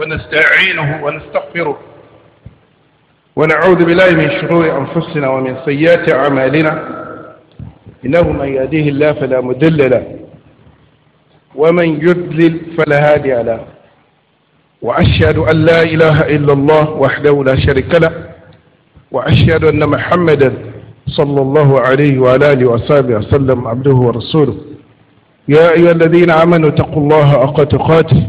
ونستعينه ونستغفره ونعوذ بالله من شرور أنفسنا ومن سيئات أعمالنا إنه من يهديه الله فلا مدل له ومن يدلل فلا هادي له وأشهد أن لا إله إلا الله وحده لا شريك له وأشهد أن محمدا صلى الله عليه وعلى آله وصحبه وسلم عبده ورسوله يا أيها الذين آمنوا اتقوا الله حق تقاته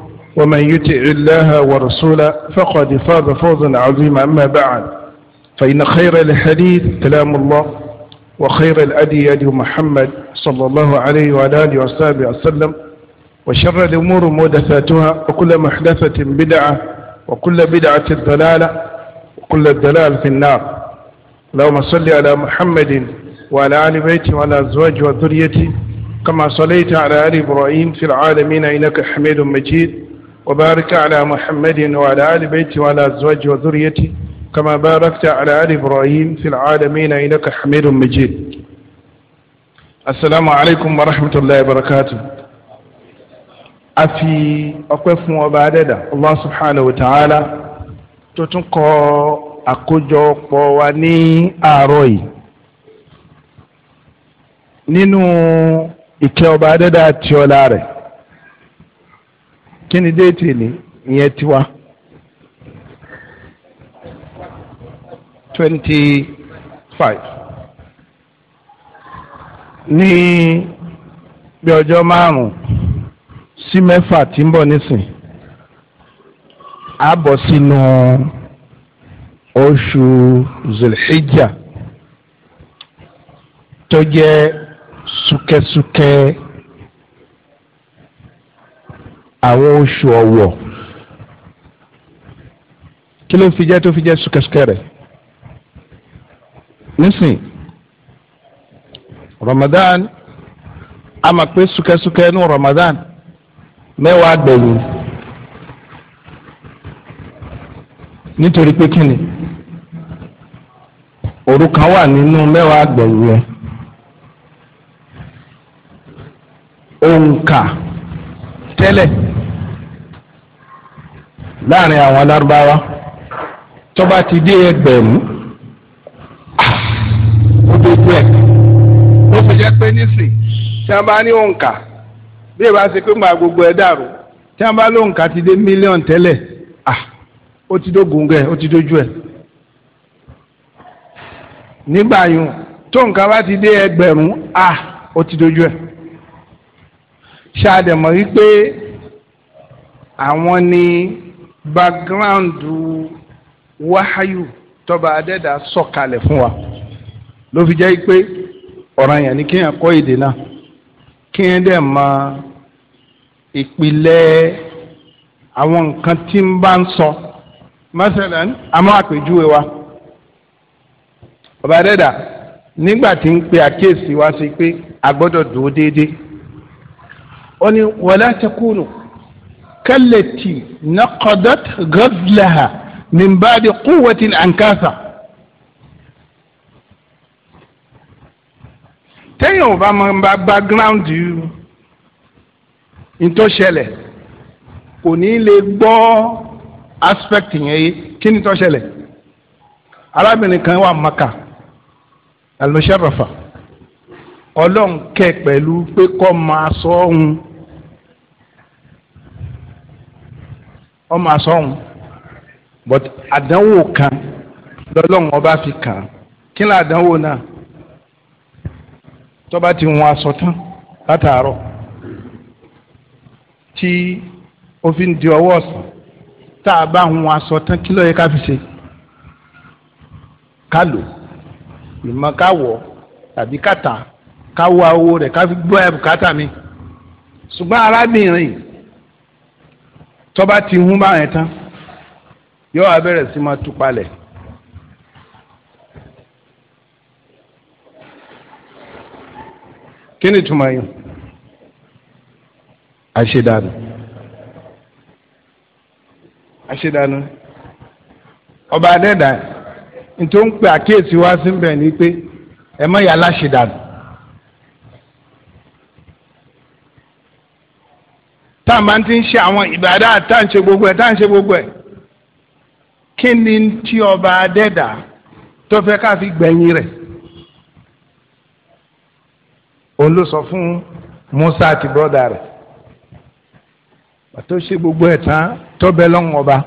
ومن يطع الله ورسوله فقد فاز فوزا عظيما أما بعد فإن خير الحديث كلام الله وخير الأدي أدي محمد صلى الله عليه وعلى آله وصحبه وسلم وشر الأمور محدثاتها وكل محدثة بدعة وكل بدعة ضلالة وكل الضلال في النار اللهم صل على محمد وعلى آل بيته وعلى أزواجه وذريته كما صليت على آل إبراهيم في العالمين إنك حميد مجيد وبارك على محمد وعلى آل بيته وعلى أزواجه وذريته كما باركت على آل إبراهيم في العالمين إنك حميد مجيد السلام عليكم ورحمة الله وبركاته أفي أقف وبعددا الله سبحانه وتعالى تتنقى أقجو قواني أروي نينو إكيو بعددا تيولاري kí ni déètì ni ìyẹn tiwa twenty five ní bí ọjọ́ márùn-ún sí mẹ́fà tí ń bọ̀ nísìn á sínú oṣù zulhijjah tó jẹ́ súkẹ́súkẹ́ àwọn oṣù ọ̀wọ̀ kí ló fi jẹ́ tó fi jẹ́ súkẹ́súkẹ́ rẹ̀ nísìn Ramadan a máa pé súkẹ́súkẹ́ ní Ramadan mẹ́wàá gbẹ̀yìn nítorí pé kíni òru wà nínú mẹ́wàá gbẹ̀yìn yẹn òǹkà tẹ́lẹ̀ láàrin àwọn lárúbáwá tó bá ti dé ẹgbẹ̀rún ah, ó dojú ẹ̀ ó fi jẹ́ pé nísìn tí wọ́n bá ní òǹkà bí ìbá ṣe pé màá gbogbo ẹ̀ dàrú tí wọ́n bá lóǹkà ti dé mílíọ̀nù tẹ́lẹ̀ ah, ó ti dógun gẹ̀ ó ti dojú ẹ̀ nígbà yùn tó nǹkan bá ti dé ẹgbẹ̀rún ah, ó ti dojú ẹ̀ ṣáà dẹ̀ mọ̀ wípé àwọn ni background wahayu tọba adẹ́dà sọ̀kalẹ̀ fún wa ló fi jẹ́ pé ọ̀ràn yẹn ni kéèyàn kọ́ èdè náà kéèyàn dẹ̀ mọ ìpìlẹ̀ àwọn nǹkan tí ń bá ń sọ masalan àmọ́ àpèjúwe wa ọba adẹ́dà nígbà tí ń pe àkíyèsí wa sí pé a gbọ́dọ̀ dúró déédéé ó ní wala takunu. كالتي نقضت غزلها من بعد قوة أنكاثا tẹ́yìn ò bá máa background ntọ́ ṣẹlẹ̀ kò ní lè gbọ́ aspect yẹn yé kí ni tọ́ ṣẹlẹ̀ arábìnrin kan wà maka al-musharrafa ọlọ́run pẹ̀lú pé kọ́ máa sọ ọ́hún. So ọmọ asọ́hun but àdánwò kan lọ́lọ́run ọba fi kàn án kí ni àdánwò náà tọ́ba ti hun aṣọ tán látàárọ̀ tí ó fi ń di ọwọ́ ọ̀sán tá a bá hun aṣọ tán kí ló yẹ ká fi ṣe ká lò ìmọ̀ ká wọ̀ tàbí ká tà ká wá owó rẹ̀ ká fi gbọ́ ẹ̀bùkátà mi ṣùgbọ́n arábìnrin yìí tọ́ba ti hún báyẹn tán yóò wá bẹ̀rẹ̀ sí máa tú palẹ̀. kí ni tuma yìí àṣedànù àṣedànù ọba adẹ́dà nítorí ń pè àkíyèsí wá sí ni pé ẹ mọ̀ yà láṣedànù. tá ti ń ṣe àwọn ìbádà tá gbogbo ẹ̀ tá gbogbo ẹ̀ kí ni tí ọba adẹ́dà tó fẹ́ ká fi gbẹ̀yìn rẹ̀ òun ló sọ fún Musa àti bọ́dà rẹ̀ pàtó ṣe gbogbo ẹ̀ tán tó lọ́wọ́ ọba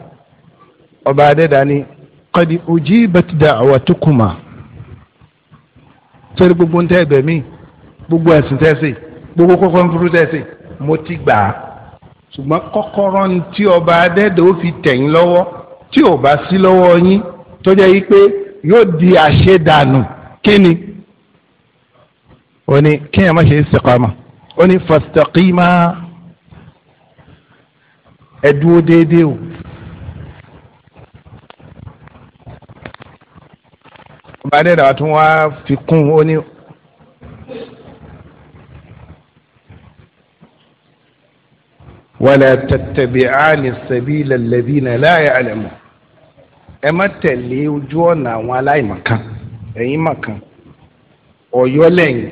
ọba adẹ́dà ni qad ujibat da'watukuma sori gbogbo ntẹ ẹbẹ mi gbogbo ẹsìn tẹsí gbogbo kọkọ nfuru tẹsí mo ti gbà á ṣùgbọ́n kọ́kọ́rọ́ ní tí ọba adẹ́dẹ́ ó fi tẹ̀yìn lọ́wọ́ tí ò bá sí lọ́wọ́ yín tó jẹ́ yí pé yóò di àṣedànù kíni ó ní kéèyàn má ṣe istiqama ó ní fastaqima ẹ déédéé o. ọba adẹ́dẹ́ wa tún wá fi kún ó ní ولا تتبعان السبيل الذين لا يعلمون ẹ má tẹ̀lé ojú ọ̀nà àwọn aláìmọ̀kan ẹ̀yin mọ̀kan ọ̀yọ́ lẹ́yìn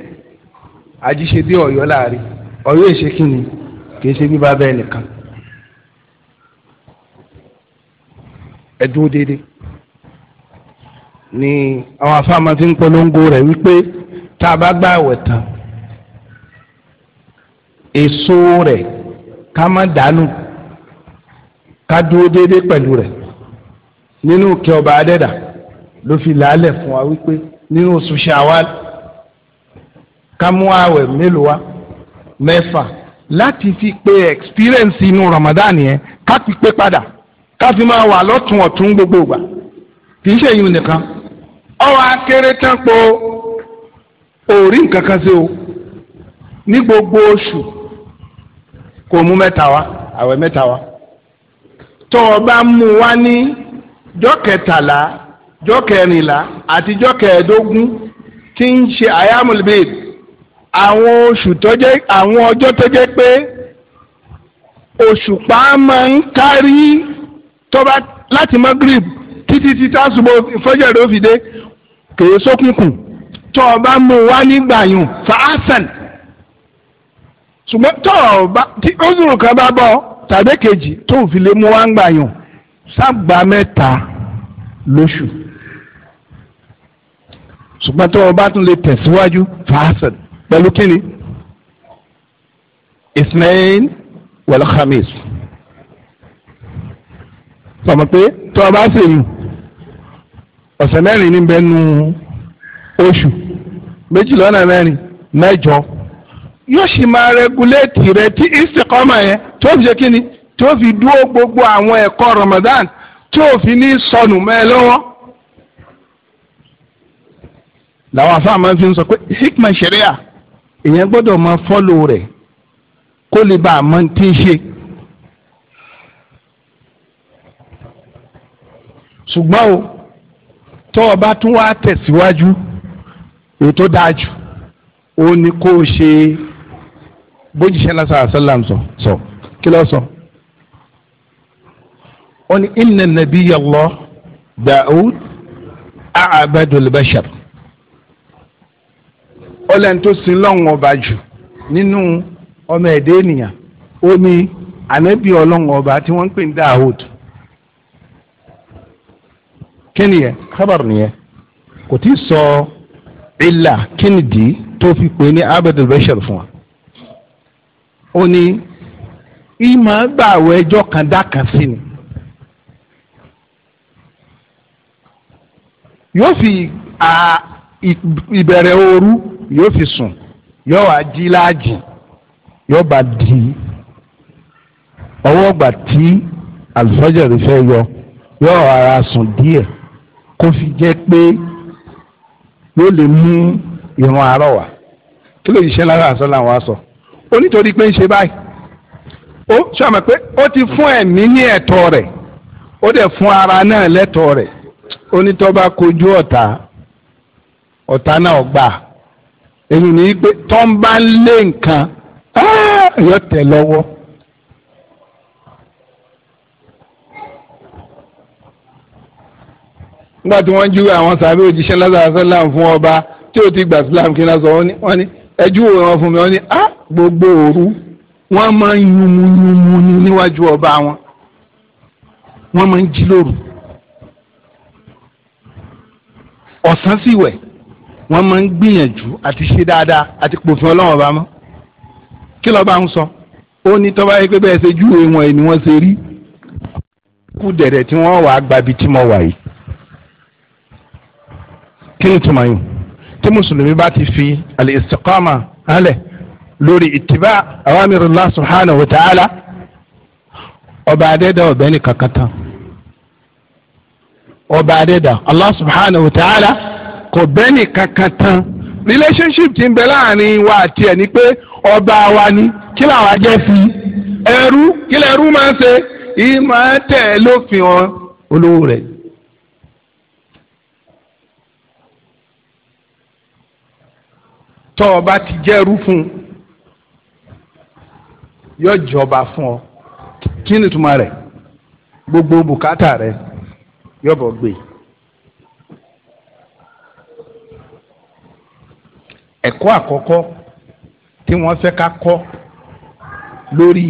ajíṣebí ọ̀yọ́ láàrin ọ̀yọ́ èṣe kí ni kìí ṣe bíbá bẹ́ẹ̀ nìkan ẹ dúró déédéé ni àwọn afáàmà fi ń polongo rẹ̀ wípé tá a bá gbààwẹ̀ tán èso rẹ̀. Kama má dànù ká dúró déédéé pẹ̀lú rẹ̀ nínú kí ọba adẹ́dà ló fi làálẹ̀ fún wa wípé nínú oṣù ṣàwàl ká mélòó wa mẹ́fà láti fi pe experience inú Ramadan yẹn ká fi pé padà ká fi máa wà lọ́tún ọ̀tún gbogbo ìgbà kì í ṣe èyí nìkan ọwọ́ akéré tán po òórí nǹkan kan sí o ní gbogbo oṣù kó mú mẹ́ta wá àwẹ̀ mẹ́ta wá tó o bá mú wá ní jọ́kẹtàlá jọ́kẹrìnlá àti jọ́kẹẹ̀dógún tí ń ṣe ayamulbid àwọn oṣù tó jẹ́ àwọn ọjọ́ tó jẹ́ pé òṣùpá máa ń kárí tó bá láti magrib títí títí àsùbọ ìfọjọ́ rẹ̀ ó fi dé kèé sókùnkùn tó o bá mú wá nígbà yùn fàásàn ṣùgbọ́n tó o bá tí ozuru kan bá bọ̀ tàbí kejì tó o fi lè mú wá ń gbà yàn sábà mẹ́ta lóṣù ṣùgbọ́n tó o bá tún lè tẹ̀síwájú fàásìn pẹ̀lú kínní ismail wal khamis sọmọ pé tó o bá sì yùn ọ̀sẹ̀ mẹ́rin níbẹ̀ nu oṣù méjì mẹ́rin mẹ́jọ yóò sì máa rẹguléètì rẹ tí istikọ́mà yẹn tó fi ṣe kíni tó fi dúró gbogbo àwọn ẹ̀kọ́ Ramadan tó fi ní sọnù mẹ́ lọ́wọ́. làwọn afáà máa fi ń sọ pé hikma sharia èèyàn gbọ́dọ̀ máa fọ́lò rẹ̀ kó lè bá a mọ tí ń ṣe. ṣùgbọ́n o tó o bá tún wá tẹ̀síwájú èyí tó dáa ní kó o ṣe bójúṣe lásán àṣàlám sọ sọ kí ló sọ. ó ní inna nabiyya Allah Daud a'badul bashar ọlẹ́ni tó sin lọ́wọ́n ọba jù nínú ọmọ ẹ̀dẹ́ ènìyàn ó ní ànábì ọlọ́wọ́n tí wọ́n ń pè ní Daud kí ni yẹ kábàrù ni yẹ kò tí sọ ìlà kí ni dì tó fi pè ní abdul bashar fún wa ó ní ìmọ̀ gbàwọ̀ ẹjọ́ kan dákan sí ni yóò fi ìbẹ̀rẹ̀ ooru yóò fi sùn yóò wá jí láàjì yóò bá di ọwọ́ gbà tí àlùfáàjàre fẹ́ yọ yóò ara sùn díẹ̀ kó fi jẹ́ pé yóò lè mú ìrun àárọ̀ wá kí ló yìí ṣe lára àṣọ làwọn á onítorí pé ń ṣe báyìí ó sọ ma pé ó ti fún ẹ̀mí ní ẹ̀tọ́ rẹ̀ ó dẹ̀ fún ara náà lẹ́tọ́ rẹ̀ onítọ́ba kojú ọ̀tá ọ̀tá náà gbà èyí ni pé tọ́ ń bá ń lé nǹkan ah, yóò tẹ̀ lọ́wọ́. nígbà tí wọ́n ju àwọn sàbẹ̀ òjíṣẹ́ lásàásẹ́ láǹfún ọba tí ó ti gbà sílámù kí n lásán wọ́n ní ẹjú òran fún mi wọ́n ní á gbogbo òru wọ́n máa ń yunmuyunmu ni níwájú ọba wọn wọ́n máa ń jí lóru ọ̀sán sì wẹ̀ wọ́n máa ń gbìyànjú àti ṣe dáadáa àti pòfin ọlọ́wọ́n bá mọ́ kí lọ́ba ń sọ ó ní tọ́ba yẹ pé bẹ́ẹ̀ ṣe júwe wọn ni wọ́n ṣe rí kú dẹ̀dẹ̀ tí wọ́n wàá gbabi tí mo wà yìí kí ni túmọ̀ yìí tí mùsùlùmí bá ti fi al-istiqama hànlẹ̀ lórí ìtìbá awamirullah subhanahu wa ta'ala ọba adẹ́dà ọ̀bẹ ní kankantan ọba adẹ́dà allah subhanahu wa ta'ala kò bẹ́ ní kankantan relationship ti ń bẹ láàrin wa àti ẹ̀ ni pé ọba wa ni kí làwọn ajẹ́ fi ẹrú kí lẹ́rú máa ń ṣe ìmọ̀ tẹ̀ lófin olówó rẹ̀ tọ́ ọ bá ti jẹ́rú fún un yóò jọba fún ọ kí ni ìtumọ̀ rẹ̀ gbogbo bùkátà rẹ̀ yóò bọ̀ gbé. ẹ̀kọ́ àkọ́kọ́ tí wọ́n fẹ́ ká kọ́ lórí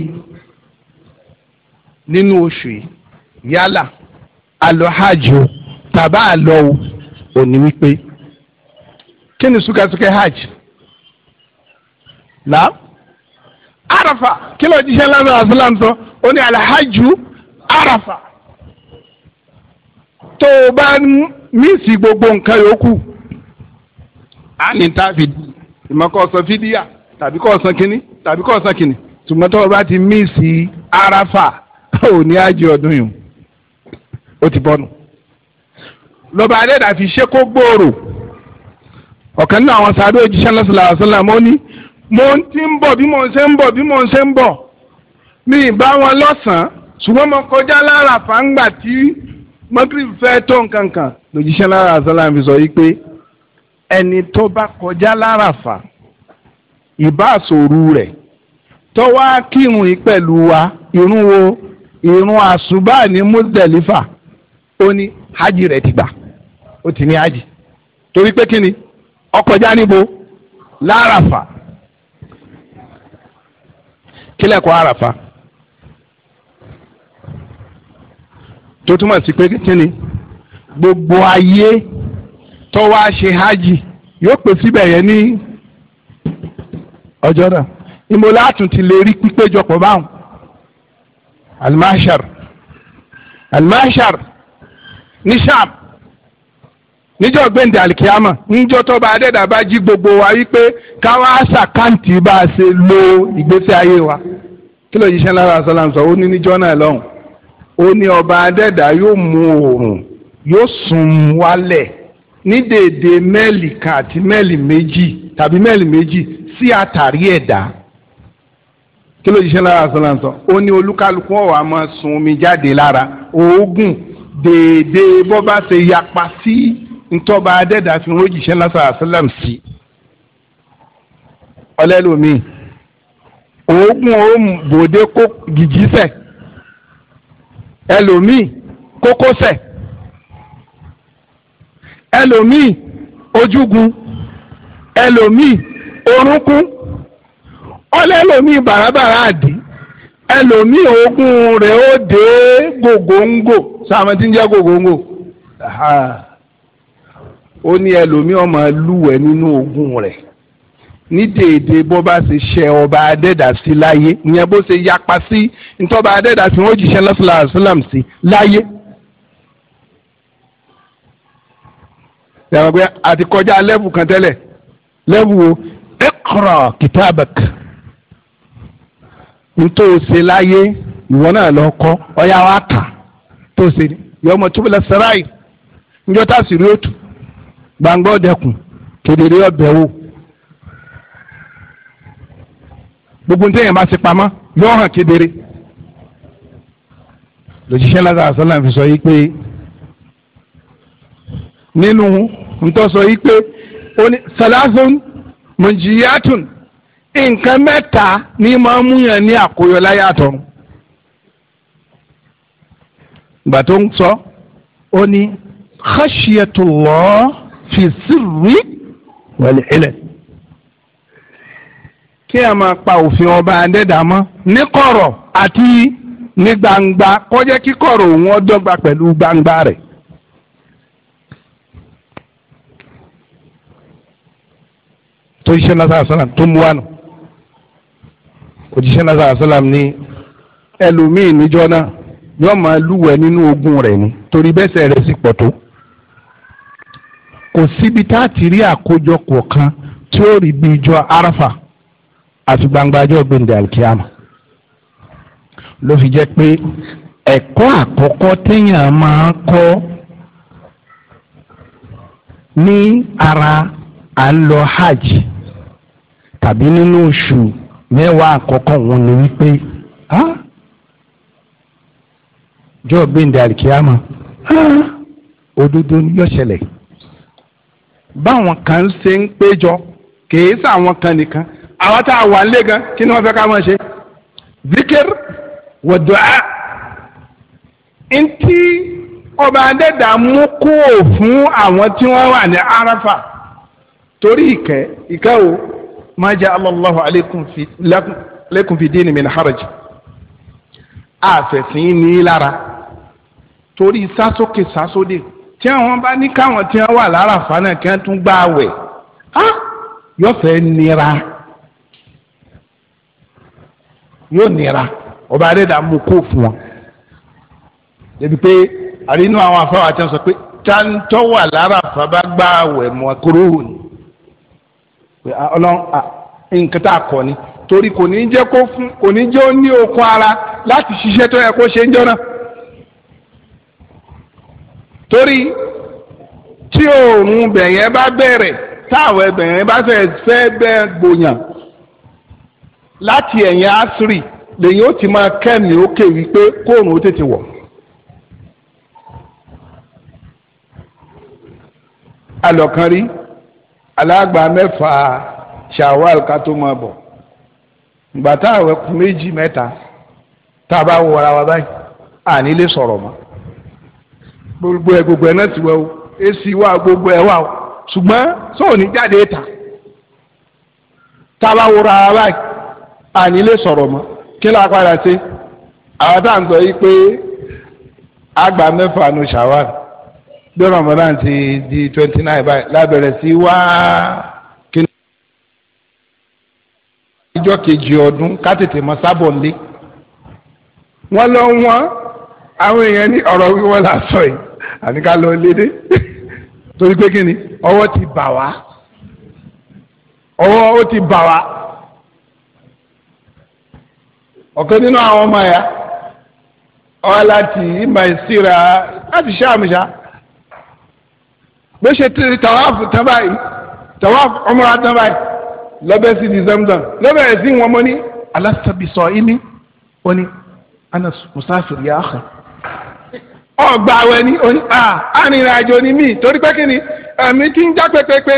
nínú oṣù yálà alọ hajj tàbá alọ o wípé kí ni súkẹ́súkẹ́ hajj. La arafa kí ló jíṣẹ́ lánàá àfúlàn sọ ó arafa tó o bá mísì gbogbo nǹkan yòókù á ní táàfì ìmọ̀kọ́ sọ fídíà tàbí kọ́ san kínní tàbí kọ́ san kínní tùmọ̀ tó ti mísì arafa ò ní ájì ọdún yìí ó ti bọ́nu lọ́ba adéda fi ṣe gbòòrò ọ̀kan náà àwọn sáré òjíṣẹ́ lọ́sọ̀lá àṣọlá mọ́ mo ti ń bọ̀ bí mo ṣe ń bọ̀ bí mo ṣe ń bọ̀ mi ì bá wọn lọ́sàn-án ṣùgbọ́n mo kọjá lára fàǹgbà tí mọ́tìrì fẹ́ tó nǹkan kan lòjíṣẹ́ lára àṣàlàyé sọ yìí pé ẹni tó bá kọjá lára fà ìbá àṣòru rẹ̀ tó wá kírun yìí pẹ̀lú wa irun wo irun àṣùbà ní Muzdalifa ó ní hajj rẹ̀ ti gbà ó ti ní hajj torí pé kí ni ó kọjá níbo lára fà kílẹ̀ kọ́ àràfà tó túmọ̀ sí pé kíni gbogbo ayé tó wá ṣe hajj yóò pè síbẹ̀ yẹn ní ọjọ́ náà ìmọ̀lá àtúntì lè rí pípéjọpọ̀ báwọn almashar almashar ní níjọ́ gbẹ̀ǹdẹ̀ àlìkíyàmà níjọ́ tó bá adẹ́dà bá jí gbogbo wa wípé káwá ṣàkáǹtì bá a ṣe lo ìgbésí ayé wa kí ló yíṣẹ́ lára sọ́lá sọ ó ní níjọ́ náà lọ́hùn ó ní ọba adẹ́dà yóò mú oòrùn yóò sùn wálẹ̀ ní dèédé mẹ́ẹ̀lì kan àti mẹ́ẹ̀lì méjì tàbí mẹ́ẹ̀lì méjì sí àtàrí ẹ̀dá kí ló yíṣẹ́ lára sọ́lá sọ ó ní olúkálukú ọ̀wà máa sun omi jáde lára òógùn dèédé bọ́ bá ṣe yapa sí. Si ntọ́ba adẹ́dà fi wọ́n jìṣẹ́ náà sàrà sálàm sí ọlẹ́lómi oògùn òun bòde kó gìgísẹ̀ ẹlòmíì kókósẹ̀ ẹlòmíì ojúgun ẹlòmíì orúnkún ọlẹ́lòmíì bàràbàrà àdì ẹlòmíì oògùn ó dé gògóńgò gògóńgò. ó ní ẹlòmíì ọmọ lúwẹ̀ nínú ogun rẹ̀ ní déédéé bó bá ṣe ṣe ọba adẹ́dà sí láyé ìyẹn bó ṣe yapa sí ntọ́ba adẹ́dà sí wọ́n jíṣẹ́ lọ́sọ̀lá àṣìlám sí láyé. yàrá pé àti kọjá lẹ́bù kan tẹ́lẹ̀ lẹ́bù o iqra kitabak ntọ́ ṣe láyé ìwọ náà lọ kọ́ ọ̀yà wa kà tó ṣe yọmọ túbọ̀lẹ̀ sẹ́ráì níjọ́ tá a sì rí òtún gbangba ọ̀dẹ̀kùn kedere ọ̀bẹ̀ wò gbogbo ní tẹ̀yìn bá ti pamọ́ yóò hàn kedere lòjíṣẹ́ lásán àṣọlá fi sọ yìí pé nínú ntọ́ sọ yìí pé salasun mọ̀jìyàtún nǹkan mẹ́ta ní máa ń múyàn ní àkóyọ láyé àtọ̀run ń sọ ó ní khashiyatullah fi sírì wal ilẹ̀. kí a máa pa òfin ọba adẹ́dàmọ́ ní kọ̀rọ̀ àti ní gbangba kó jẹ́ kí kọ̀rọ̀ òun ọdọ́gba pẹ̀lú gbangba rẹ̀. tó ṣiṣẹ́ náà sáà òjíṣẹ́ náà sáà sọ́nà ní ẹlòmíì níjọ́ náà yóò máa lúwẹ̀ẹ́ nínú ogun rẹ̀ ni torí bẹ́sẹ̀ rẹ̀ sì pọ̀ tó. kò síbi tá a ti rí àkójọpọ̀ kan tí ó rí bí ijọ́ arafa àti gbangbajọ́ gbẹ̀ndẹ̀ alkiyama ló fi jẹ́ pé ẹ̀kọ́ àkọ́kọ́ téèyàn máa kọ́ ní ara à ń lọ hajj tàbí nínú oṣù mẹ́wàá àkọ́kọ́ wọn ni wípé jọ́ gbẹ̀ndẹ̀ Alikiyama òdodo yóò ṣẹlẹ̀. báwọn kan ṣe ń péjọ kìí sàwọn kan nìkan àwa tá a wà ń lé gan kí ni wọ́n fẹ́ ká máa ṣe zikir wa du'a ntí ọba adẹ́dà mú kúrò fún àwọn tí wọ́n wà ní arafa torí ìkẹ́ ìkẹ́ o ma ja'ala Allahu alaykum fi dini min haraj àfẹ̀sìn ní lára torí sásókè sásódè tí àwọn bá ní káwọn tí wọn wà láràfà náà kí wọn tún gbá àwẹ̀ á yọfẹ nira yóò nira ọba adéda mú kó fún wọn débi pé àrínú àwọn afáwà tí wọn sọ pé táńtọ́ wà láràfà bá gbá àwẹ̀ mọ́ kúrò ní pé ọlọ́run nǹkan tá a kọ́ ni torí kò ní jẹ́ kó fún kò ní jẹ́ ó ní okun ara láti ṣiṣẹ́ tó yẹ kó ṣe ń jọ náà torí tí òòrùn bẹ̀yẹn bá bẹ̀rẹ̀ táwọn ẹbẹ̀yẹn bá fẹ́ fẹ́ bẹ́ gbòyàn láti ẹ̀yìn asiri lèyìn ó ti máa kẹ́mi ókè wípé kóòrùn ó tètè wọ̀. alọ̀kan rí alágbà mẹ́fà ṣàwọ́l ká tó máa bọ̀ gbàtà àwẹ̀kùn méjì mẹ́ta tá a bá wọra wa báyìí à nílé sọ̀rọ̀ mọ́ gbogbo ẹ gbogbo ẹ náà ti wẹ o èsì wa gbogbo ẹ wa o ṣùgbọ́n sóò ní jáde ta tába wo ra báyìí àní sọ̀rọ̀ mọ́ kí ló padà ṣe àwọn tá à ń sọ yìí pé àgbà mẹ́fà nu ṣàwàl bí Ramadan ti di twenty nine báyìí lábẹ̀rẹ̀ sí wá kíni. ìjọ kejì ọdún ká tètè mọ sábọ̀ ńlé wọ́n lọ wọ́n àwọn èèyàn ní ọ̀rọ̀ wíwọ́ làásọ̀ yìí àní ká lọ lédè torí pé kí ni ọwọ́ ti bà wá ọwọ́ ó ti bà wá ọ̀kan nínú àwọn ọmọ ẹ̀yà ọ̀hún láti ìmọ̀ ìsíra láti ṣàmùṣà bó ṣe ti tàwáàfù tán báyìí tàwáàfù ọmọra tán báyìí lọ́bẹ̀ sí di zamzam lọ́bẹ̀ sí wọn mọ́ ní alásàbìsọ ìní ó ní anas musafir ya akhi ọgbà àwẹ̀ ni arìnrìnàjò ni mí torí pé kí ni ẹ̀mí tí ń já pépépé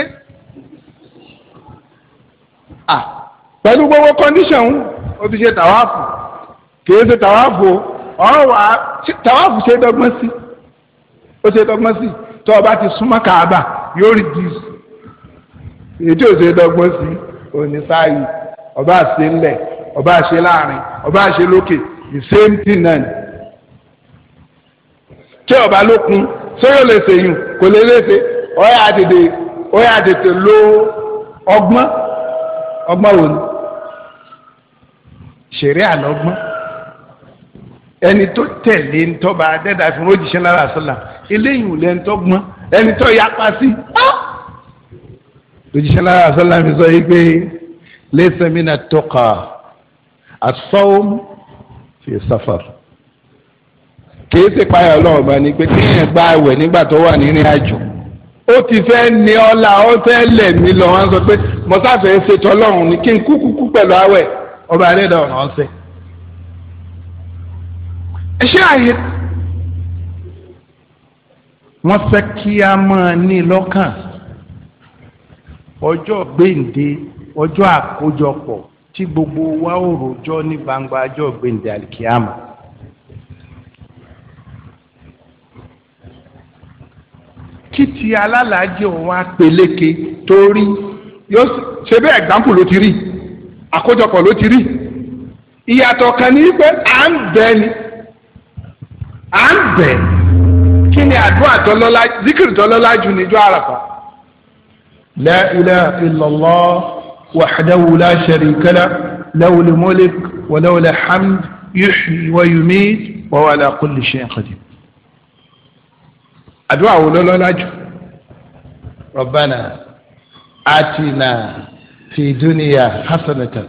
pẹ̀lú gbogbo condition o ti ṣe tàwáàfù kì í ṣe tàwáàfù ọ̀rọ̀ wà tàwáàfù ṣe dọ́gbọ́n sí ó ṣe dọ́gbọ́n sí tó o bá ti súnmọ́ kàába yóò rí dis èyí tí ò ṣe dọ́gbọ́n sí òní sáàyè ọba àṣẹ ńlẹ̀ ọba àṣẹ láàrin ọba àṣẹ lókè the same thing náà tí ọba lókun sóyò lè sèyìn kò lè léṣe ọyà àtètè ọyà àtètè ló ọgbọ́n ọgbọ́n wò ni ṣeré àlọ́gbọ́n ẹni tó tẹ̀lé ntọ́ba adẹ́dà fún òjìṣẹ́ lára sọ́la eléyìí ò lẹ́ ntọ́gbọ́n ẹni tó yapa sí òjìṣẹ́ lára sọ́la mi sọ yìí pé lẹ́sẹ̀ mi nà tọkà asọ́wọ́n fi sáfàrà kìí ṣe páyà ọlọ́run bá ní pé kéèyàn gba àwẹ̀ nígbà tó wà nínú àjò ó ti fẹ́ ní ọlá ó fẹ́ lẹ̀ mí lọ wọ́n sọ pé mo sáfẹ́ ṣètò ọlọ́run ní kí n kú kúkú pẹ̀lú àwẹ̀ ọba àdéhùn ọ̀nà ọ̀sẹ̀. ẹ ṣé àyè wọ́n fẹ́ kí a máa ní lọ́kàn ọjọ́ gbèǹde ọjọ́ àkójọpọ̀ tí gbogbo wa ò rojọ́ ní gbangba ọjọ́ gbèǹde àlìkíyàmù. kí ti alálàájì òun á peléke torí yóò ṣe bẹ́ẹ̀ ẹ̀gbáǹpù ló ti rí àkójọpọ̀ ló ti rí ìyàtọ̀ kan ní pé à ń bẹ̀ ni à ń bẹ̀ kí ni àdúrà tọ́lọ́lá zikiri tọ́lọ́lá jù níjọ́ àràfà. la ilaha illallah wahdahu la sharika lah lahu al wa lahu hamd yuhyi wa yumiit wa huwa kulli shay'in qadir. àdúrà wo lọ́lọ́lá jù rọ̀bánà àtìnà fìdúnìyà hasanata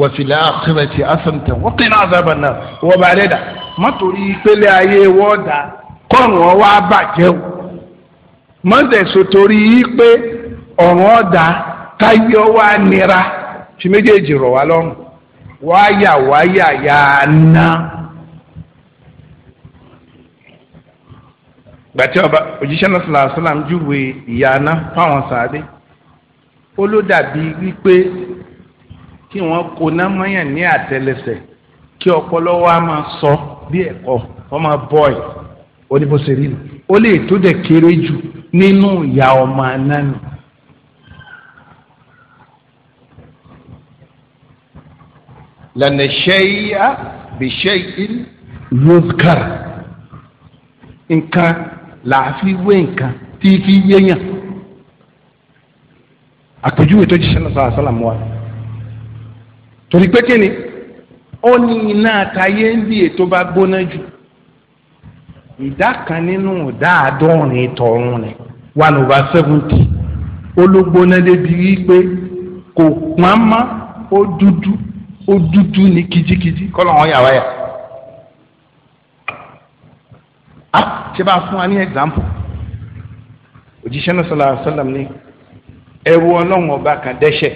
wàfìlà àkìrẹ̀tì hasanata wọ́kìnà àzàbànà wọ́n bá rẹ̀ mọ́tò ìpele ayé wọ́n dà kọ́rùn ọ́ wá o mọ́tẹ̀sọ torí pé ọ̀rùn ọ̀dà káyọ̀ wá nira fi méjèèjì rọ̀ wá lọ́rùn wáyà wáyà yà gbàtí ọba òjíṣẹ́ náà sọ̀rọ̀ àṣàlám júwe ìyáná fáwọn sàádé ó ló dàbí wípé kí wọ́n koná mọ́yàn ní àtẹlẹsẹ̀ kí ọpọlọ wa máa sọ bí ẹ̀kọ́ ọmọ bọ́ọ̀ì oníbọ̀sẹ̀rì nù ó lè tó dẹ̀ kéré jù nínú ìyá ọmọ anánu. lànà ṣẹ́yà bí ṣẹ́yìn yóò kàrà nǹkan làáfi wé nǹkan tí fi yéèyàn àpèjúwe tó jíṣẹ́ lọ́sọ̀ àṣàlámù wa torí pé kíni ó ní iná àtayé ń bí ètò bá gbóná jù ìdá kan nínú ìdá àádọ́rin tọ̀run rẹ̀ one over seventy ó ló gbóná débi wípé kò pọ́n ó dúdú ó dúdú ní kìjikìji kọ́ lọ́wọ́ yàrá ṣe bá fún wa ní example òjíṣẹ́ náà sallallahu alaihi wasallam ní ẹrú ọlọ́run ọba kan dẹ́ṣẹ̀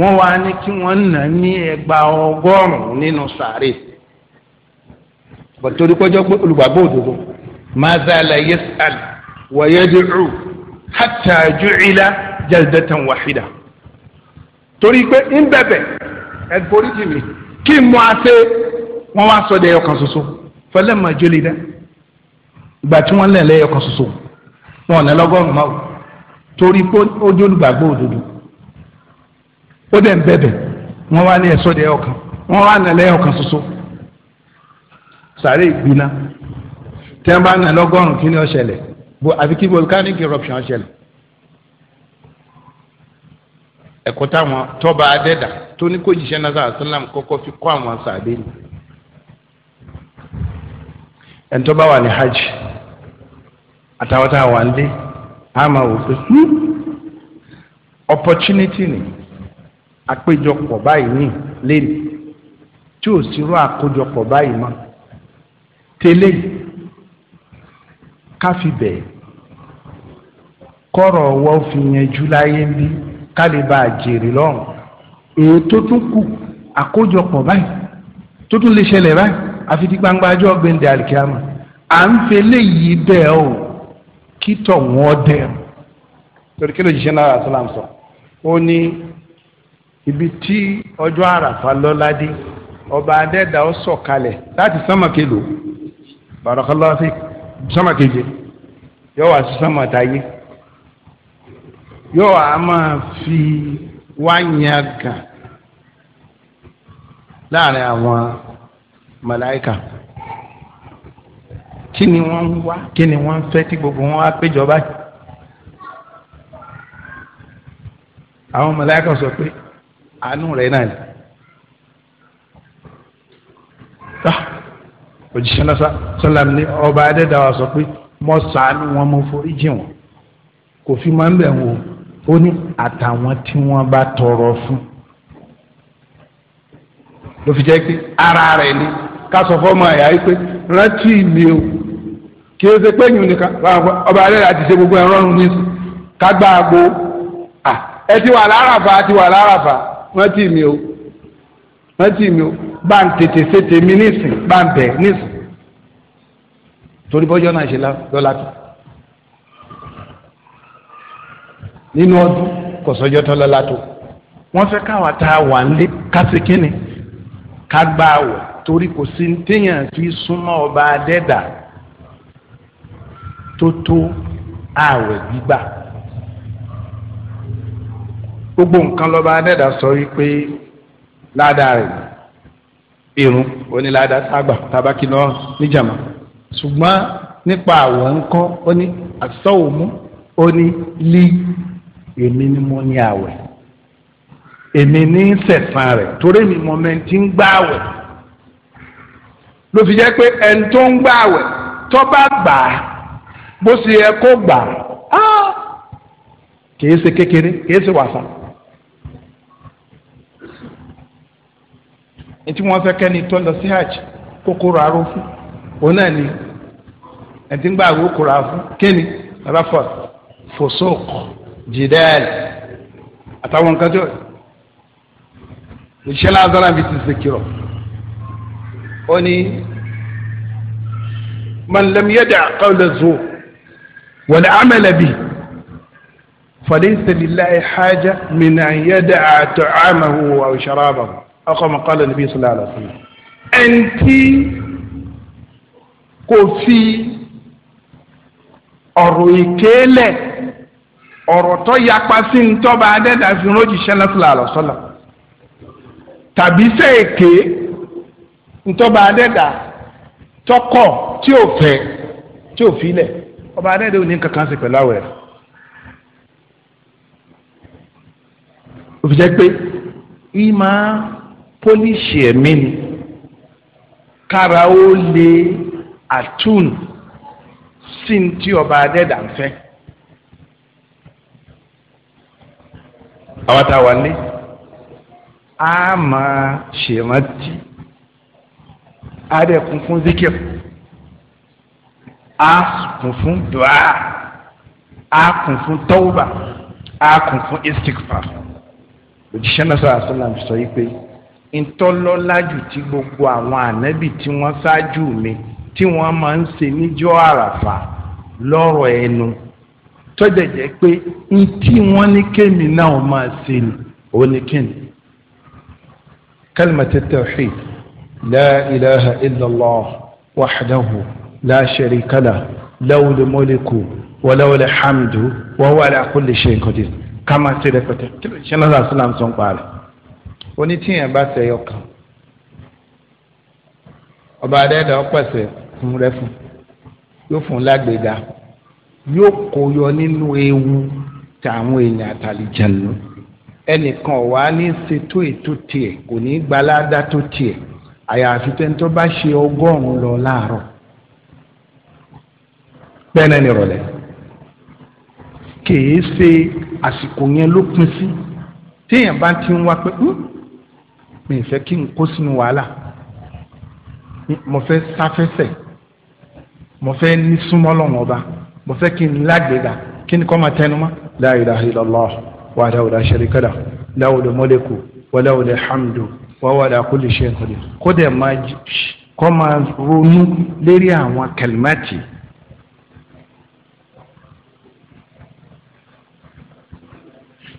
wọ́n wá ní kí wọ́n nà ní ẹgbà ọgọ́rùn-ún nínú sàárè bàtòrí kọjọ́ pé olùgbàgbọ́ òdodo mazala yas'al wa yad'u hatta ju'ila jaldatan wahida torí pé ń bẹ̀bẹ̀ ẹgbẹ́ kí n mú a ṣe wá sọ de ẹyọ kan ṣoṣo falamma julida ìgbà tí wọ́n lẹ̀ lẹ́yọ kan ṣoṣo wọn ò ná lọ́gọ́rùn-ún máa wò torí pé ó jẹ́ olùgbàgbọ́ òdodo ó dẹ̀ ń bẹ̀bẹ̀ wọ́n wá ní ẹ̀sọ́ dẹ̀ ọkàn wọ́n wá nà lẹ́yọ kan ṣoṣo sàárè ìgbiná tẹ́ ń bá nà lọ́gọ́rùn-ún kí ni ó ṣẹlẹ̀ bó àfi kí volcanic eruption ó ṣẹlẹ̀ ẹ̀kọ́ táwọn tọ́ba adẹ́dà tó ní kó jíṣẹ́ náà sàlám kọ́kọ́ fi kọ́ àwọn sàbẹ̀ ni ẹni tó bá wà ní hajj àtàwọn tá wà ń a máa wò pé hmm, opportunity ni àpéjọpọ̀ báyìí ní lẹ́nu tí ò sírò àkójọpọ̀ báyìí mọ́ tẹ́lẹ̀ káfí bẹ̀ kọ́rọ̀ ọwọ́ fi yanjú láyé ń bí ká lè bá a jèrè lọ́rùn èyí tó tún kù àkójọpọ̀ báyìí tó tún lè ṣẹlẹ̀ báyìí àfi ti gbangba ajọ́ gbẹ̀ndẹ̀ àlìkíyàmà à ń fẹlẹ̀ yìí bẹ́ẹ̀ o kí tọ̀ wọ́n dẹ̀ torí kí ló jíṣẹ́ náà àṣàlám sọ ó ní ibi tí ọjọ́ àràfà lọ́ládé ọba adẹ́dà ó sọ̀kalẹ̀ láti sánmà kelo barakallahu yóò wá sí sánmà yóò wá máa fi wáyà gàn láàrin àwọn màláìkà kí ni wọ́n ń wá kí ni wọ́n ń fẹ́ tí gbogbo wọn á péjọ báyìí àwọn màláìkà sọ pé àánú rẹ̀ náà ni tá òjíṣẹ́ náà sọ́lá ní ọba adẹ́dáwà sọ pé mo ṣàánú wọn mo forí jì kò fi máa ń bẹ̀ wò ó ní àtàwọn tí wọ́n bá tọrọ fún ló fi jẹ́ pé ara rẹ̀ ni kásọ fọmọ ẹ̀yà yìí pé rántí mi o kí o ṣe pé yìí nìkan ọba alẹ́ àti ṣe gbogbo ẹ̀rọ ọ̀run nísìn kágbá agbo ẹ ti wà láràfà ti wà láràfà rántí mi o rántí mi o bá ń tètè ṣe tèmi nísìn bá ń bẹ̀ nísìn torí bọ́jọ́ náà ṣe lọ́la tó nínú ọdún kọ̀sọ́jọ́ tó lọ́la tó wọ́n fẹ́ káwa tá a wà ń lé kásìkínni kágbá àwọ̀ torí kò sí téèyàn fi súnmọ́ ọba adẹ́dà tó tó ààwẹ̀ gbígbà gbogbo nǹkan lọ́ba adẹ́dà sọ wípé ládàá rẹ̀ irun onílàádá sábà tabaki lọ níjàmá ṣùgbọ́n nípa àwọn ńkọ́ ó ní àsọ̀wòmú ó lí èmi ni mo ní àwẹ̀ èmi ní sẹ̀sán rẹ̀ torí mi mọ̀ ń gbá àwẹ̀ ló fi jẹ́ pé ẹni tó ń gbààwẹ̀ tó bá gbà á bó sì yẹ kó gbà á ah, kìí ṣe kékeré kìí ṣe wàsà. ètí wọ́n fẹ́ kẹ́ni tó ń lọ sí hajj kókóró aró fún òun náà ni ẹtí ń gbàgbé kókóró aró fún kíni bàbá fọ fòsókò àtàwọn nǹkan tó ìṣẹ́lá azọ́lá fi ti ṣe kírọ̀ ó ní man lam yada' qawla zu wal 'amala bi falaysa lillahi haja min an yada'a ta'amahu wa sharabahu aw kama qala nabi sallallahu alaihi wasallam ẹnití kò fi ọ̀rọ̀ ìkéèlẹ̀ ọ̀rọ̀ tó yapa sí ń adẹ́dàfin lójijì sallallahu alaihi tàbí sẹ́ẹ̀kẹ́ ntọ́ba adẹ́dà tọkọ tí ò fẹ́ tí ò filẹ̀ ọba adẹ́dà ò ní kankan sí pẹ̀lú àwẹ̀ rẹ̀ òfin jẹ́ pé ìmọ̀ pólíṣì ẹ̀mí ni kára ó lè àtún sí ti ọba adẹ́dà ń fẹ́. àwọn táwa lé a máa ṣèrántí á dẹ̀ kún fún zikir á kún fún dùá á kún fún tọ́wùbà á kún fún istikfar òjíṣẹ́ náà sọ̀rọ̀ àṣọlám sọ yìí pé ntọ́lọ́lájù tí gbogbo àwọn ànábì tí wọ́n ṣáájú mi tí wọ́n máa ń ṣe níjọ́ àràfà lọ́rọ̀ ẹnu tọ́jà pé n tí wọ́n ní kémi náà máa ṣe ni òun ni kémi kálímà لا إله إلا الله وحده لا شريك له له الملك وله الحمد وهو على كل شيء قدير كما تلقت شنو الله صلى الله عليه وسلم oni tí yẹn bá ṣe yọkan ọba adẹ́dà ọpẹsẹ fún rẹ fún yóò fún lágbèéga yóò kó yọ nínú ewu tàwọn èèyàn àtàlìjẹnu ẹnìkan wà ní ṣètò ètò tiẹ̀ kò ní gbaládá tó tiẹ̀ àyàfi tẹ́ńtọ́ bá ṣe ọgọ́rùn-ún lọ láàárọ̀ bẹ́ẹ̀ náà ni rọ̀lẹ́ kìí ṣe àsìkò yẹn ló pin sí téèyàn bá ti ń wá pé mi ì fẹ́ kí n kó sínú wàhálà mo fẹ́ sáfẹ́sẹ̀ mo fẹ́ ní súnmọ́ lọ́wọ́ ọba mo fẹ́ kí n lágbèéga kí ni kò máa tẹnu mọ́. la ilaha illallah wahdahu la sharika lahu lahul mulku wa lahul wọ́n wà dà kó lè ṣe nǹkan yẹn kó dẹ̀ máa kọ́ máa ronú lérí àwọn kẹlímẹ́tì.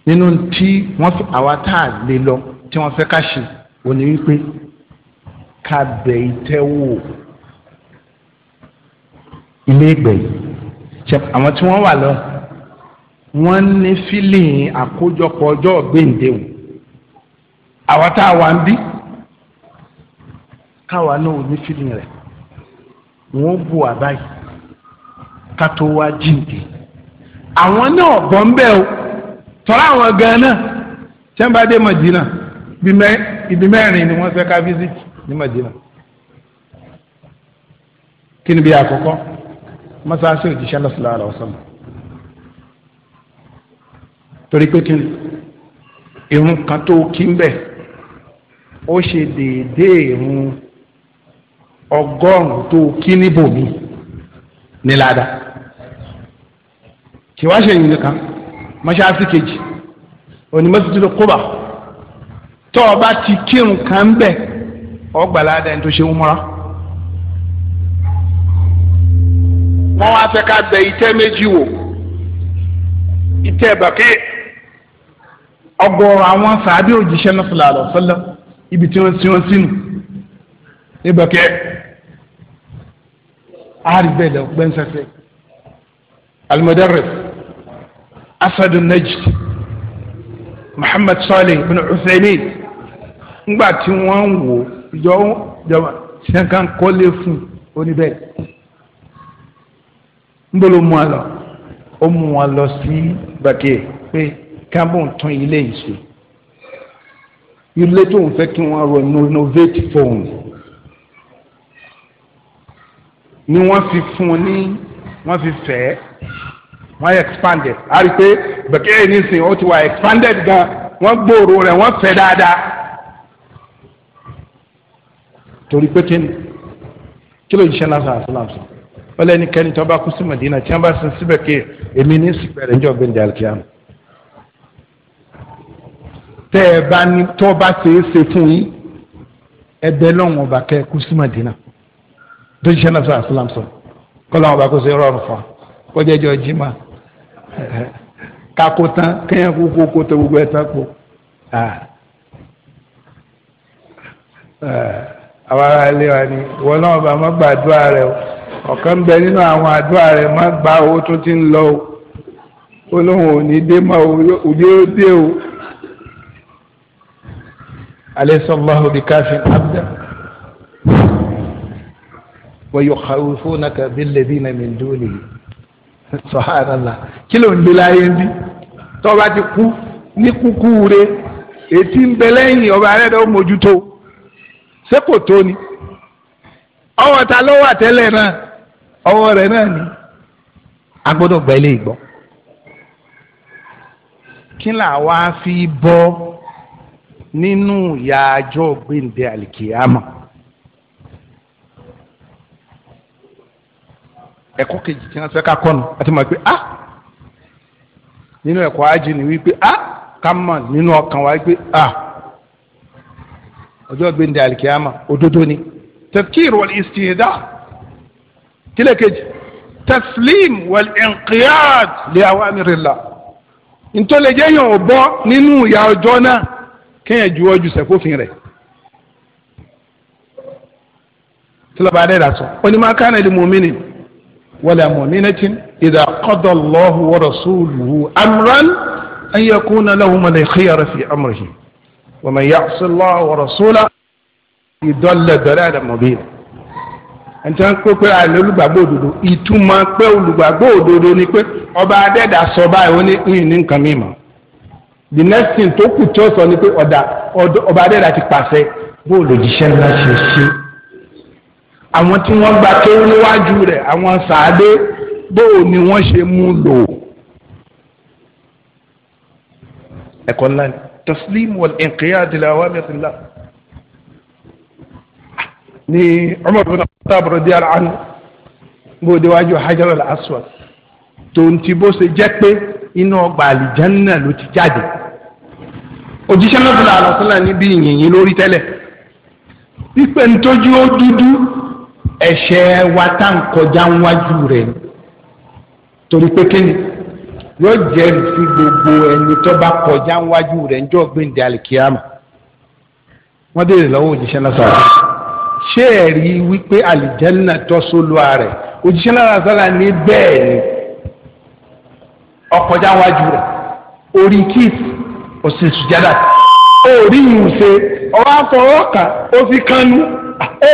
nínú tí wọ́n fi àwa tá a lè lọ tí wọ́n fẹ́ ká ṣe wọ́n wípé ká bẹ̀ ìtẹ́wò ilé ìgbẹ̀ yìí àwọn tí wọ́n wà lọ wọ́n ní fílìn àkójọpọ̀ ọjọ́ gbèǹdéwò àwa tá a wà ń bí káwa náà ò ní fílì rẹ̀ wọ́n bu àbáyé ká tó wá jíǹde àwọn náà bọ̀ ń bẹ̀ o tọ́lá àwọn gan náà tẹ́ńbàdé Madina ibi mẹ́rin ni wọ́n fẹ́ ká visit ní Madina kí ni bí àkọ́kọ́ masáàsì òjíṣẹ́ lọ́sọ̀lá rẹ̀ ọ̀sán torí pé kí ni irun kan tó kí ń bẹ̀ ó ṣe déédéé ìrun ọgọ́rùn-ún tó kí níbòmí ní ládàá kì wá ṣe ìyìn kan mọ́ṣáláṣí kejì òní mọ́tòtò kóbà tó o bá ti kírun kan bẹ̀ ọgbà ládàá ẹni tó ṣe ń múra. wọ́n wá fẹ́ ká bẹ itẹ́ méjì wò itẹ́ bàkẹ́ ọgọ́rùn àwọn sàádé òjíṣẹ́ náà fúlàlọ́ fúlàlọ́ ibi tí wọ́n sin wọn sínú níbẹ̀kẹ́ àríbẹ̀lẹ̀ gbẹ́nsẹ̀sẹ̀ almudarris asadu najd muhammad salih bin usaini ngbà tí wọ́n ń wò jọ jọba sẹ́ńkàn kọ́lé fún oníbẹ̀ nbolo mu alọ ó mu wọn sí bàkẹ́ pé kábọ̀n tún ilé yìí ṣe ilé tó ń fẹ́ kí wọ́n rọ renovate phone. ni wọ́n fi fún un ní wọ́n fi fẹ́ wọ́n expanded a rí i pé bẹ̀kẹ́ ẹ̀ nísìnyí ó ti wà expanded gan wọ́n gbòòrò rẹ̀ wọ́n fẹ́ dáadáa torí pé kí ni kí ló ń ṣe lásán àṣìlá sọ wọ́n lẹ́nikẹ́ni tó bá kú sí Madina tí wọ́n bá sin síbẹ̀ kí èmi ní sípẹ̀rẹ̀ ń jọ gbẹ̀ǹdẹ̀ tẹ́ ẹ bá ní tọ́ bá ṣe é ṣe fún yín ẹbẹ lọ́wọ́n ọba kẹ́ kú sí Madina tó ṣiṣẹ́ náà sọ àṣìlám sọ kọ́lá ọba kó ṣe rọrùn fún ọ kọjá ẹjọ́ jimá kakó tán kéèyàn kú kó kó tó gbogbo ẹ̀ tán kó àwọn ará ilé wa ni wọn náà ọba má gbàdúrà rẹ o ọ̀kan bẹ nínú àwọn àdúrà rẹ̀ má gba owó tó ti ń lọ o olóhùn ò ní dé mọ́ o yóò dé o أليس الله بكاف عبدا ويخوفونك بالذين من دونه سبحان الله kí ló ń gbé láyé ń bí tó bá ti kú ní kúkú rẹ̀ ètí ń bẹ lẹ́yìn ọba rẹ̀ ló mójútó ṣé kò tó ni ọwọ́ ta ló wà tẹ́lẹ̀ náà ọwọ́ rẹ̀ náà ni a gbọ́dọ̀ gba ilé ìgbọ́ kí là wá fi bọ́ nínú yàjọ gbèǹde àlìkìyàmà. ẹ̀kọ́ kejì tí wọ́n fẹ́ ká kọ́nu àti mọ̀ pé a ah! nínú ẹ̀kọ́ ajé ni wípé a ah! ká mọ̀ nínú ọkàn wa pé a ah! ọjọ́ gbèǹde àlìkìyàmà òdodo ni tafkir wal istida kílẹ̀ kejì taslim wal inqiyad li awamirillah ntọ́lẹ̀jẹ́ yẹn ò nínú ìyà náà kéèyàn ju ọjù sẹ́kófin rẹ̀ tilaba adé dasọ onímọ̀ akáná ẹni mu'minin wala mu'minatin idha qada Allahu wa rasuluhu amran an yakuna lahumul khiyara fi amrihim wa man ya'si Allaha wa rasulahu idalla dalalan mubina ẹnití wọn pé pé àlẹ olùgbàgbọ́ òdodo ìtumọ̀ pé olùgbàgbọ́ òdodo ni pé ọba adé dasọ báyìí ó ní the next thing tó kù tí ó sọ ni pé ọ̀dà ọba adẹ́rẹ́ ti pàṣẹ bóòlù òjíṣẹ́ ńlá ṣe ṣe àwọn tí wọ́n gba kéwú níwájú rẹ̀ àwọn sàádé bóò ni wọ́n ṣe mú lò ẹ̀kọ́ ńlá ni taslim wal inqiyad li awamirillah ni Umar bin Khattab radiyallahu anhu bó déwájú Hajar al-Aswad tòun ti bó ṣe jẹ́ pé inú ọgbà àlìjánná ló ti jáde òjíṣẹ́ lọ́sọ̀lá àlọ́sọ̀lá níbi ìyìnyín lórí tẹ́lẹ̀ pípẹ́ ntójú ó dúdú ẹ̀ṣẹ̀ wa tá à ń kọjá wájú rẹ̀ torí pé kíni yóò jẹ́ fi gbogbo ẹni tó bá kọjá wájú rẹ̀ ń jọ́ gbẹ̀ǹdẹ̀ àlìkíyàmà wọ́n dèrè lọ́wọ́ òjíṣẹ́ lọ́sọ̀lá ṣé ẹ̀rí wípé àlìjẹ́nà tọ́ sólúwa rẹ̀ òjíṣẹ́ lọ́sọ̀lá ní bẹ́ẹ̀ ni ọkọjá wájú rẹ̀ orí kíìsì ó sì sùjádà orí ìhùn ṣe ọwọ́ àfọwọ́kà ó fi kánú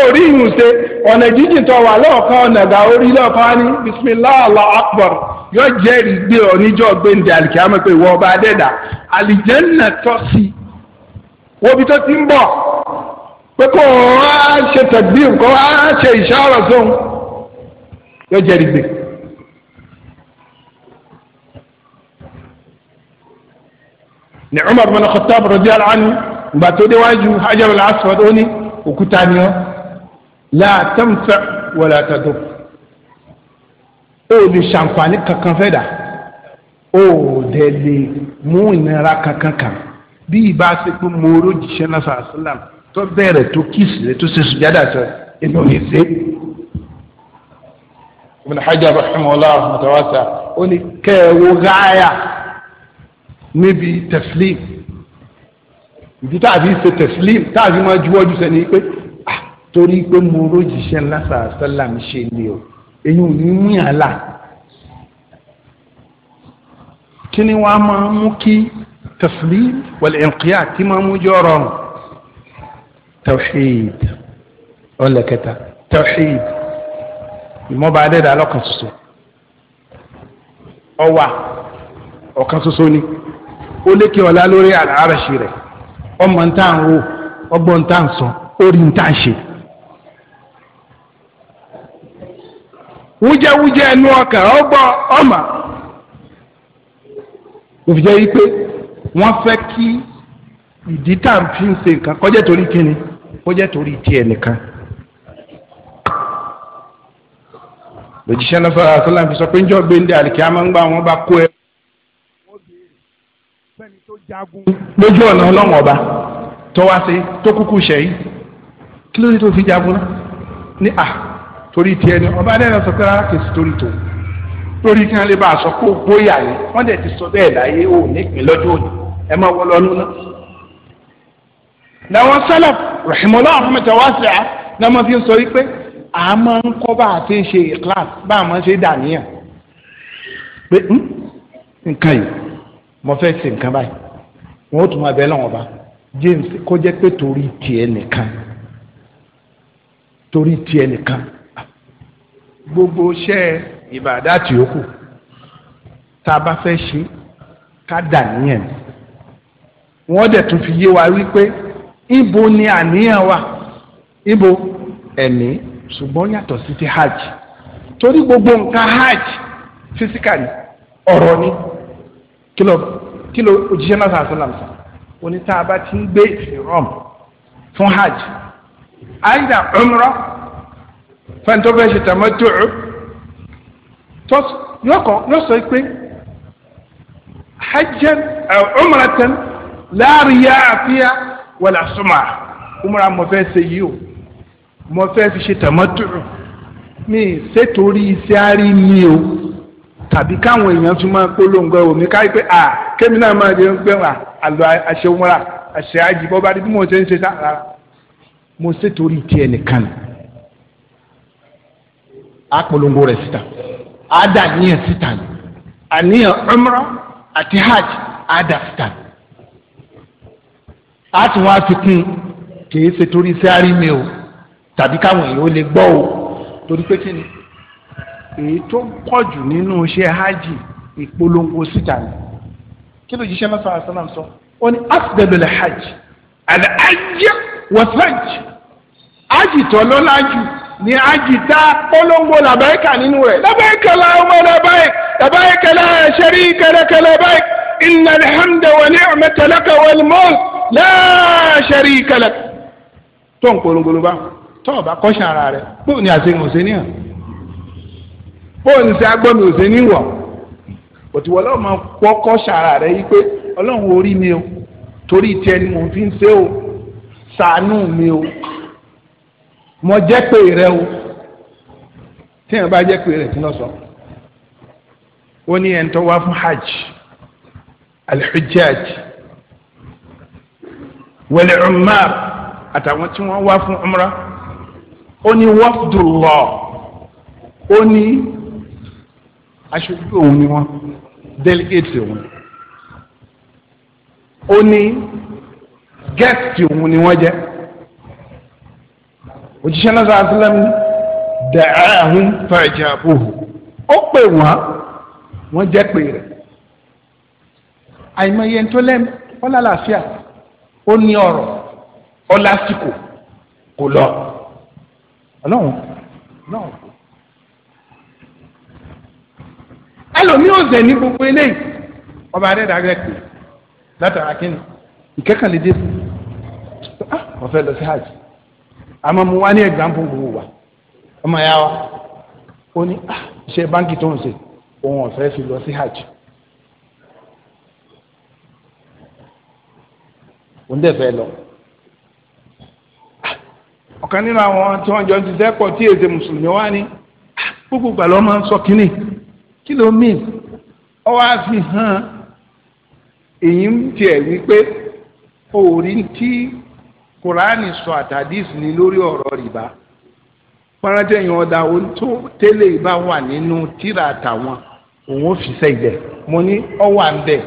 orí ìhùn ṣe ọ̀nà jíjìn tó wà lọ́ọ̀kan ọ̀nà ẹ̀dá orí lọ́ọ̀kan ní bisimilahi allah akbar yóò jẹ́rìí gbé ọ níjọ́ gbẹ̀ǹdẹ̀ àlìkàmọ́ pé ìwọ ọba adẹ́dà àlìjẹ́nà tọ́ sí i wo bí tó ti ń bọ̀ pé kó o á ṣe tẹ̀gbí nǹkan á ṣe ìṣàrọ̀ sóhun yóò jẹ́rìí gbé. ní Umar bin Khattab radiyallahu anhu ìgbà tó déwájú hajar al-aswad ó ní òkúta ni wọn la tanfa wala tadur ó lè ṣàǹfààní kankan fẹ́ dà ó dẹ̀ lè mú ìnira kankan kan bí ìbá ṣe pé mo rójìṣẹ́ náà sàásìlám tó bẹ̀rẹ̀ tó kíìsì rẹ̀ tó ṣe sùjádà sọ èmi ò lè Ibn Hajar rahimahullah rahmatawasa ó ní wo gáyà níbi tẹ̀sílìm ìdí táàbí ṣe tẹ̀sílìm táàbí máa juwọ́jú sẹ́ni pé torí pé mo rójìṣẹ́ ńlá sàásálà ń ṣe ni o èyí ò ní mú àlà kí ni wàá máa mú kí tẹ̀sílìm wàlẹ̀ ẹ̀ǹkíyà tí máa mú jọ rọrùn tawhid ọlẹ́kẹta tawhid ìmọ̀ba adẹ́dàá lọ́kàn ṣoṣo ọwà ọ̀kan ṣoṣo ni. ó lékè ọlá lórí àràárẹ̀ṣì rẹ̀ ọmọ ń tà ń ọgbọ ọgbọ́n ń tà sọ orí ń tà ṣe. wújẹwújẹ ẹnu ọkàn ọgbọ ọmọ òfìjẹ yìí pé wọ́n fẹ́ kí ìdí tá fi ń ṣe nǹkan kọjá torí kíni kọjá torí tiẹ̀ nìkan. lójúṣẹ́ náà fẹ́ àtúnlá fi sọ pé ń jọ́ gbé ń dé àlìkí ń gbà wọ́n bá kó jagun. lójú ọ̀nà ọlọ́run ọba tó wá sí tó kúkú ṣẹ́yìn kí ló dé tó fi jagun náà ní à ah, torí tiẹ̀ ni ọba adẹ́rẹ́ sọ pé kì í sí torí tòun lórí kí wọ́n lè bá a sọ pé ó gbóyà ni wọ́n dẹ̀ ti sọ bẹ́ẹ̀ láyé ò nípìn lọ́jọ́ òní ẹ máa wọ lọ́nu náà. làwọn sálàf rahimola ahmed awasa náà máa fi sọ wípé a máa ń kọ́ bá a ti ṣe ìkíláàsì bá a máa ṣe dàníyàn pé hmm? nǹkan yìí mo fẹ́ ṣe nǹkan báyìí wọn ó tún máa bẹ lọ́wọ́n ba James kó jẹ́ pé torí tiẹ̀ nìkan torí tiẹ̀ nìkan gbogbo iṣẹ́ ìbàdà tí ó kù tá a bá fẹ́ ṣe ká dà níyẹn wọ́n dẹ̀ tún fi yé wa wípé ibo ni àníyàn wà ibo ẹ̀mí ṣùgbọ́n yàtọ̀ sí ti hajj torí gbogbo nǹkan hajj fisikali ọ̀rọ̀ ni kí ló bá kí ló òjíṣẹ́ náà sàn sọ́nà sàn oní tá a bá ti ń gbé ìrọ̀m fún hajj àyíjà umrah fẹ́ntọ́fẹ́ ṣe tamattu yọkọ̀ yọ sọ pé hajjan umratan la riya'a fiha wala sum'ah umra mo fẹ́ ṣe yìí o mo fi ṣe tamattu mi ṣètò orí iṣẹ́ àárín mi o tàbí káwọn èèyàn tún máa polongo omi káyí pé a kémi náà máa jẹun pé wà àlọ àṣewúra àṣẹ àjìbọ bá dé bí mo ṣe ń ṣe sá rárá mo ṣe torí tiẹ̀ nìkan á polongo rẹ̀ síta níyàn síta ni àníyàn umra àti hajj á dà síta ni á tún wá fi kún kìí ṣe torí sáré mi o tàbí káwọn èèyàn ó lè gbọ́ o torí pé kí ni èyí tó pọ̀ jù nínú iṣẹ́ hajj ìpolongo síta ni kí ló jíṣẹ́ náà sọ̀rọ̀ sọ́nà sọ ó ní afdalul hajj al-hajj wal-fajj ájì tó lọ́lá jù ní ájì tá polongo làbẹ́ẹ̀kà nínú rẹ̀ làbẹ́ẹ̀kà làwọn làbẹ́ẹ̀ làbẹ́ẹ̀kà làwọn ṣẹ̀rí kẹlẹ́kẹ làbẹ́ẹ̀ inna alhamda wa ni'mata laka wal mulk la sharika lak tó ń polongo ló bá tó o bá kọ́ṣẹ́ ara rẹ̀ bóun ni àṣẹ òṣèlú hàn bóun ni ṣe agbọ́n mi òṣèlú wọ̀ òtí wọ́n lọ́ọ́ máa kọ́kọ́ ṣàrà rẹ̀ yí pé ọlọ́run orí mi o torí tiẹ̀ ni mò ń fi ń ṣe o ṣàánú mi o mo jẹ́ pé rẹ o tí èèyàn bá jẹ́ pé rẹ̀ kí ló sọ ó ní ẹni tó wá fún hajj alhujjaj wal ummar àtàwọn tí wọ́n wá fún umra ó ní wafdullah ó ní aṣojú òun ni wọ́n delegate òun ó ní guest òun ni wọ́n jẹ́ òjíṣẹ́ náà sọ́ra sílẹ̀ ní da'ahum fajabuhu ó pè wọ́n wọ́n jẹ́ pè rẹ̀ àìmọye tó lẹ́nu ó lálàáfíà ó ní ọ̀rọ̀ ó lásìkò kò lọ ọlọ́run náà. ẹlòmíì ò zẹ̀ ní gbogbo eléyìí ọba adé dàgbẹ́ pé látara kínní ìkẹ́kànlé dé fún wọ́n ah, fẹ́ lọ sí hajj àmọ́ mo wá ní ẹ̀gbáǹpù gbogbo wa ọmọ ya wa ó ní iṣẹ́ ah, báńkì tó ń ṣe òun ọ̀fẹ́ fi lọ sí hajj. òun dẹ̀ fẹ́ lọ. Ah, ọ̀kan nínú àwọn tí wọ́n jọ ń ṣiṣẹ́ pọ̀ tí èsè mùsùlùmí wá ní gbogbo gbàlọ́ máa sọ kínní kí ló mean ọ wá fi hàn èyí ń tiẹ̀ wípé òòrí tí kùránì sọ àtàdís ní lórí ọ̀rọ̀ rìbá pọ́nrẹ́tẹ̀ yẹn ọ̀dà ohun tó tẹ́lẹ̀ bá wà nínú tírà àtàwọn òun ò fi sẹ́gbẹ̀ mo ní ọ wà ń bẹ̀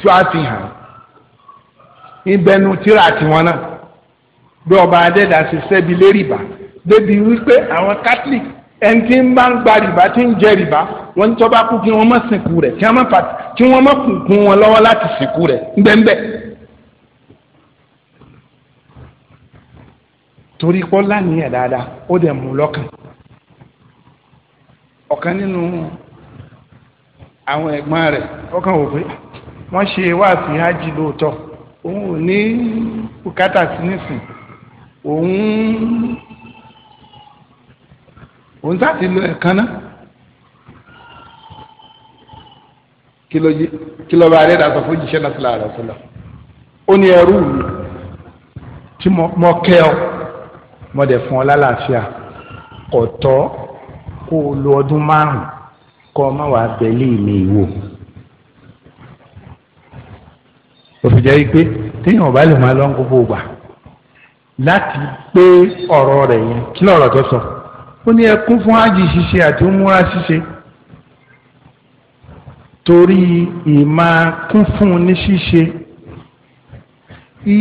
fi àfihàn ìbẹnu tírà tiwọn náà bí ọba adẹ́dà ṣe sẹ́bi lé rìbá débi wípé àwọn catholic ẹni tí ń bá ń gba rìbá tí ń jẹ rìbá wọ́n ní tọ́ba kú kí wọ́n má sìnkú rẹ̀ kí wọ́n má pàtì kí wọ́n má kùnkùn wọn lọ́wọ́ láti sìnkú rẹ̀ ńbẹ́ńbẹ́. torí kọ́ lánìyàn dáadáa ó dẹ̀ mú lọ́kàn ọ̀kan nínú àwọn ẹ̀gbọ́n rẹ̀ ọkàn wò pé wọ́n ṣe wáàsí hajj lóòótọ́ òun ò ní bùkátà sí nísìn òun òun sáà ti lo ẹ̀kan náà. kí ló bá rí ìdásọ fún jíṣẹ́ náà sílára sílá ó ní ẹrú mi tí mo kẹ́ ọ mo dẹ̀ fún ọ lálàáfíà kò tọ́ kó o lo ọdún márùn kó o má wàá bẹ̀lí mi wò òfin jẹ́ pé téèyàn ò lè máa lọ gbogbo gbà láti pé ọ̀rọ̀ rẹ̀ yẹn kí lọ́rọ̀ tó sọ ó ní ẹkún fún ájì ṣíṣe àti múra ṣíṣe torí ìmá kún fún ní ṣíṣe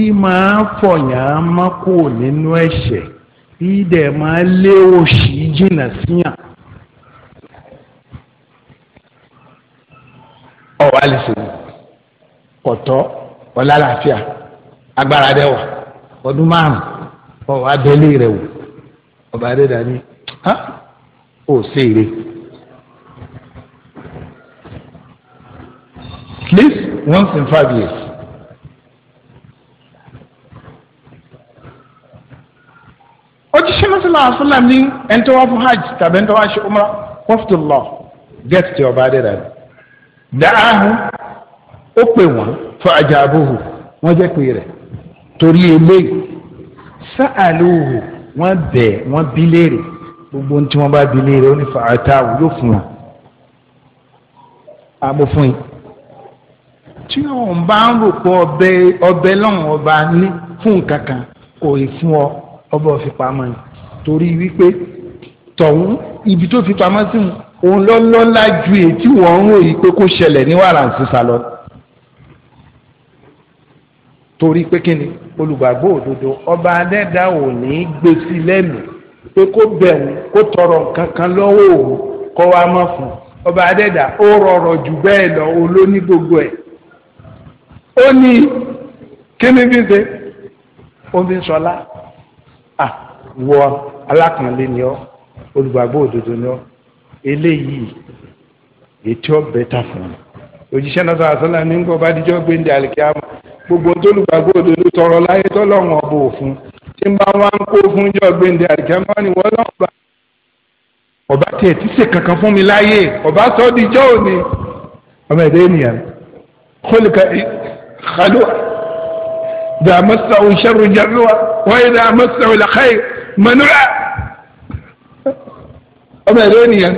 ìmá fọyàn mọ́kò nínú ẹ̀ṣẹ̀ ìdẹ̀ máa lé òṣì jìnnà síyàn. ọ̀wá lè ṣe kọ̀tọ́ ọ̀làlàáfíà agbára dẹ̀ wà ọdún márùn ọ̀wá abẹ́lé rẹ̀ wò ọba adédani ó ṣe ire. at least once in five years. òjíṣẹ́ mọ́sálà àfúlà ní ẹni tó wá fún hajj tàbí ẹni tó wá ṣe umra wafdullah gẹ́tì tí ọba adé dàbí. dàáhùn ó pè wọ́n fún ajabuhu wọ́n jẹ́ pé rẹ̀ torí eléyìí sa'aluhu wọ́n bẹ̀ wọ́n bi léèrè gbogbo ohun tí wọ́n bá bi léèrè ó ní fàáta yóò fún wọn. àmọ́ fún tí òun bá ń rò pé ọbẹ̀ ọbẹ̀ lọ́hùn ọba ní fún nǹkan kan kò ì fún ọ ọba òfin pamọ́ ni torí wípé tọ̀hún ibi tó fi pamọ́ sí òun lọ́lọ́lá ju èyí tí ń ròyìn pé kó ṣẹlẹ̀ ní wàrà ń lọ torí pé kí ni olùgbàgbọ́ òdodo ọba adẹ́dá ò ní í gbé sí lẹ́nu pé kó bẹ̀rù kó tọrọ nǹkan kan lọ́wọ́ òun kọ́ wa mọ́ fún ọba adẹ́dá ó rọrọ̀ jù bẹ́ẹ̀ lọ olóní gbogbo ẹ̀ ó ní kíni bí ṣe ó fi ń sọlá à wọ alákànlé ni ọ olùgbàgbọ́ òdodo ni ọ eléyìí ètò ọbẹ̀ ta fún un òjíṣẹ́ náà sọ̀rọ̀ sọ́la ní nǹkan bá díjọ́ gbé ní àlìkíyàmù gbogbo tólùgbàgbọ́ òdodo tọrọ láyé tọ́lọ́run ọ̀bọ òfun tí ń bá wá ń kó fún jọ́ gbé ní àlìkíyàmù wọn ni wọ́n lọ́wọ́ bá ọba tiẹ̀ tí ṣe kankan fún mi láyé ọba sọ díjọ́ òní ọmọ ẹ̀dẹ́ ènìyàn kọ́lùkà خلوة إذا مسه الشر جرة وإذا مسه الخير منوع ọmọ ẹ̀rọ ènìyàn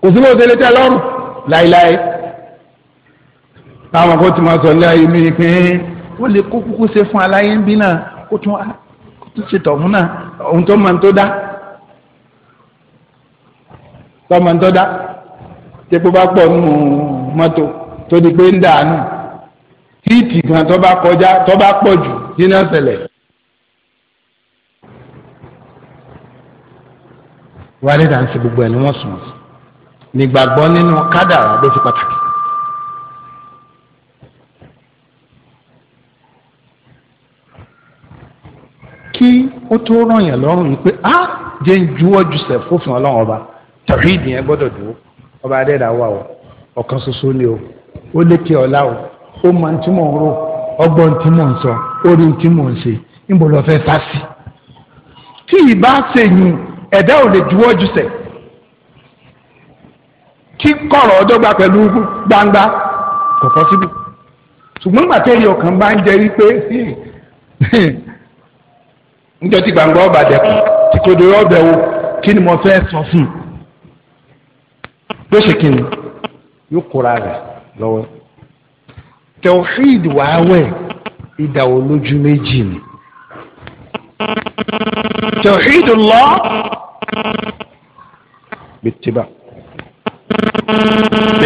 kò sí bó tẹ́lẹ̀ tẹ́ lọ́rùn láíláí táwọn akọ́ ti máa sọ ní ayé mi pé ó lè kó kúkú ṣe fún aláyé ń bí náà kó tún kó tún ṣe tọ̀hún náà ohun tó máa ń tó dá tó máa ń tó dá tẹ́pó bá pọ̀ nù mọ́tò tó di pé ń dànù tíìtì kan tó bá kọjá tó bá pọ̀ jù nínú ọ̀sẹ̀lẹ̀. wálé dànsì gbogbo ẹ̀ ni wọ́n sùn nígbàgbọ́ nínú kádàrá ló fi pàtàkì. kí ó tó ràn yàn lọ́rùn pé á ah! jẹ́ ń juwọ́ jùsẹ̀ fófin ọlọ́run ọba tàbí ìdìyẹn gbọ́dọ̀ dúró ọba adẹ́dà wà o ọ̀kan ṣoṣo ni o ó lékè ọ̀la o ó mọ ntí mò ń rò ọgbọ́n ntí mò ń sọ ó rí ntí mò ń ṣe níbo lọ fẹ́ fà sí. tí ìbá ṣèyìn ẹ̀dá ò lè juwọ́ jùsẹ̀ kí kọ̀rọ̀ ọdọ́gba pẹ̀lú gbangba kò fọ́ síbi ṣùgbọ́n gbàtẹ́yìn ọkàn bá ń jẹ́ wípé níjọ́ tí gbangba ọba dẹ̀kùn tí kò dé ọbẹ̀ wo kí ni mo fẹ́ sọ fún un yóò ṣe kíni yóò kóra rẹ̀ lọ́wọ́ tẹ̀wọ́fíìd wàáwẹ̀ ìdá olójú méjì ni tẹ̀wọ́fíìd lọ bìtìbà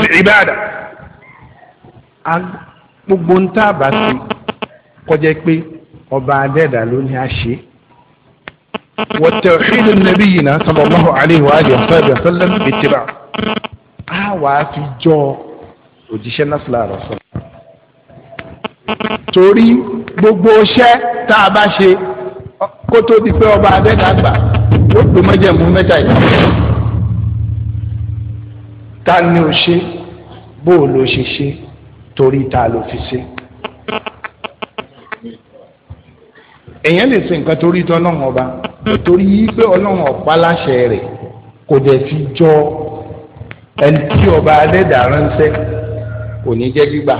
bìtìbàdà gbogbo ń tá a bá ti kọjá pé ọba adẹ́dà ló ní a ṣe wọ́n tẹ̀wọ́fíìd nàbí yìí náà sallallahu alayhi wa alihi wa sallam bìtìbà wàá fi jọ òjíṣẹ́ náà sílá torí gbogbo iṣẹ́ tá a bá ṣe kó tó di pé ọba abẹ́ka gbà ó pè mọ́jẹ̀mú mẹ́ta yìí. ta ni o ṣe bó o lo ṣe ṣe torí ta ló fi ṣe. èèyàn lè ṣe nǹkan torí tọ́ ọlọ́run ọba torí pé ọlọ́run ọ̀pá láṣẹ rẹ̀ kò dẹ̀ fi jọ ẹni tí ọba adẹ́dà ránṣẹ́ kò ní jẹ́ gbígbà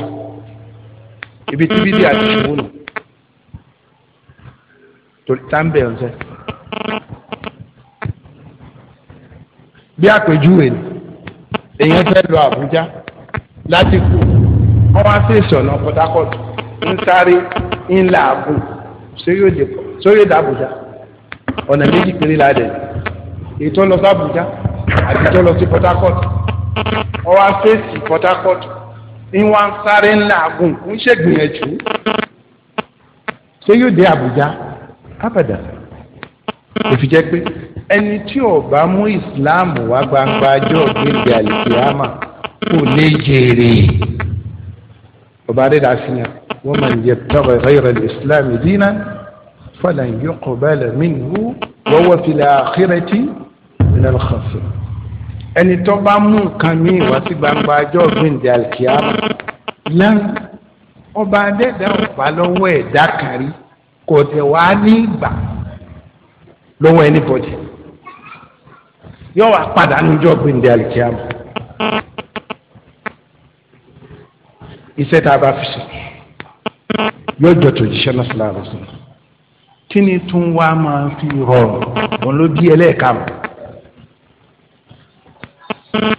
ibi tí bídíà ti ṣubú nù torí táǹbẹ̀ ránṣẹ́ bí àpèjúwe ni èèyàn fẹ́ lọ Àbújá láti kú wọ́n wá sí ìsọ̀nà Port Harcourt ń sáré ńlá àbò sórí ìdàbùjá ọ̀nà méjì péré la ètò ń lọ sí Àbújá àbí tó lọ sí Port Harcourt wọ́n wá fèsì Port Harcourt ní wọ́n sáré ńlá àgùn ń ṣègbìyànjú ṣé yóò dé Àbújá abàdà òfin jẹ́ pé ẹni tí ò bá mú ìsìláàmù wá gbangba ọjọ́ ògbéǹde àlìkìyàmà kò lè jèrè ọba adéda fihàn wọ́n máa ń yẹ tọ́wọ́ ìrẹ́rẹ́ ìsìláàmù dínà fọlá yóò kọ̀ bẹ́ẹ̀ lẹ́mìnú wọ́wọ́ fi lè àkírẹ́tì ìnáwó kọ̀ọ̀fẹ́ ẹni tó bá mú nǹkan ní ìwà sí gbangba ọjọ́ gbìndé alkiyama lẹ́nu ọba adẹ́dá ọba lọ́wọ́ ẹ̀dá kan rí kò tẹ̀ wá ní ìgbà lọ́wọ́ ẹni bọ̀dì yóò wá padà níjọ́ gbìndé alkiyama iṣẹ́ tá a bá fi ṣe yóò jọ tó jíṣẹ́ náà sílára sí i kí ni tún wá máa fi rọrùn òun ló bí ẹlẹ́ẹ̀ka mọ́.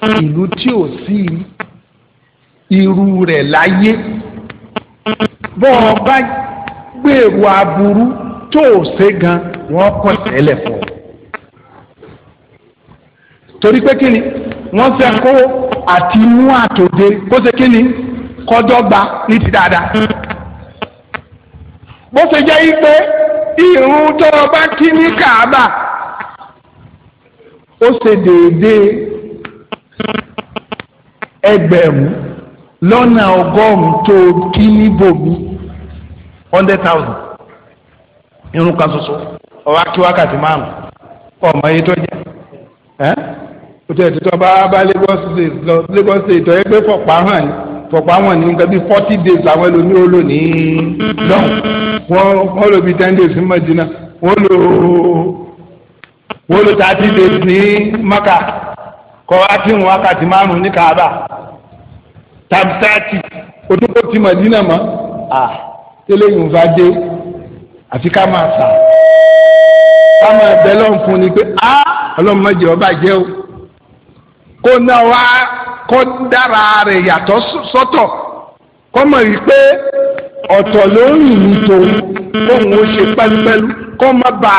ìlú tí ò sí irú rẹ̀ láyé bọ́ ọ bá gbèrò aburú tó o ṣe gan wọ́n kọ́ ìtẹ́lẹ̀ fún ọ. torí pé kí ni wọ́n fẹ́ kó àti mú àtòde kó ṣe kí ni kọjọ́gba ní ti dáadáa. bó ṣe jẹ́ yí irun tó o bá kí ní kàábà ó ṣe déédéé ẹgbẹ̀rún lọ́nà ọgọ́rùn-ún tó kí ní bòmí hundred thousand irun kan ṣoṣo ọ̀rá kí wákàtí márùn ọmọ iye tó jẹ ẹ́ òtún ẹ̀tún tó bá bá Lagos state lọ Lagos state ọ̀yẹ́ pé fọ̀pá hàn ní fọ̀pá wọn ní nǹkan bí forty days àwọn ẹlòmíì ó lò ní lọ́hùn wọ́n wọ́n lò bí ten days ní Madina wọ́n lò wọ́n lò thirty days ní Maka kọ́ wá kí n wákàtí kaaba tàbí sáàtì ti Mẹdínà mọ́ à tẹ́lẹ̀ yìí fa dé àfi ká máa fà ká máa bẹ lọ́n ni pé á ọlọ́run mọ̀jẹ̀ ọba jẹ́ o kó ná wá kó dára rẹ̀ yàtọ̀ sọ́tọ̀ kọ́ mọ̀ rí pé ọ̀tọ̀ ló ń rìn ní tòun kóun ó ṣe pẹ́lúpẹ́lú kó má ba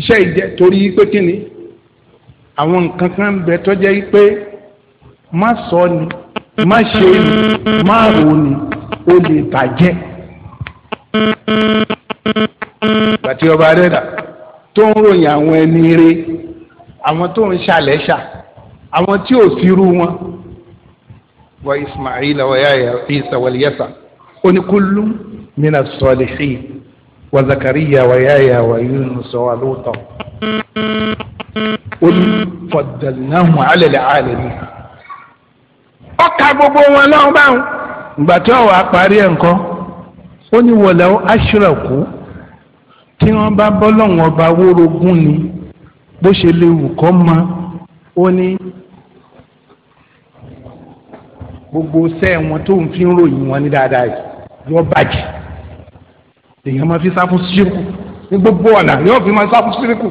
iṣẹ́ ìjẹ́ torí pé kí àwọn nǹkan kan bẹ tó jẹ́ pé má sọ ni má ṣe ni má rò ni ó lè bàjẹ́. bàtí ọba adẹ́dà tó ń ròyìn àwọn ẹni rẹ̀ àwọn tó ń ṣàlẹ́ṣà àwọn tí ò fi rú wọn wa ismaila wa isa wal yasa oni kullu mina salihin wa zakariya wa yaya wa yunus wa lutan olùfọ̀dàlìnàmù alẹ́lẹ́ alẹ́lẹ́ ọkà gbogbo wọn náà bá wọn. ìgbà tí wọn wà á parí ẹ̀ ńkọ́ ó ní wọlé aṣírẹ̀kú tí wọ́n bá bọ́ lọ́wọ́n ọba wórogún ni bó ṣe lè wù kọ́ mọ ó ní gbogbo sẹ́ẹ̀ wọn tó ń fi ń ròyìn wọn ní dáadáa yìí yọ bàjẹ́ èèyàn máa fi sáfún síríkù ní gbogbo ọ̀nà yóò fi máa sáfún síríkù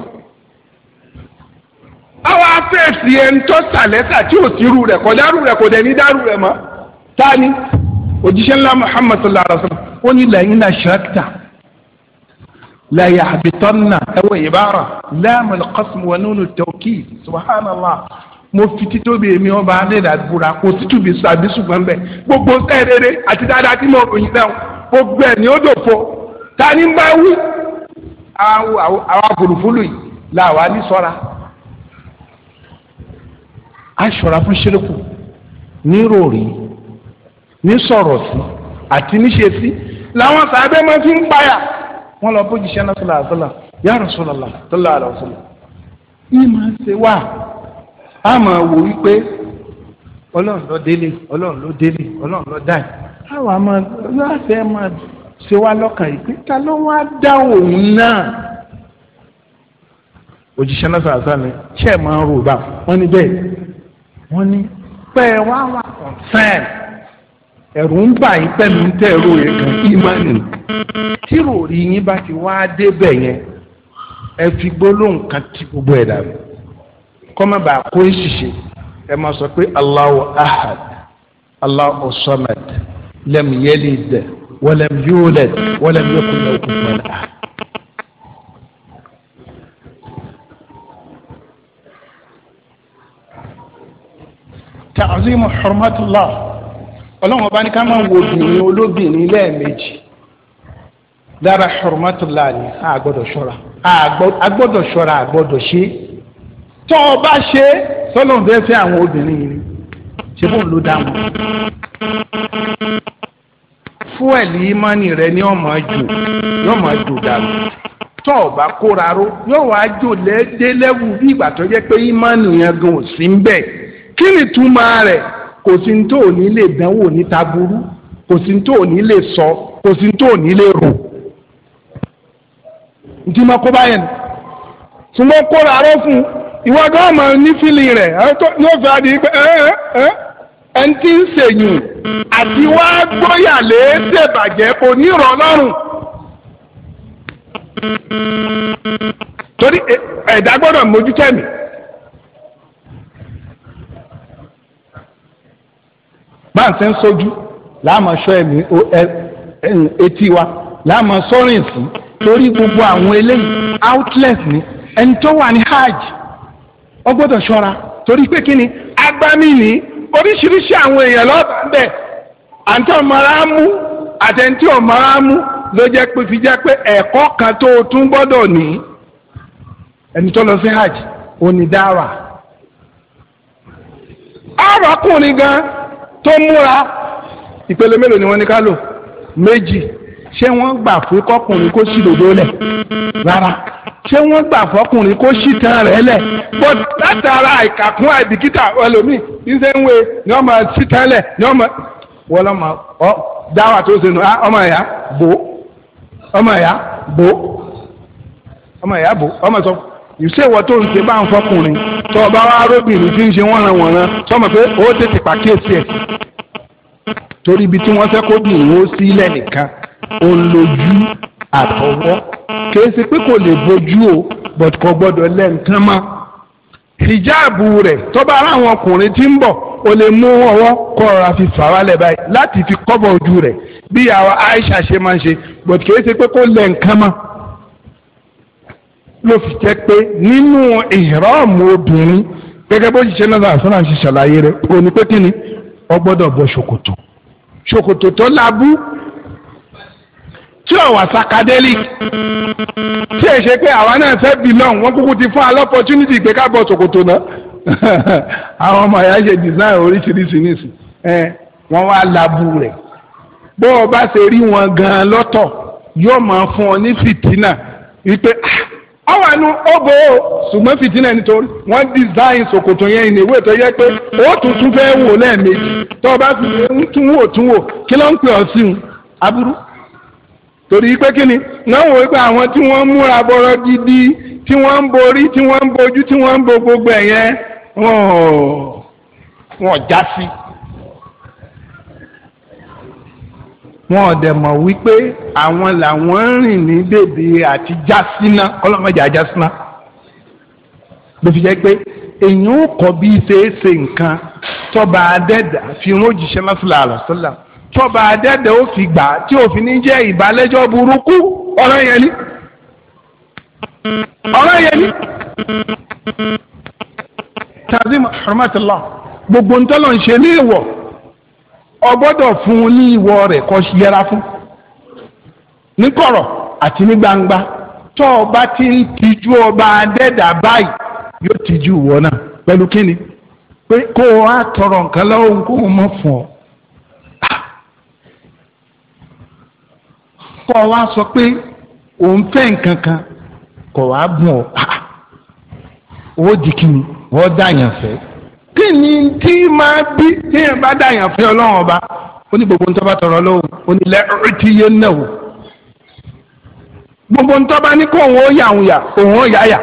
àwa afẹ́ẹ̀sì ẹ̀ ń tọ́ sàlẹ́sà tí ò sí irú rẹ̀ kọ́ dárú rẹ̀ kò dẹ̀ ní dárú rẹ̀ mọ́ tani òjíṣẹ́ ńlá Muhammad sallallahu alaihi wa sallam ó ní lẹ́yìn náà ṣẹ́kítà láyé àbítọ́nà ẹ̀wọ̀ ìbára láàmú al-qasm wa nunu at-tawkid subhanallah mo fi títóbi èmi ọba alẹ́dà búra kò títúbi sàbí ṣùgbọ́n bẹ́ẹ̀ gbogbo sẹ́ẹ̀rẹ́rẹ́ àti dáadáa tí mo ròyìn náà gbogbo ẹ̀ ni ó dòfo tani ń bá wí àwọn àfòròfólò yìí làwa ní sọ́ra a ṣọ́ra fún ṣírìkù ní ròrí ní sọ̀rọ̀ sí àti níṣe sí làwọn sàbẹ̀ máa fi ń payà wọn lọ bójú iṣẹ́ náà sọlá àtọ́là yà rọ̀ṣọ́lọ́lá tọ́lá àlọ́ṣọ́lá yìí máa ń ṣe wá a máa wò wípé ọlọ́run ló délé ọlọ́run ló délé ọlọ́run ló dáì àwọn àmọ́ yóò fẹ́ máa ṣe wá lọ́kàn yìí pé ta ló wá dá òun náà òjíṣẹ́ náà sàásà ni ṣe máa ń rò bá wọn ní bẹ́ẹ̀ wọ́n ní pẹ́ ẹ wá wà concern ẹ̀rù ń bà yín pẹ̀lú ń tẹ̀rù yẹn kan ìmánì tí ròrí yín bá ti wá débẹ̀ yẹn ẹ fi gbólóhùn kan tí gbogbo ẹ̀ dàbí kọ́mọ̀ bá kó ìṣìṣe ẹ máa sọ pé Allahu ahad Allahu samad lam yalid walam yulad walam yakun lahu kufuwan ahad. ta'zimu hurmatullah ọlọ́run ọba ní ká máa wo obìnrin olóbìnrin lẹ́ẹ̀mejì dára hurmatullah ni a gbọ́dọ̀ ṣọ́ra a gbọ́dọ̀ ṣọ́ra a gbọ́dọ̀ ṣe tọ́ ọ bá ṣe sọ́lọ́run bẹ́ẹ̀ fẹ́ àwọn obìnrin yìí ṣe fún ló dá wọn. fúẹ̀lì ìmánì rẹ ni ọmọ jù yóò máa jù dànù tọ́ ọ bá kóra ró yóò wá jò lẹ́ẹ́dẹ́lẹ́wù bí ìgbà tó jẹ́ pé ìmánì gan ò sí ń bẹ̀. kí ni túmọ̀ rẹ̀ kò sí ní tó ò ní lè dánwò níta burú kò sí ní tó o ní lè sọ kò sí ní tó ò ní lè rò ntí ma kó báyẹn súnmọ́ kóra arọ́ fún ìwọ gan ma ní fílì fẹ́ adi ẹ ẹ ẹ ń sèyìn àti wá torí ẹ̀dá gbọ́dọ̀ mójútẹ́mi. báńsẹ̀ ń sojú láàmú sọ ẹ̀mí etí wa láàmú sọ́rìn sí torí gbogbo àwọn eléyìí outlet ni ẹni tó wà ní hajj Ọ gbọ́dọ̀ ṣọ́ra torí pé kí ni agbami ní oríṣiríṣi àwọn èèyàn lọ́ọ̀bà ń bẹ̀ àǹtí ọ̀mọ̀ra mú àtẹ̀ǹtí ọ̀mọ̀ra mú ló jẹ́ pé fi jẹ́ pé ẹ̀kọ́ kan tó o tún gbọ́dọ̀ ní ẹni tó lọ sí hajj onídàáwà. ọ̀rọ̀ kùnrin gan-an. tó múra ìpele mélòó ni wọ́n ní ká lò méjì ṣé wọ́n gbà fún kọkùnrin kó sì lòdó lẹ̀ rárá ṣé wọ́n gbà fọkùnrin kó sì tán rẹ̀ lẹ̀ bọ́ látara ìkàkùn àìbìkítà ẹlòmíì ní ni wọ́n máa sì tán lẹ̀ ni wọ́n máa wọ́n lọ́ máa ọ́ dáwà tó ṣe nù ah, ọmọ ẹ̀yà bò ọmọ ẹ̀yà bò ọmọ ẹ̀yà bò ọmọ ẹ̀sọ́ ìṣèwọ tó ń ṣe bá ń fọkùnrin tó ọba wa arábìnrin tí ń ṣe wọ́nran wọ̀nran sọmọ pé ó tètè pàkíyèsí ẹ̀ torí ibi tí wọ́n fẹ́ kó bì ń ó sí lẹ́nìkan ó ń lójú àtọwọ́ kì pé kò lè bojú o but kò gbọ́dọ̀ lẹ́ǹkan mọ́ hijabu rẹ̀ tọ́ba aráwọn ọkùnrin tí ń bọ̀ o lè mú ọwọ́ kọ́ ọ̀rá fi fà báyìí láti fi kọ́bọ̀ ojú rẹ̀ bí àwọn Aisha ṣe máa ń ṣe but kì í ṣe pé kò lẹ́ǹkan mọ́ ló fi jẹ́ pé nínú ìhìrọ́ọ̀mù obìnrin gẹ́gẹ́ bó ṣiṣẹ́ náà sọ́nà ṣe ṣàlàyé rẹ̀ kò ní pé kí ni ó gbọ́dọ̀ bọ ṣòkòtò ṣòkòtò tó labú tí ọ̀wà sakadélì tí ẹ ṣe pé àwa náà fẹ́ bìlọ̀n wọ́n kúkú ti fún alọ́pọ̀túnìtì pé ká bọ ṣòkòtò náà àwọn ọmọ ìyá ṣe design oríṣiríṣi nísìn wọ́n wá labú rẹ̀ bó o bá ṣe rí wọn gan-an lọ́tọ̀ yóò máa fún ọ ní fìtínà wípé ah, ọwà nu ogo ṣùgbọ́n fìtínà nítorí wọ́n design ṣòkòtò yẹn ìnáwó ètò yẹ pé ó tún tún fẹ́ wo lẹ́ẹ̀mejì tó o bá fi ń tún wò tún wò kí ló ń pè ọ́ sí un aburú torí pé kí ni wọ́n wò pé àwọn tí wọ́n múra bọ́rọ̀ gidi tí wọ́n ń borí tí wọ́n ń bojú tí wọ́n ń bo gbogbo ẹ̀yẹn wọ́n já sí. wọn ò dẹ̀ mọ̀ wípé àwọn làwọn ń rìn ní bèbè àti jásínà kọ́lọ́mọ̀jà jásínà ló fi jẹ́ pé èyàn ó kọ́ bí ṣe é ṣe nǹkan tọ́ba adẹ́dà fi wọ́n jíṣẹ́ lọ́sọ̀lá àlọ́sọ̀lá tọ́ba adẹ́dà ó fi gbà tí òfin ní jẹ́ ìbálẹ́jọ́ burúkú ọ̀rọ̀ yẹn ni ọ̀rọ̀ yẹn ni tazim Allah. gbogbo ntọ́lọ̀ ń ṣe léèwọ̀. ọ gbọ́dọ̀ fún ní ìwọ rẹ kó yẹra fún ní kọ̀rọ̀ àti ní gbangba tó o bá ti ń tijú ọba adẹ́dà báyìí yóò tijú ìwọ náà pẹ̀lú kíni pé kó o á tọrọ nǹkan lọ́wọ́ kó o mọ̀ fún ọ. kó o wá sọ pé òun fẹ́ nǹkan kan kó o wá bùn ọ́ ó di kíni wọ́n dà yàn fẹ́. kí ni tí máa bí tí yẹn bá dàyàn fún ọlọ́run ọba ó ní gbogbo ntọ́ba tọrọ lóhùn ó ní lẹ́rìí tí yé náà wò gbogbo ntọ́ba ní kó òun ó yà òun yà òun ó yà yà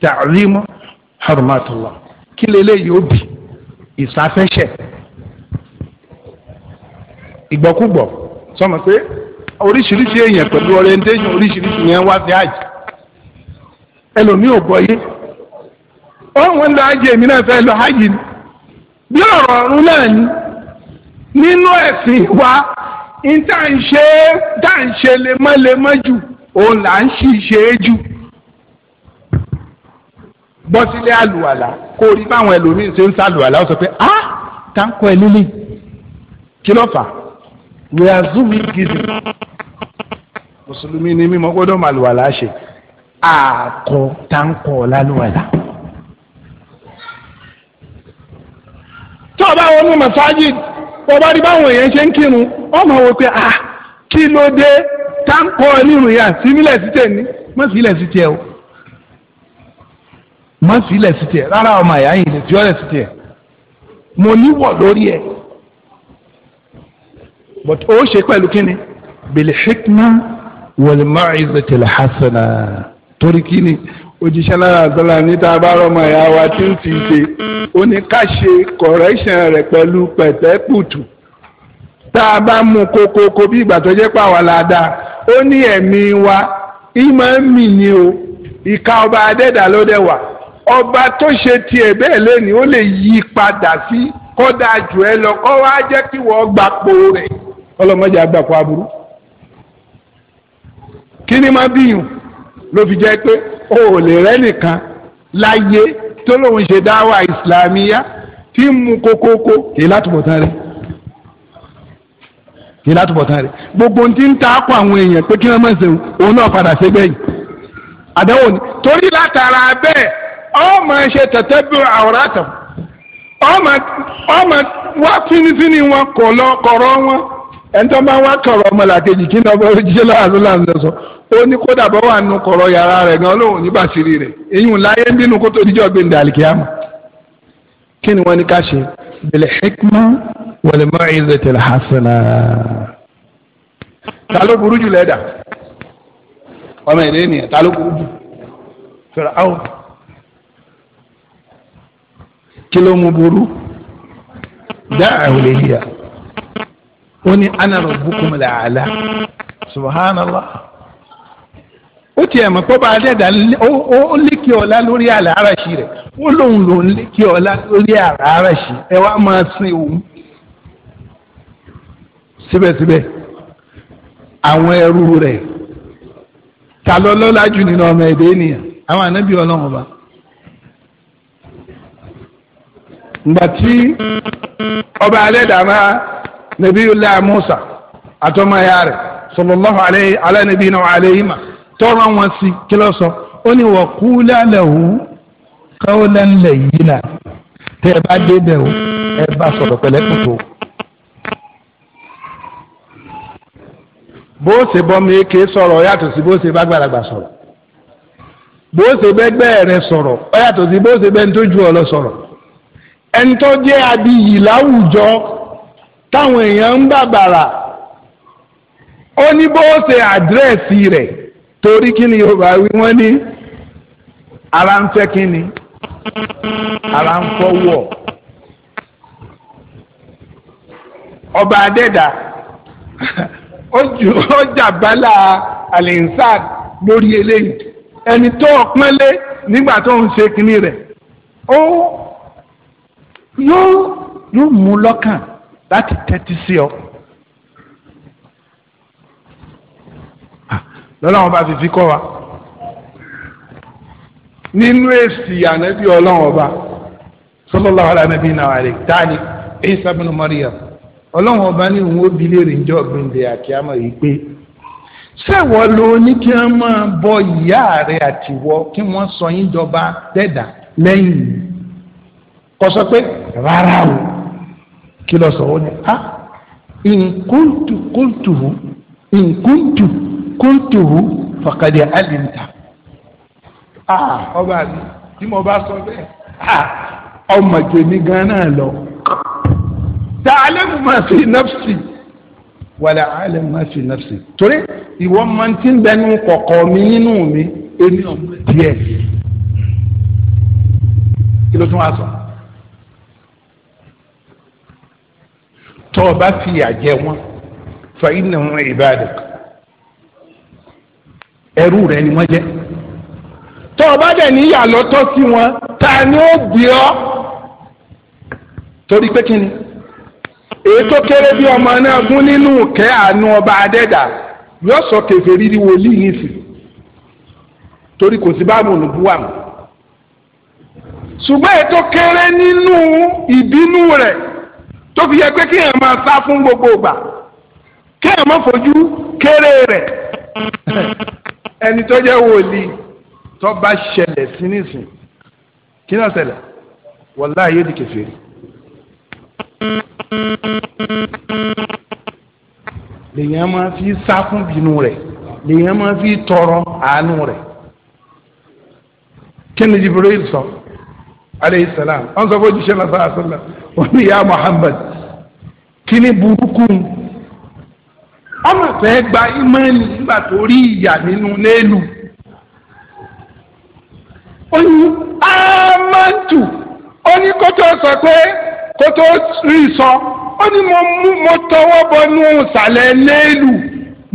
ta'zimu harumatullah kí leléyìí ó bì ìsáfẹ́sẹ̀ ìgbọ́kúgbọ̀ sọmọ pé oríṣiríṣi èèyàn pẹ̀lú orientation oríṣiríṣi yẹn wá sí àjì ẹlòmíì ò gbọ́ yé ọ̀hún lọ hajj èmi náà fẹ́ lọ hajj ni bí ọ̀rọ̀ ọ̀run náà ni nínú ẹ̀sìn wa níta ń ṣe tá ń ṣe lemọ́lemọ́ jù òun là ń ṣì ṣe é jù bọ́ sílé àlùwàlà kó o rí báwọn ẹlòmíín ṣe ń ṣàlùwàlà ó sọ pé a tá ẹ nílé kí ló fà we are gidi mùsùlùmí ni mímọ́ gbọ́dọ̀ màlúwàlà ṣe àkọ tá ń tó o bá wọn ní masajid tó bá rí báwọn èèyàn ṣe ń ọ máa wọ pé ah kí ló dé táǹkọ́ onírun yà símílẹ̀ sí tẹ̀ ní má sílẹ̀ sí tẹ̀ o má sílẹ̀ sí tẹ̀ rárá ọmọ àyà yìí lè fi ọ́lẹ̀ sí tẹ̀ mo níwọ̀ lórí ẹ̀ but ó ṣe pẹ̀lú torí ni òjíṣẹ́ lára àgbọ́lá níta bá rọmọ ẹ̀yà wa tí ń ti ṣe ó ní ká ṣe correction rẹ̀ pẹ̀lú pẹ̀tẹ́pùtù tá a bá mú kókókó bí ìgbà tó jẹ́ pà wà ládàá ó ní ẹ̀mí wa ìmọ̀ ń mì ní o ìka ọba adẹ́dà ló dẹ̀ wà ọba tó ṣe tiẹ̀ bẹ́ẹ̀ lẹ́ni ó lè yí padà sí kọ́dà jù ẹ lọ kọ́ wá jẹ́ kí wọ́n gbapò rẹ̀ ọlọ́mọdé àgbàpọ̀ aburú kí ni má bíyùn ló fi jẹ́ pé o ò lè rẹ́ nìkan láyé tó lóun ṣe dáwà ìsìlámíyá tí ń mu kókókó kì í látúbọ̀tán rẹ̀ kì í látúbọ̀tán rẹ̀ gbogbo tí ń ta kó àwọn èèyàn pé kí wọ́n máa ṣeun òun náà padà ṣe bẹ́yìn àdánwò ni torí látara bẹ́ẹ̀ ọmọ ṣe tẹ̀tẹ́ bí àwòrán àtàwọn ọmọ ọmọ wá fínífíní wọn kọ̀ lọ kọ̀rọ̀ wọn ẹni máa wá kọ̀rọ̀ ọmọlàkejì kí ni ọmọ òjíṣẹ́ láàánú láàánú lọ ó ní kódà bọ́ wà nù kọ̀rọ̀ yàrá rẹ̀ gan lóhùn ní bàṣírí rẹ̀ eyín láyé ń bínú kó tó díjọ́ gbé kí ni wọ́n ní ká ṣe bil hikma wal mau'izatil hasana. ta ló burú jù lẹ́dà ọmọ ta ló burú jù sọ̀rọ̀ áwọ̀ kí ló mú burú ó ní ó tiẹ̀ mọ̀ pé adẹ́dà ó lékè ọlá lórí àlàáràṣì rẹ̀ ó lóun ló ń lékè ọlá lórí àlàáràṣì ẹ wá máa sin òun. síbẹ̀síbẹ̀ àwọn ẹrú rẹ̀ ta ló lọ́lá jù nínú ọmọ ẹ̀dá ènìyàn àwọn ànábì ọlọ́run ọba. ìgbà ọba adẹ́dà máa nàbí ilé amúsà atọma ya rẹ̀ sallallahu alẹ́ nàbí náà alẹ́ yìí mà. tọrọ wọn sí kí ló sọ ó ní wọ́n kú lálẹ́hu káwọ́lá ńlẹ̀ yìí nà tẹ́ ẹ bá dé bẹ̀ o ẹ bá sọ̀rọ̀ pẹ̀lẹ́kùtù. bó ṣe bọ́mi eke sọ̀rọ̀ yàtọ̀ sí bó ṣe bá gbàlagbà sọ̀rọ̀ bó ṣe bẹ́gbẹ́ rẹ sọ̀rọ̀ ọ yàtọ̀ sí bó ṣe bẹ́ni tó ju ọ lọ sọ̀rọ̀ ẹni tó jẹ́ abiyì láwùjọ táwọn èèyàn ń bàbàrà ó ní bó ṣe àdírẹ́sì rẹ̀ torí kí ni yorùbá wí wọ́n ní ara ń fẹ́ kí ni ara ń fọwọ́ ọba adẹ́dà ó jàbálà alinsad lórí eléyìí ẹni tó pọ́nlé nígbà tó ń ṣe kínní rẹ̀ ó yóò yóò mú lọ́kàn láti tẹ́tí sí ọ. lọ́lọ́run bá fi fi kọ́ wa nínú èsì ànábì ọlọ́run ọba sallallahu ala nabina wa alayhi tani Isa ibn Maryam ọlọ́run ọba ní òun ó bi léèrè ńjọ́ gbìndé àkíámọ̀ yìí pé sẹ́wọ̀ ló ní kí wọ́n máa bọ ìyá rẹ̀ àtiwọ́ kí wọ́n sọ yín jọba dẹ́dà lẹ́yìn kò sọ pé rárá o kí lọ sọ ó ní a ah, nkuntu kuntu nkuntu kúntùhù fàkàdé àlìntà ah, ọba mi tí mo bá sọ bẹ́ẹ̀ ah, ọmọ jèmi gan náà lọ tààlẹ́mù máa fi nafsi wàlẹ̀ àlẹ́mù máa fi nafsi torí ìwọ máa ti ń bẹnu kọ̀kọ̀ mi nínú mi èmi ọ̀mọ díẹ̀ kí ló tún wá sọ. tọ́ ọ bá fi àjẹ wọn fa iná wọn ẹrú rẹ ni wọ́n jẹ. tó o bá dẹ̀ níyà lọ́tọ̀ sí wọn ta ni ó bí ọ torí pé kí ni èyí kéré bí ọmọ náà gún nínú kẹ́ àánú ọba adẹ́dà yóò sọ kèfèrí ní wòlíì nìsí torí kò sí báàmù nùbúwà mọ́ ṣùgbọ́n ètò kéré nínú ìbínú rẹ̀ tó fi yẹ pé kí èèyàn máa sá fún gbogbo ìgbà kí èèyàn má fojú kéré rẹ̀ ẹni tó jẹ́ wòlíì tó bá ṣẹlẹ̀ sí nísìn kí náà ṣẹlẹ̀ wàláhì yóò di kèfèrí. lèyìn máa fi sákún bínú rẹ̀ lèyìn máa fi tọrọ àánú rẹ̀ kí ni Jibril sọ aleyhi salaam ọ̀n sọ fún ojúṣe náà sọ àṣọ wọ́n ní ya Muhammad kí ni burúkú ọmọ fẹ́ gba ímọ̀ẹ́nì nígbà tó rí ìyà nínú léèlù ó ní ámántù ó ní kó tó sọ pé kó tó rí sọ ó ní mo mú mo tọwọ́ bọnú ìsàlẹ̀ léèlù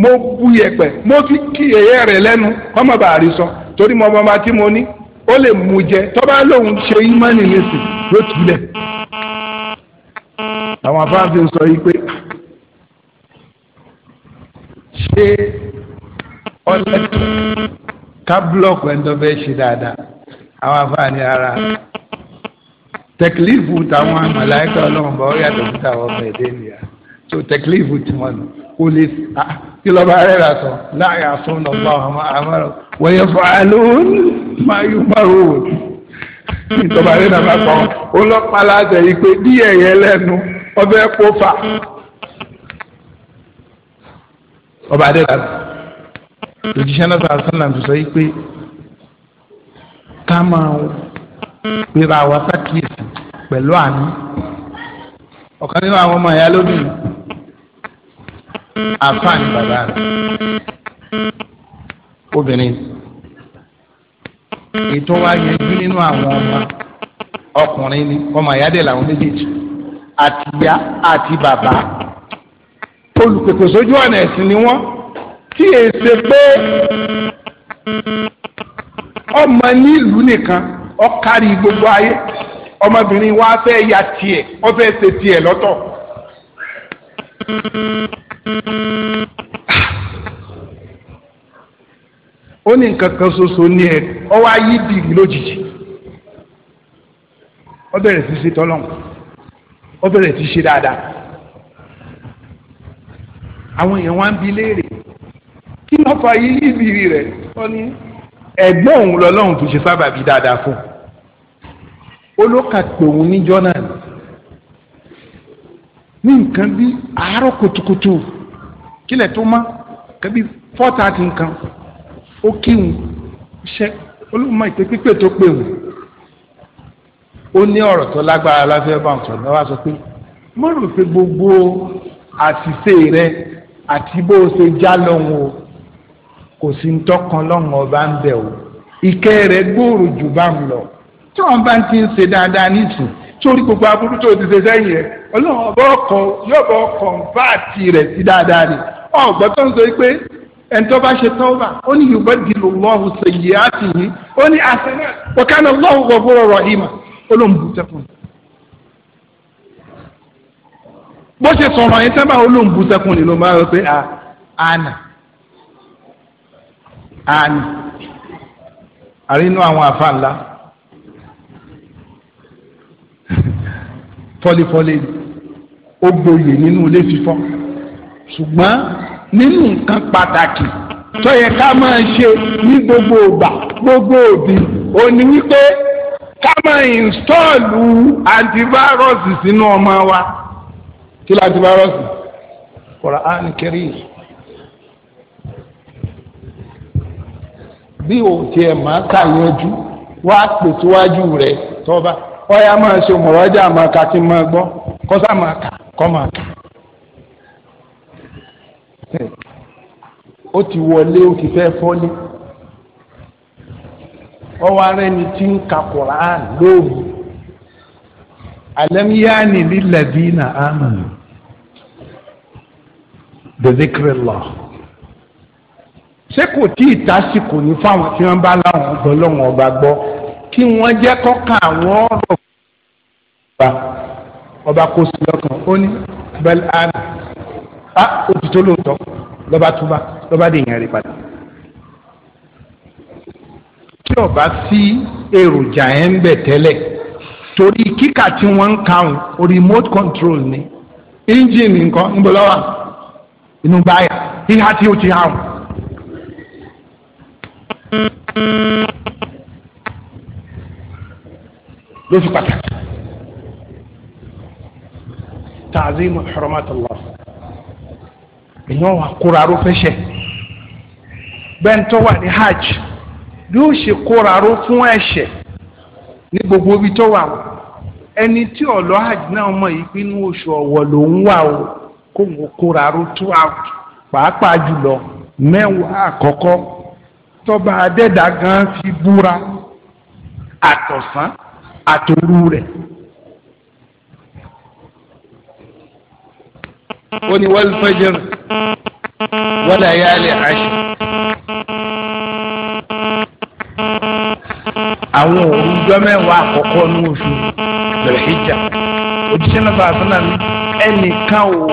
mo bu yẹ̀pẹ̀ mo fi kí èyẹ rẹ̀ lẹ́nu ọmọ bàá rí sọ torí mo mọ ọmọ tí mo ní ó lè mú jẹ tó bá lóun ṣe ímọ̀ẹ́nì nísìn ló túlẹ̀ àwọn afáàfin sọ yìí pé ṣé ọlẹ́tọ̀ ká búlọ̀kù ẹni tó fẹ́ ṣe dáadáa àwọn afáàní ara tẹkílífù táwọn màláíkà ọlọ́run bá ó yàtọ̀ fún táwọn ọmọ ẹ̀dẹ́ nìyà so tẹkílífù tiwọn nù kó lè kí lọ́ba rẹ̀ rà sọ láàyè àsọ̀nà ọba àwọn àmọ́ràn wọ́yẹ fún alóhùn máa yú márùn ún ìtọ́ba rẹ̀ nàbà kan ó lọ́pàá láti ẹ̀yìn pé díẹ̀ yẹn lẹ́nu ọbẹ̀ kó fà ọba adéka òjíṣẹ́ náà sọ àṣàlà tó sọ yìí pé ká máa pera wa sákìyèsí pẹ̀lú àánú ọ̀kan nínú àwọn ọmọ ìyá lóbìnrin àfààní bàbá rẹ̀ obìnrin ètò wa yẹjú nínú àwọn ọmọ ọkùnrin ni ọmọ ìyá dẹ̀ làwọn méjèèjì àtìyá àti bàbá olùpèpè sójú ọ̀nà ẹ̀sìn ni wọ́n tí èyí ṣe pé ọmọ nílùú nìkan ọkàrí gbogbo ayé ọmọbìnrin wa fẹ́ ya tiẹ̀ ó fẹ́ ṣe tiẹ̀ lọ́tọ̀. ó ní nǹkan kan ṣoṣo ní ẹ ọ wá bìrì lójijì ó bẹ̀rẹ̀ sí ṣe tọ́lọ́mù ó bẹ̀rẹ̀ sí ṣe dáadáa àwọn èèyàn wá ń bi léèrè kí ló fa yí ìbìrì rẹ̀ ó ní ẹ̀gbọ́n òun lọ́lọ́run tó ṣe sábàbí dáadáa fún olóka pé òun níjọ́ náà ní nǹkan bí àárọ̀ kùtùkùtù kílẹ̀ tó mọ́ nǹkan bí four thirty nǹkan ó kíhun ṣe olóma ìpè tó pé òun ó ní ọ̀rọ̀ tó lágbára láfẹ́ bá ń sọ̀rọ̀ lọ́wọ́ sọ pé mo rò pé gbogbo àṣìṣe rẹ àti bó o ṣe já lọ́hùn o kò sí ń tọkàn lọ́hùn ọba ń bẹ̀ o ìkẹ́ rẹ̀ gbòòrò jù bá ń lọ tí wọ́n bá ti ń ṣe dáadáa nísìn torí gbogbo aburú tó ti ṣe sẹ́yìn rẹ̀ ọlọ́run ọba ọkọ̀ yóò bọ̀ ọkọ̀ nfa àti rẹ̀ sí dáadáa ni ọ̀gbọ́n tó ń sọ pé ẹ̀ńtọ́ bá ṣe tọ́wọ́bà ó ní yorùbá dìlù lọ́hùn sèyí àtìyí ó ní àṣẹ náà wọ́n kánà lọ́hùn gbọ̀gbọ̀rọ̀ rọ̀ ìmọ̀ ó ló ń tẹ́kùn bó ṣe sọ̀rọ̀ yẹn sábà ó lóun bu sẹ́kùn ni ló máa rọ pé àánà àánì àrínú àwọn àfa ńlá fọlifọli ó gboyè nínú ilé fífọ́ ṣùgbọ́n nínú nǹkan pàtàkì tó yẹ ká máa ṣe ní gbogbo ògbà gbogbo òbí ó ní wípé ká máa ìnstọ́ọ̀lù antivirus sínú ọmọ wa kí la ti máa rọ́ọ̀sì Quran Karim bí o tiẹ̀ máa kà yanjú wá pè síwájú rẹ̀ tọ́ba ọ̀yà máa ṣe mọ̀rọ́jà máa kà kí n máa gbọ́ kọ́sà máa kà kọ́ máa kà ó ti wọlé ó ti fẹ́ fọ́lé ọwọ́ ara ẹni tí ń ka Quran lóru alam yani lil ladina amanu bizikrillah ṣé kò tí ì tásìkò ní fáwọn tí wọ́n bá láwọn ọgbọ lọwọn ọba gbọ́ kí wọ́n jẹ́ kọkàn àwọn ọ̀rọ̀ ọba ọba kò sí lọ́kàn ó ní bẹ́ẹ̀ àná á òtítọ́ lóòótọ́ lọba túbà lọba dèèyàn rí padà tí ọba sí èròjà ẹ ń bẹ tẹ́lẹ̀ torí kíkà tí wọ́n ń kàún remote control ni engine nǹkan ń bọ̀ lọ́wọ́. inú bá yà híhá tí ó ti hàn. ló fi pàtàkì ta'zimu hurmatillah èèyàn wà kóraró fẹsẹ̀ bẹ́ẹ̀ tó wà ní hajj yóò ṣe kóraró fún ẹ̀ṣẹ̀ ní gbogbo ibi tó wà ẹni tí hajj náà mọ̀ yi oṣù ọ̀wọ̀ ló o. kó wò kóra ro two out pàápàá jùlọ mẹ́wàá àkọ́kọ́ tọ́ba adẹ́dà gan fi búra àtọ̀sán àtòru rẹ̀. ó ní àwọn òun jọ mẹ́wàá àkọ́kọ́ ní oṣù òjíṣẹ́ náà bá a ẹnìkan ò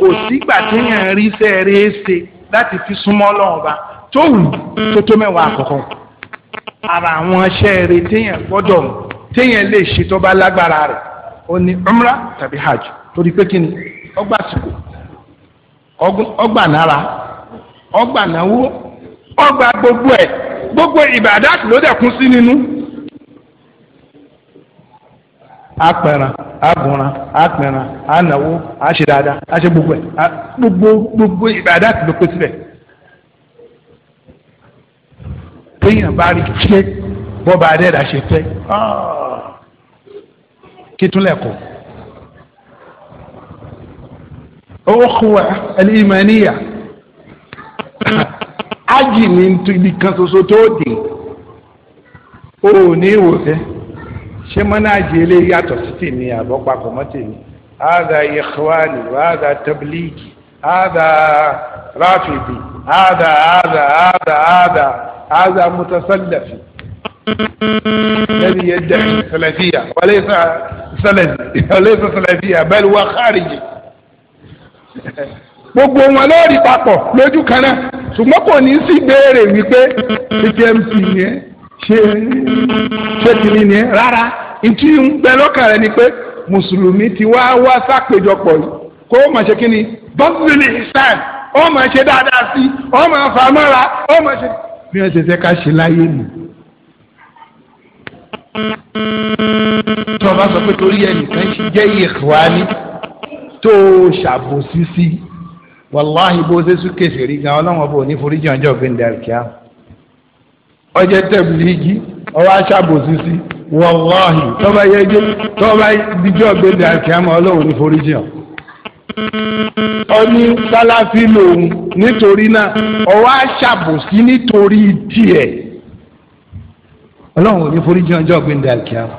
kò sígbà téèyàn rí ere ṣe láti fi súnmọ́ Ọlọ́run ọba tó wù tó tó mẹ́wàá àkọ́kọ́ ara àwọn sẹ́ẹ̀rẹ́ téèyàn gbọ́dọ̀ téèyàn lè ṣe tó bá lágbára rẹ̀ ó ní umra tàbí hajj torí pé kí ni ọgbà ọgbanawo, ọgbà nára ọgbà náwó ọgbà gbogbo ẹ̀ gbogbo ìbàdàn ló dẹ̀ sí nínú apẹ̀rẹ̀. àgùnran àpẹran ànáwó àṣẹ dáadáa àṣẹ gbogbo ẹ gbogbo gbogbo ìbàdàn àti lóko síbẹ̀. téèyàn bá rí kíkẹ́ bọ́ba adẹ́rẹ́ àṣẹ fẹ́ ah, kí tún lẹ́kọ̀ọ́. al-ukhuwa al-imaniyya ájì ní ibi kan ṣoṣo tó dé o ò ní ìwòsàn ṣé mọ́nájì eléyìí yàtọ̀ sí tèmi àbọ̀papọ̀ mọ́ tèmi ága ikhwani ága tabligi ága ráfìdì ága ága ága ága ága mutasallafi الذي يدعي السلفية وليس سلفي وليس سلفية بل هو خارجي gbogbo wọn lórí papọ̀ lójú kan náà ṣùgbọ́n kò ní sí béèrè wípé jẹ́ mc yẹn ṣé ṣé kìíní ni rárá ntí ń bẹ lọ́kàn rẹ ni pé mùsùlùmí ti wá wá sápèjọpọ̀ yìí kó o máa ṣe kí ni bọ́sùlì islam ó máa ṣe dáadáa sí ó máa fà mọ́ra ó máa ṣe bí wọ́n ṣe fẹ́ ká ṣe láyé nù. tí wọ́n bá sọ pé torí ẹnìkan jẹ́ ìhùwání tó ṣàbòsí sí wàláhì bó ṣe sún kèsì rí gan ọlọ́wọ́n bò ní foríjì ọjọ́ gbẹ̀ndẹ̀ àríkíá ọjọ́ tẹ̀bílíìgì ọwọ́ aṣàbòsí sí wàláhì tọ́ba yẹjẹ tọ́ba díjọ́ gbẹ̀dẹ̀ àkíyàmọ́ ọlọ́run ní foríjì hàn. ọní sálàfí lòun nítorí náà ọwọ́ aṣàbòsí nítorí tiẹ̀ ọlọ́run ní foríjì ọjọ́ gbẹ̀dẹ̀ àkíyàmọ́.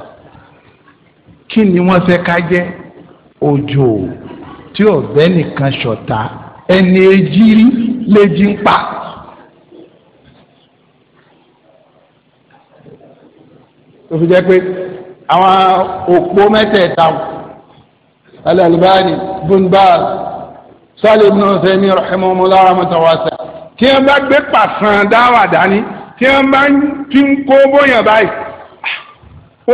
kí ni wọ́n fẹ́ ká jẹ́ òjò tí ọ̀bẹ nìkan ṣọ̀tá ẹni èjì lè jí ń pa. tó fi jẹ́ pé àwọn òpó mẹ́tẹ̀ẹ̀ta Al-Albani Ibn Baz Salih ibn Uthaymin rahimahumullah rahmatan wasi'a tí wọ́n bá gbé pàṣán dáwà dání tí wọ́n bá ti ń kó bóyá báyìí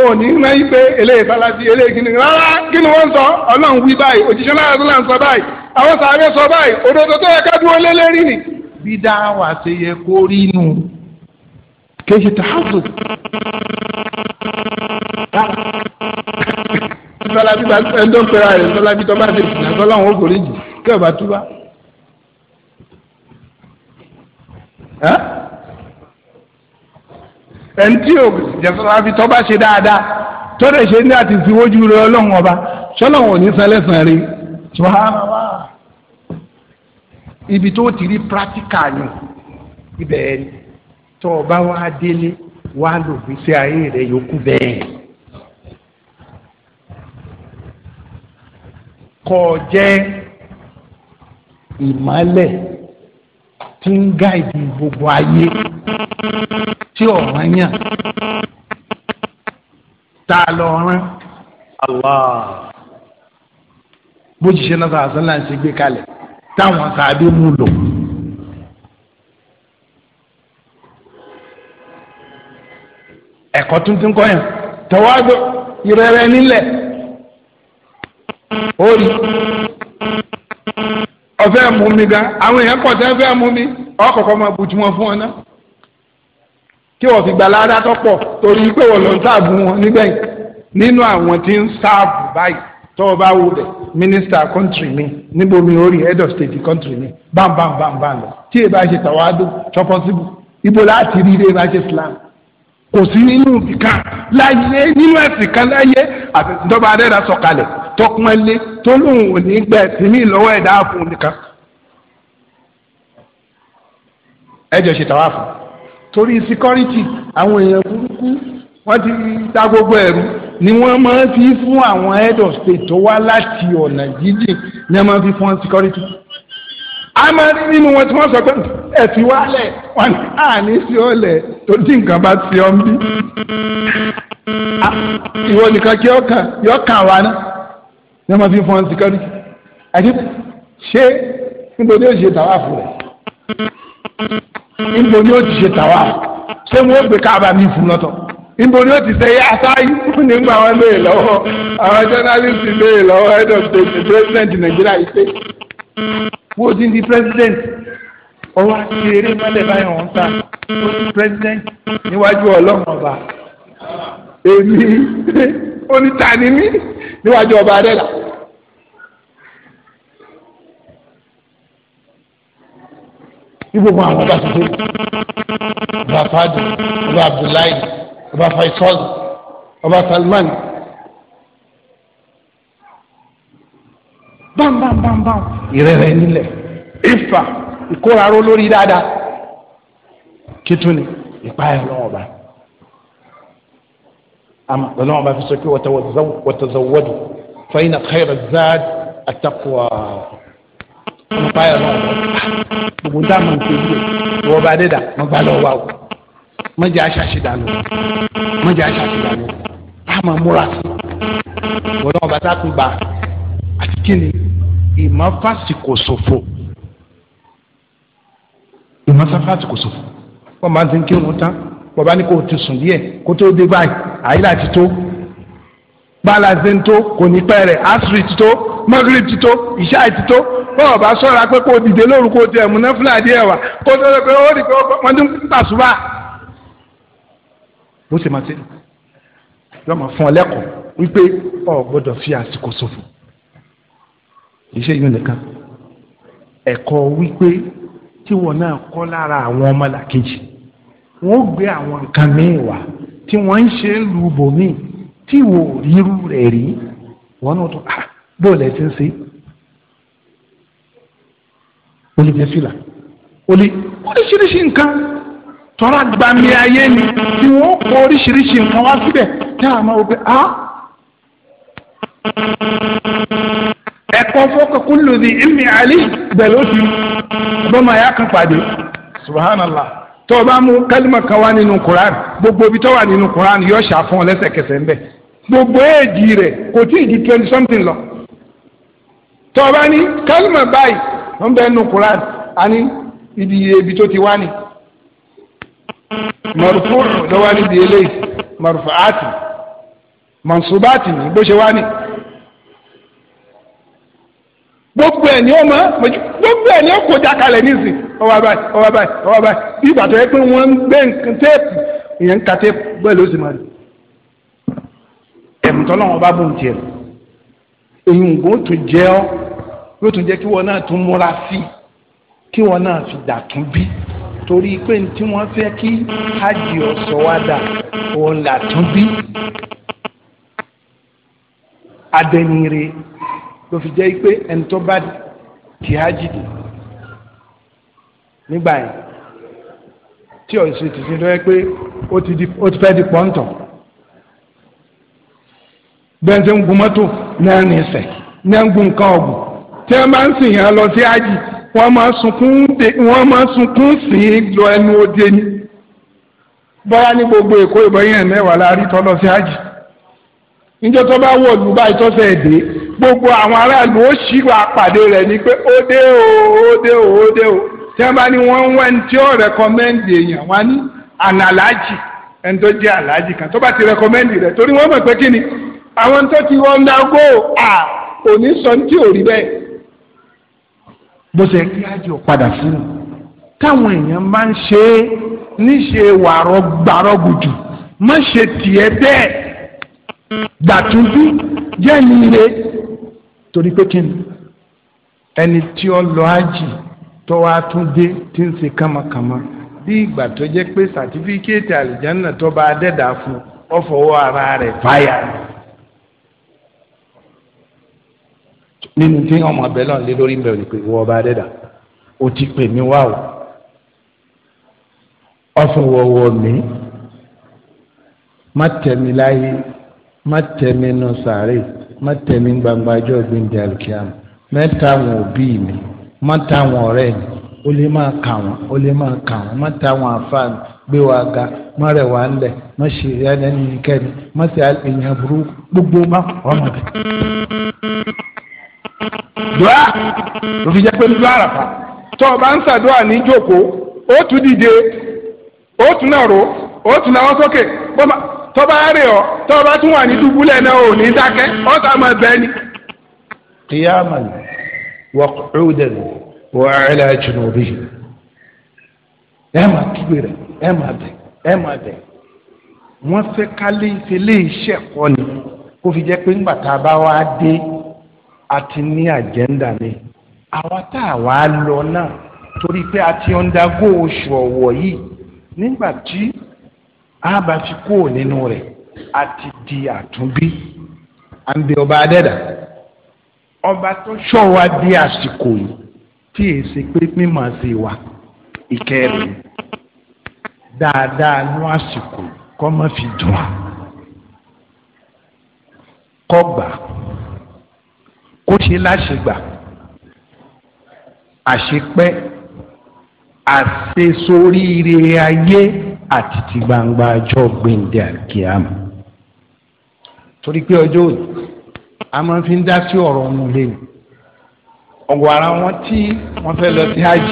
o ah, ní ma yí pé eléyìí falafi eléyìí kìnnìkan rárá kí ni wọ́n sọ ọlọ́run wí báyìí òjíṣẹ́ náà tó ń sọ báyìí àwọn sàárẹ̀ sọ báyìí òdodo tó yẹ ká dúró lélẹ́rìí ni. bí dáwà ṣe yẹ kó rí nu kì tààfù sọlábí bá ẹni tó ń pera rẹ̀ sọlábí tó bá ṣe ìsìn náà sọláwọn ó gòrí jì kí ọba túbá. ẹni tí o jẹ sọlábí tó bá ṣe dáadáa tó lè ṣe ní àti ìfiwójú rẹ̀ ọlọ́run ọba sọláwọn ò ní sẹlẹ̀sàn rí subhanallah ibi tó ti rí practical ni ibẹ̀ ẹni tó o délé wá lò gbèsè ayé rẹ yòókù bẹ́ẹ̀. kọ́ ọ jẹ́ ìmọ́lẹ̀ tí ń gáìdì gbogbo ayé tí ọ̀ràn yàn tá a lọ rán Allah bó ti ṣe náà sàásánlá ń ṣe gbé kalẹ̀ táwọn sáadé mú lò. ẹ̀kọ́ tuntun kọ́ yẹn tẹ̀wádọ́ ìrẹ̀rẹ̀ nílẹ̀ orí ọ̀fẹ́ mú mi gan àwọn èèyàn pọ̀ tẹ́ fẹ́ mú mi ọkọ̀ọ̀kọ̀ máa bùtù wọn fún ọ náà kí wọ́n fi gbalada tó pọ̀ torí pé wọ́n lọ ń sáàbù wọn nígbẹ̀yìn nínú àwọn tí ń sáàbù báyìí tó bá wò bẹ̀ mínísítà kọ́ńtìrì mi níbo mi orí head of state kọ́ńtìrì mi bámbámbámbá lọ tí èèbá ṣe tàwádó tó possible ibo láti rí ilé ìbáṣe Islam kò sí nínú ìkan láyé nínú ẹ̀sìn kan láyé àti dọ́gba adẹ́dà sọ̀kalẹ̀ tọkùnmọ́lé tó lóun ò ní gbẹ tìmí lọ́wọ́ ẹ̀dá fún nìkan. ẹ jẹ́ ṣe tàwa fún torí síkọ́rìtì àwọn èèyàn burúkú wọ́n ti dá gbogbo ẹ̀rú ni wọ́n máa fi fún àwọn head of wá láti ọ̀nà jíjìn ni wọ́n máa fi fún síkọ́rìtì a máa rí nínú wọn tí wọ́n sọ pé ẹ fi wá lẹ̀ wọ́n ní àní sí ọ lẹ̀ tó dín nǹkan bá sí ọ ń bí. ìwọ nìkan kí ọkàn yọ kàn wá ná ní wọ́n fi fún ọ síkọ́rì àti ṣé nítorí ó ṣe tàwa fún rẹ̀ nítorí ó ti ṣe tàwa ṣé wọ́n gbé káàbà mi fún lọ́tọ̀ nítorí ó ti ṣe yé aṣáájú nígbà wọn lè lọ́wọ́ àwọn jọ́nálìsì lè lọ́wọ́ head of state Nàìjíríà yìí pé wo ti di president ọwọ́ àti eré mọ́lẹ̀ báyìí wọ́n ń ta ó ti president níwájú ọlọ́run ọba èmi onítàní mi níwájú ọba adẹ́là. ibùgbọ́n àwọn ọba tuntun ọba fadu ọba abdullahi ọba faisal ọba salman bámbámbámbám ìrẹ̀rẹ̀ nílẹ̀ ìfà ìkóraró lórí dáadáa kìtúni ìpáyà lọ́wọ́ bá àmọ́ lọ́wọ́ bá fi sọ pé wọ́tazawọ́dù fẹ́yìn àkàyèrè záàd àtàkùwà ìpáyà lọ́wọ́ bá gbogbo dáàmú nítorí wọ́n bá dé dà wọ́n gbá lọ́wọ́ wa o mọ̀jẹ̀ aṣàṣìdánù mọ̀jẹ̀ aṣàṣìdánù àmọ́ múra sí wọ́n lọ́wọ́ tá a tún gbà àti kíni ìmọ̀fásìkò ṣòfò ìmọ̀fásìkò ṣòfò wọ́n máa ń ti ń kírun tán wọ́n bá ní kó o ti sùn díẹ̀ kó tó dé báyìí àyílà ti tó gbala ṣe ń tó kò ní pẹ́ rẹ̀ asiri ti tó magrib ti tó ìṣá ti tó bọ́ọ̀ bá sọ̀ra pé kó o dìde lóru kó o ti ẹ̀mú náà fúlàdí ẹ̀ wá kó o tó lọ pé ó rí pé wọ́n ti ń tàṣùbà bó ṣe máa ṣe lọ́mọ fún ọ lẹ́kọ̀ọ́ wípé o gbọ́dọ̀ fi àsìkò ṣòfò kìí ṣe yún nìkan ẹ̀kọ́ wípé tí wọn náà kọ́ lára àwọn ọmọlàkejì wọn ó gbé àwọn nǹkan míì wá tí wọn ń ṣe ń lu bòmíì tí wò ríru rẹ̀ rí wọn náà tó à ah, bóò lẹ ti ń ṣe ó lè oríṣiríṣi nǹkan tọ́ra gbàmì ayé ni tí wọ́n ó oríṣiríṣi nǹkan wá síbẹ̀ tí àwọn ọmọ wò pé a. Ah, ẹ̀kọ́ fọ́kọ̀ kúlù ní ilmi ali bẹ̀rẹ̀ ó ti bọ́mọ ya kan pàdé subhanallah tó o bá mú kálímà kan wá nínú quran gbogbo ibi tó wà nínú quran yóò ṣàfún ọ lẹ́sẹ̀kẹsẹ̀ ń bẹ̀ gbogbo èjì rẹ̀ kò tí ì di twenty something lọ tó bá ní kálímà báyìí wọ́n bẹ̀ nínú quran a ní ibi ibi tó ti wá ni marufu lọ́wọ́ níbi eléyìí marufu àti mansubaati ni bó ṣe wá ni gbogbo ẹ̀ ni ó mọ̀ gbogbo ẹ̀ ni ó kó jakalẹ̀ nísìn ọwọ́ abáyé ọwọ́ abáyé ọwọ́ abáyé bí ìgbà tó yẹ pé wọ́n ń gbé nǹkan téèpù ìyẹn ń ka téèpù bẹ́ẹ̀ ló sì máa rí ẹ̀mùtọ́ náà wọ́n bá bùn tiẹ̀ èyí ń gbọ́n tún jẹ́ ọ́ yóò tún jẹ́ kí wọ́n náà tún múra sí i kí wọ́n náà fi dà tún bí torí pé tí wọ́n fẹ́ kí hajj ọ̀sọ̀ wá dà òun là tún bí adẹnire ló fi jẹ́ pé ẹni tó bá kì á jìdì nígbà yẹn tí ò sì tìsí lọ́yẹ́ pé ó ti fẹ́ di pọ́ńtọ̀ bẹ́ẹ̀ ń gun mọ́tò náà ní ẹsẹ̀ náà ń gun nǹkan ọ̀gùn tí wọ́n máa ń sìn yẹn lọ sí ájì wọ́n máa sunkún wọ́n máa sunkún sìn lọ ẹnu òde ni bọ́lá ní gbogbo èkó ìbọn yẹn mẹ́wàá la rí tọ́lọ́ sí ájì níjọ́ tó bá wọ̀ lù báyìí tọ́sẹ̀ èdè gbogbo àwọn aráàlú ó ṣì wà pàdé rẹ̀ ni pé ó dé o ó dé o ó dé o tí wọ́n bá ní wọ́n ń wẹ́ ní tí ó rẹ̀kọ́mẹ́ǹdì èèyàn wá ní ànàlájì ẹni tó jẹ́ àlájì kan tó bá ti rẹ̀kọ́mẹ́ǹdì rẹ̀ torí wọ́n mọ̀ pé kí ni àwọn tó ti wọ́n dá gó à òní sọ tí ò rí bẹ́ẹ̀. bó ṣe rí àjò padà fún un táwọn èèyàn máa ń ṣe é níṣe wàrọ̀ gbàrọ̀gùjù má ṣe tiẹ̀ bẹ́ẹ̀ gbàtúndú jẹ́ nílé torí pé kí ni ẹni tí ó lọ ájì tó wá tún dé tí ń ṣe kánmọkànmọ bí ìgbà tó jẹ́ pé sàtífíkẹ́ẹ̀tì àlìjánná tó bá dẹ́dà fún ọ fọwọ́ ara rẹ̀ fáyà nínú tí ọmọ ọbẹ̀ náà lé lórí mẹ́rin pé wọ́n bá dẹ́dà ó ti pè mí wá o ọfọwọwọ mi má tẹ̀mí láyé má tẹ̀mí nù sàárè. má tẹ̀mí gbangba ọjọ́ gbẹ̀ndẹ̀ àlùkìyàm mẹ́ta àwọn òbí mi má ta mi ó lè kà ó lè kà mi gbé wa ga má rẹ̀ wá ń lẹ̀ má ṣe ìyáni ẹnikẹ́ni má ṣe gbogbo má ọmọ bẹ̀. dùá àràfà tó o bá ń ṣàdúrà ní ó tún tọ́ba rẹ̀ ọ́ tọ́ba tún wà ní dùbúlẹ̀ náà ò ní dákẹ́ ọ̀tá máa bẹ́ẹ̀ ni. qiyaman wa qu'udan wa ala junubihi ẹ máa kígbe rẹ ẹ máa bẹ ẹ máa bẹ wọ́n fẹ́ ká lè ṣe lè ni kó fi jẹ́ pé ńgbà tá a bá wá dé a ti ní àjẹ́ńdà mi àwa tá a wá lọ náà torí pé a ti undergo oṣù ọ̀wọ̀ yìí nígbà tí àbá ti kúrò nínú rẹ̀ a ti di àtúnbí à ń bẹ ọba adẹ́dà ọba tó ṣọ́ wa di àsìkò yìí tí èyí ṣe pé mímọ̀ sí wa ìkẹrin dáadáa nú àsìkò kọ́ mọ́ fi dùn á kọ́ gbà kó ṣe láṣegbà àṣepẹ́ àṣesóríire ayé àti ti gbangba ọjọ́ gbẹ̀ǹdé àkíyàmù torí pé ọjọ́ òní a máa fi ń dá sí ọ̀rọ̀ ọ̀hún lẹ́nu ọ̀gọ̀ ara wọn tí wọ́n fẹ́ lọ sí hajj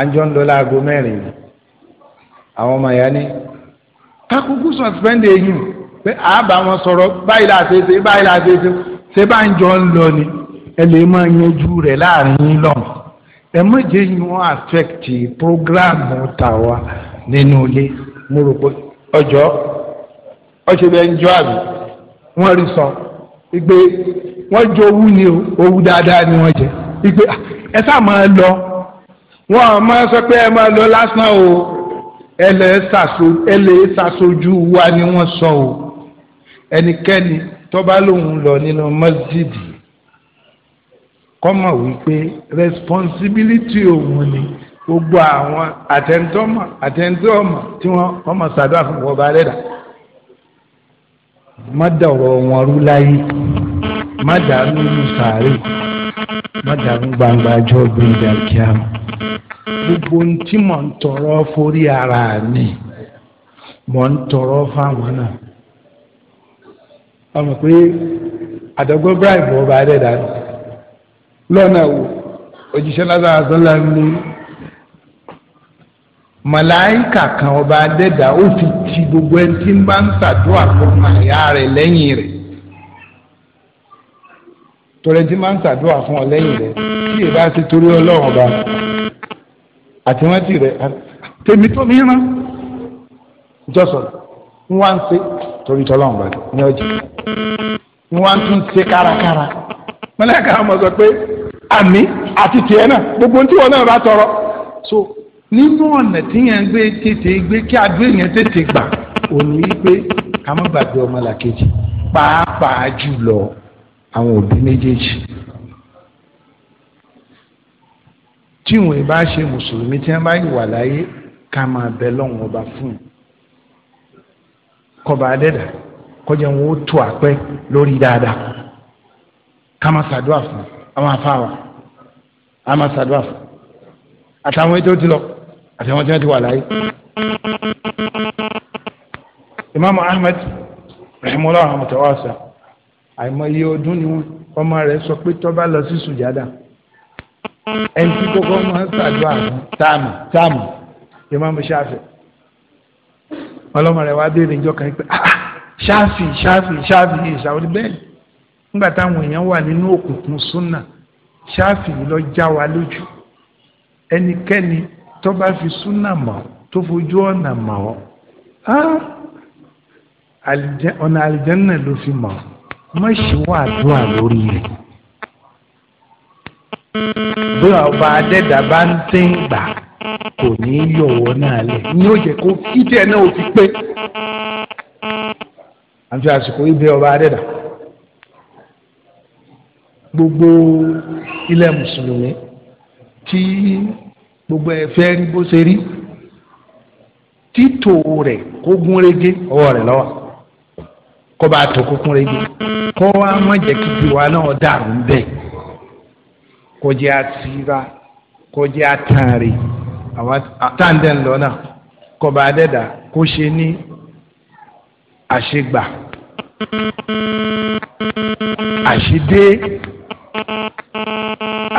àjọ ń lọ láago mẹ́rin àwọn ọmọ ìyá ni kakuku suspend eyín pé àbá wọn sọ̀rọ̀ báyìí láti ṣe báyìí láti ṣe ṣé bá ń jọ ń lọ ni ẹ lè máa yanjú rẹ̀ láàrin yín lọ́hùn ẹ má jẹ́ yín wọ́n affect program tàwa nínú ilé mo rò pé ọjọ́ ọṣẹ bẹ́ẹ̀ ń jọ àbí wọ́n rí sọ pé wọ́n jọ owú ni owú dáadáa ni wọ́n jẹ pé ah, ẹ sá máa lọ wọ́n á máa sọ pé ẹ máa lọ lásán o ẹ ṣàṣojú wa ni wọ́n sọ o ẹnikẹ́ni tó bá lòun lọ nínú mọ́sídìí kọ́mọ̀ wípé responsibility òun ni gbogbo àwọn àtẹnudọ́mọ àtẹnudọ́mọ tí wọ́n wọ́n mọ̀ sàdúrà fún wọn bá rẹ̀dà má dọ̀rọ̀ wọn rú láyé má dàrú nínú sàárè má dàrú gbangba ọjọ́ gbẹ̀ngà kíá gbogbo ohun tí mò ń tọrọ forí ara mi mò ń tọrọ fáwọn náà ọmọ pé àdọ́gbọ́ bribe ọba rẹ̀dà lọ́nà òjíṣẹ́ lásán àtọ́lá ń lé. Malaika kan ọba adẹ́dà ó fi ti gbogbo ẹni tí ń bá ń ṣàdúrà fún àyà rẹ̀ lẹ́yìn rẹ̀ torí ẹni tí máa ń ṣàdúrà fún ọ lẹ́yìn rẹ̀ tí èbá ti torí ọlọ́run ọba àti wọ́n ti rẹ̀ tèmi tó mi rán ìjọsọ̀ ń wá ń ṣe torí tọ́lọ́run ọba ní ọjà ń wá ń tún ṣe kárakára màláìkà ọmọ sọ pé àmì àti tiẹ̀ náà gbogbo ohun tí wọn náà bá tọrọ so nínú ọ̀nà tí yẹn ń gbé tètè gbé kí adúlé yẹn tètè gbà òní pé ká má gbàgbé ọmọlàkejì pàápàá jùlọ àwọn òbí méjèèjì tí wọn bá ṣe mùsùlùmí tí wọn bá wà láyé ká máa bẹ lọ́wọ́n ọba fún un kọba adẹ́dà kọjá wọn ó tó àpẹ lórí dáadáa ká máa ṣàdúrà fún un àwọn afáwà á máa ṣàdúrà fún un àtàwọn ètò ti lọ àti àwọn tí wọ́n ti wà láyé. imaamu ahmed rahimahullah rahmatawasa àìmọye ọdún ni wọ́n ọmọ rẹ̀ sọ pé tó bá lọ sí sùjádà ẹni tí kókó máa ń ṣàdúrà fún táàmù táàmù imaamu ṣáfì ọlọ́mọ rẹ̀ wá béèrè ìjọ kan pé ṣáfì ṣáfì ṣáfì ìṣàwọ́dí bẹ́ẹ̀ nígbà táwọn èèyàn wà nínú òkùnkùn súnà ṣáfì lọ já wa lójú ẹnikẹ́ni tó bá fi súnà mọ̀ tó fojú ọ̀nà mọ̀ ọ́ ọ̀nà àlìjánná ló fi mọ̀ má ṣe wà àdúrà lórí rẹ̀ bí ọba adẹ́dà bá ń tẹ́ ń gbà kò ní í yọ̀wọ́ náà lẹ̀ ní ó jẹ́ kó kídé náà ó ti pé àti àsìkò ibẹ̀ ọba adẹ́dà gbogbo ilẹ̀ mùsùlùmí tí gbogbo ẹ fẹ́ rí bó ṣe rí títò rẹ̀ kó gún régé ọwọ́ rẹ̀ lọ́wọ́ kó bá tó kó gún régé kó wá má jẹ́ kí tiwa náà dàrú bẹ́ẹ̀ kó jẹ́ àtìrá kó jẹ́ àtàrí àwọn àtàndẹ̀ ńlọ náà kó bá dẹ́dà kó ṣe ní àṣegbà àṣedé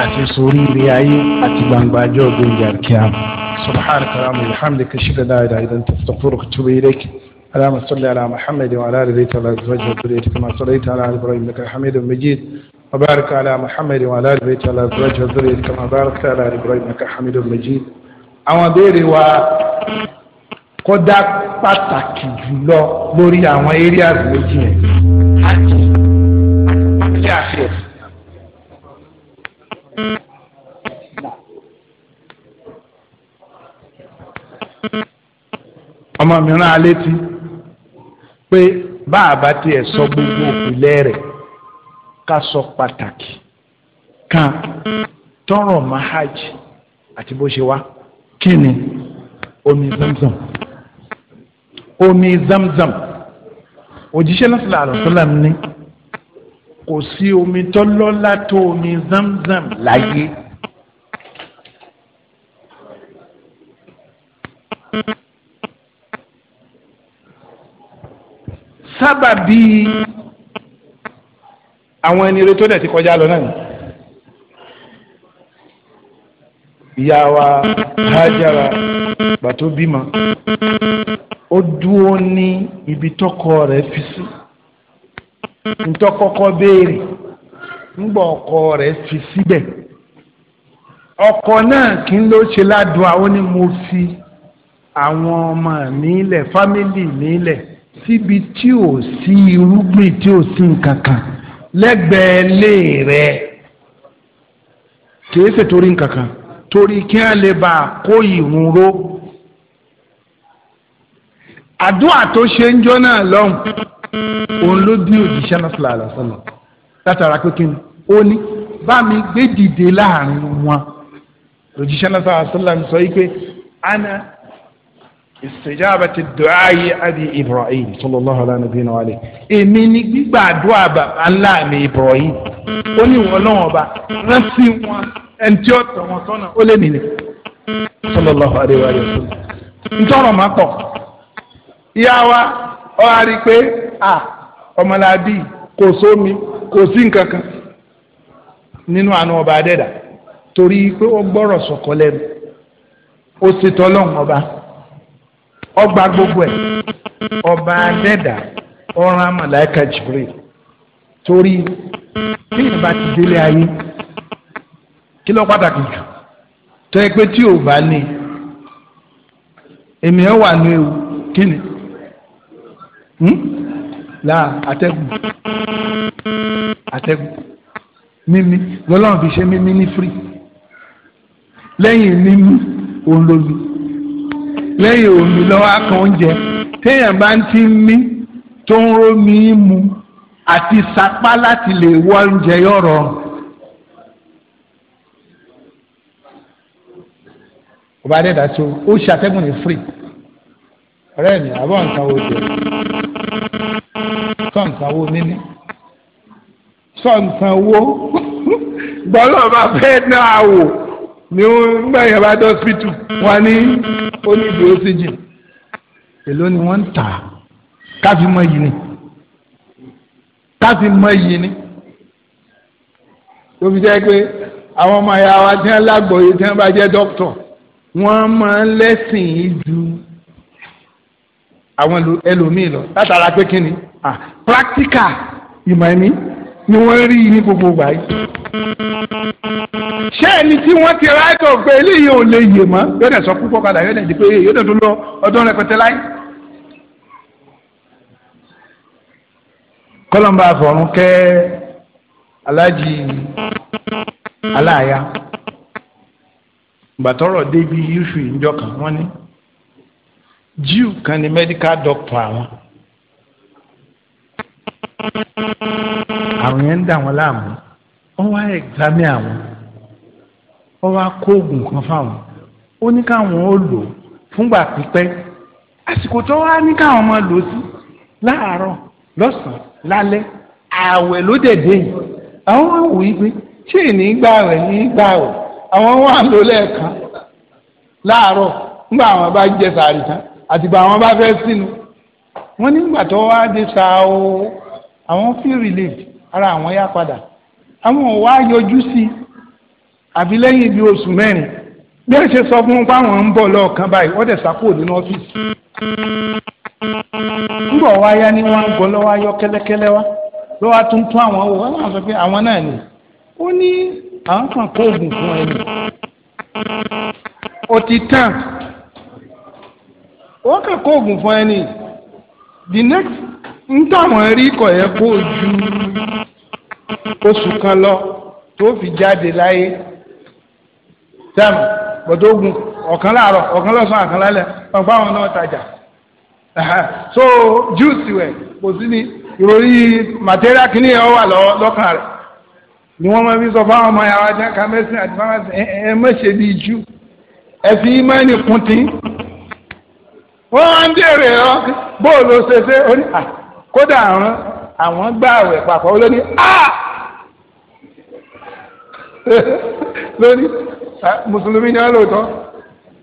àti sórí ire ayé àti gbangba ajọ́ gbẹ̀ngà kíá. سبحانك اللهم وبحمدك اشهد ان لا اله الا انت استغفرك واتوب اليك اللهم صل على محمد وعلى ال بيت الله وزوجه وذريته كما صليت على ال ابراهيم انك حميد مجيد وبارك على محمد وعلى ال بيت الله وزوجه وذريته كما باركت على ال ابراهيم انك حميد مجيد àwọn béèrè wa kódà pàtàkì jùlọ lórí àwọn areas méjì yẹn àti àti àfihàn. ọmọ mi rán alétí pé bá a bá tiẹ̀ sọ gbogbo òpìlẹ̀ rẹ̀ ká sọ pàtàkì kan tọrọ mahaj àti bó ṣe wá kí ni omi zamzam omi zamzam òjíṣẹ́ náà sallallahu alaihi wasallam ní kò sí omi tó tó omi zamzam láyé. sábàbí àwọn ẹni tó dẹ̀ ti kọjá lọ náà ni ìyá wa Hajara bàtó bímọ ó dúró ní ibi tọkọ rẹ̀ fi sí ntọkọkọ béèrè ńgbà ọkọ rẹ̀ fi síbẹ̀ ọkọ náà kí ló ṣe ládùn àwọn ni mo fi àwọn ọmọ nílẹ̀ fámìlì nílẹ̀ síbi tí ò sí irúgbìn tí ò sí nǹkan kan lẹ́gbẹ̀ẹ́ lé rẹ̀ kìí ṣe torí nǹkan kan torí kí wọ́n lè bá a kó ìrun ró àdúrà tó ṣe ń jọ náà lọ́hùn òun ló dín òjíṣẹ́ náà sílẹ̀ àlàsánà látara pé ó ní bá mi gbé dìde láàrin wọn òjíṣẹ́ náà sílẹ̀ àlàsánà sọ yìí pé ana ìsèjábàtì dùáyé adi ibrahim sallallahu alayhi wa sallam alayhi èmi ni gbígbà àdúrà Allah mi ibrahim ó ní wọn lọ́wọ́ bá rántí wọn ẹni tí ó tọ̀ wọn sọ́nà ó lé mi ni sallallahu alayhi wa sallam ntọ́rọ̀ máa pọ̀ ìyá wa ọ á rí i pé à ọmọlábí kò sómi kò sí nǹkan kan nínú àna ọba adẹ́dà torí pé ó gbọ́rọ̀ sọ̀kọ́ lẹ́nu ó ṣe tọ́lọ́hún ọba ọgbà gbogbo ẹ̀ ọba adẹ́dà ọ̀ràn màláìka jibril torí bí ìbá ti délé ayé kí ló pàtàkì jù tó yẹ pé tí ò bá ní èmi ẹ wà ní ewu kí ni hmm? láà atẹ́gùn atẹ́gùn mímí lọ́lọ́run fi ṣe mímí ní firi lẹ́yìn mímí òun ló lu lẹ́yìn omi lọ́wọ́ kan oúnjẹ téèyàn bá ń ti mí tó ń rómi mu àti sapá láti lè wọ oúnjẹ yọ̀rọ̀. ọba adẹ́dà tó ó ṣe atẹ́gùn ní free ọ̀rẹ́ mi àbọ̀ nǹkan wo jẹ sọ nǹkan wo níní sọ nǹkan wo gbọ́dọ̀ máa fẹ́ náà wò ní gbà yẹn bá dé hospital wọn ní onídìí oxygen èló ni wọ́n ń tà á káfí mọ yìí ni káfí mọ yìí ni tó fi jẹ́ pé àwọn ọmọ ẹ̀yà wa tí wọ́n lágbóye tí wọ́n bá jẹ́ dókítọ̀ wọ́n máa ń lẹ́sìn yìí ju àwọn ẹlòmíì lọ látara pé kí ni practical ìmọ̀ ẹni ni wọ́n rí ní gbogbo ìgbà yìí. ṣé ẹni tí wọ́n ti ráìtọ̀ pé eléyìí ò lè yè mọ́ yóò dẹ̀ sọ púpọ̀ padà yóò dẹ̀ di pé yóò dẹ̀ tó lọ ọdún rẹpẹtẹ láì. kọ́lọ́mbà àfọ̀rún kẹ́ aláàjì aláàyá gbàtọ́rọ̀ débi yíṣu ìjọ kan wọ́n ní jíù kan ní medical doctor àwọn àwọn yẹn ń dà wọ́n láàmú wọ́n wá ẹ̀gbámí àwọn wọ́n wá kó oògùn kan fáwọn ó ní káwọn ó lò fúngbà pípẹ́ àsìkò tó wá ní káwọn máa lò sí láàárọ̀ lọ́sàn-án lálẹ́ ààwẹ̀ ló dẹ̀dẹ̀ yìí àwọn wá wò wípé ṣé ìní gbà rẹ̀ ní gbà rẹ̀ àwọn wà ló lẹ́ẹ̀kan láàárọ̀ nígbà àwọn bá jẹ sàárì tán àtìgbà àwọn bá fẹ́ sínú wọ́n nígbà tó wá dé sáà o àwọn feel relieved ara àwọn yá padà àwọn ò wá yọjú sí i àfi lẹ́yìn ibi oṣù mẹ́rin bí ẹ ṣe sọ fún un àwọn ń bọ̀ lọ́ọ̀kan báyìí wọ́n dẹ̀ sákò nínú ọ́fíìsì ńbọ̀ wá yá ni wọ́n ń gbọ́ lọ́wọ́ ayọ́ kẹ́lẹ́kẹ́lẹ́ wá lọ́wọ́ tún àwọn wò wọ́n máa sọ pé àwọn náà ni ó ní àwọn kan kó oògùn fún ẹ nì ó ti tàn wọ́n kàn kó oògùn fún ẹ nì the next ń táwọn rí kọ̀ yẹ kó o ju oṣù kan lọ tó fi jáde láyé tẹ́mù gbọ́dọ̀ ogun ọ̀kan láàárọ̀ ọ̀kan lọ́sàn-án àkan lálẹ́ ọgbà àwọn náà tajà so juice wẹ̀ kò sí ní ìròyìn material kìíní yẹn wà lọ́kàn rẹ̀ ni wọ́n máa fi sọ fáwọn ọmọ yàrá jẹ́ ká mẹ́sìn àti fáwọn ẹ mẹ́sẹ̀ bíi jù ẹ fi ìmọ̀ẹ́nì kún tí wọ́n á ń bèèrè ọ́ bóòlù ṣe kódà àrùn àwọn gbà àwẹ̀ papọ̀ ó lóní a lóní mùsùlùmí ni wọ́n lóòótọ́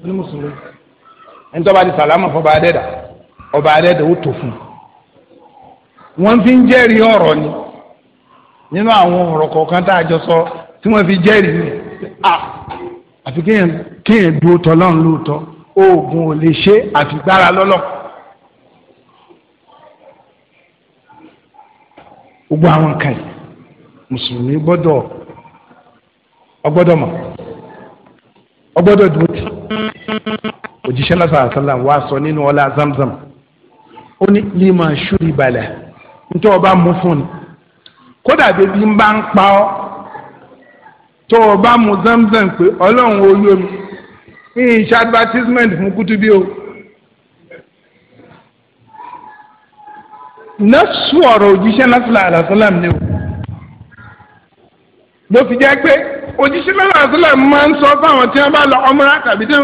ní mùsùlùmí ẹni tó bá di sàlámù fún ọba adẹ́dà ọba adẹ́dà ó tó fún wọ́n fi ń jẹ́rìí ọ̀rọ̀ ni nínú àwọn ọ̀rọ̀ kọ̀ọ̀kan tá a jọ sọ tí wọ́n fi jẹ́rìí ni a àfi kéèyàn kéèyàn dúró tọ́ lọ́run lóòótọ́ oògùn ò lè ṣe àfigbára lọ́lọ́kọ̀. gbogbo àwọn nǹkan yìí mùsùlùmí gbọ́dọ̀ ọgbọ́dọ̀ mọ̀ ọgbọ́dọ̀ dúró tì òjíṣẹ́ náà sàrà sàlám wàá sọ nínú ọlá zamzam ó ní lima ṣúri balẹ̀ nítorí ọba mú fún ni kódà bíbí ń bá ń pa ọ́ tó o bá mu zamzam pé ọlọ́run ó yọ mi ní ìṣe advertisement fún kútubí o. nọ́ọ̀sù ọ̀rọ̀ òjíṣẹ́ lásìlá àlàsílám ni o ló fi jẹ́ pé òjíṣẹ́ lásìlá máa ń sọ fáwọn tí wọ́n bá lọ ọmọlá tàbí tí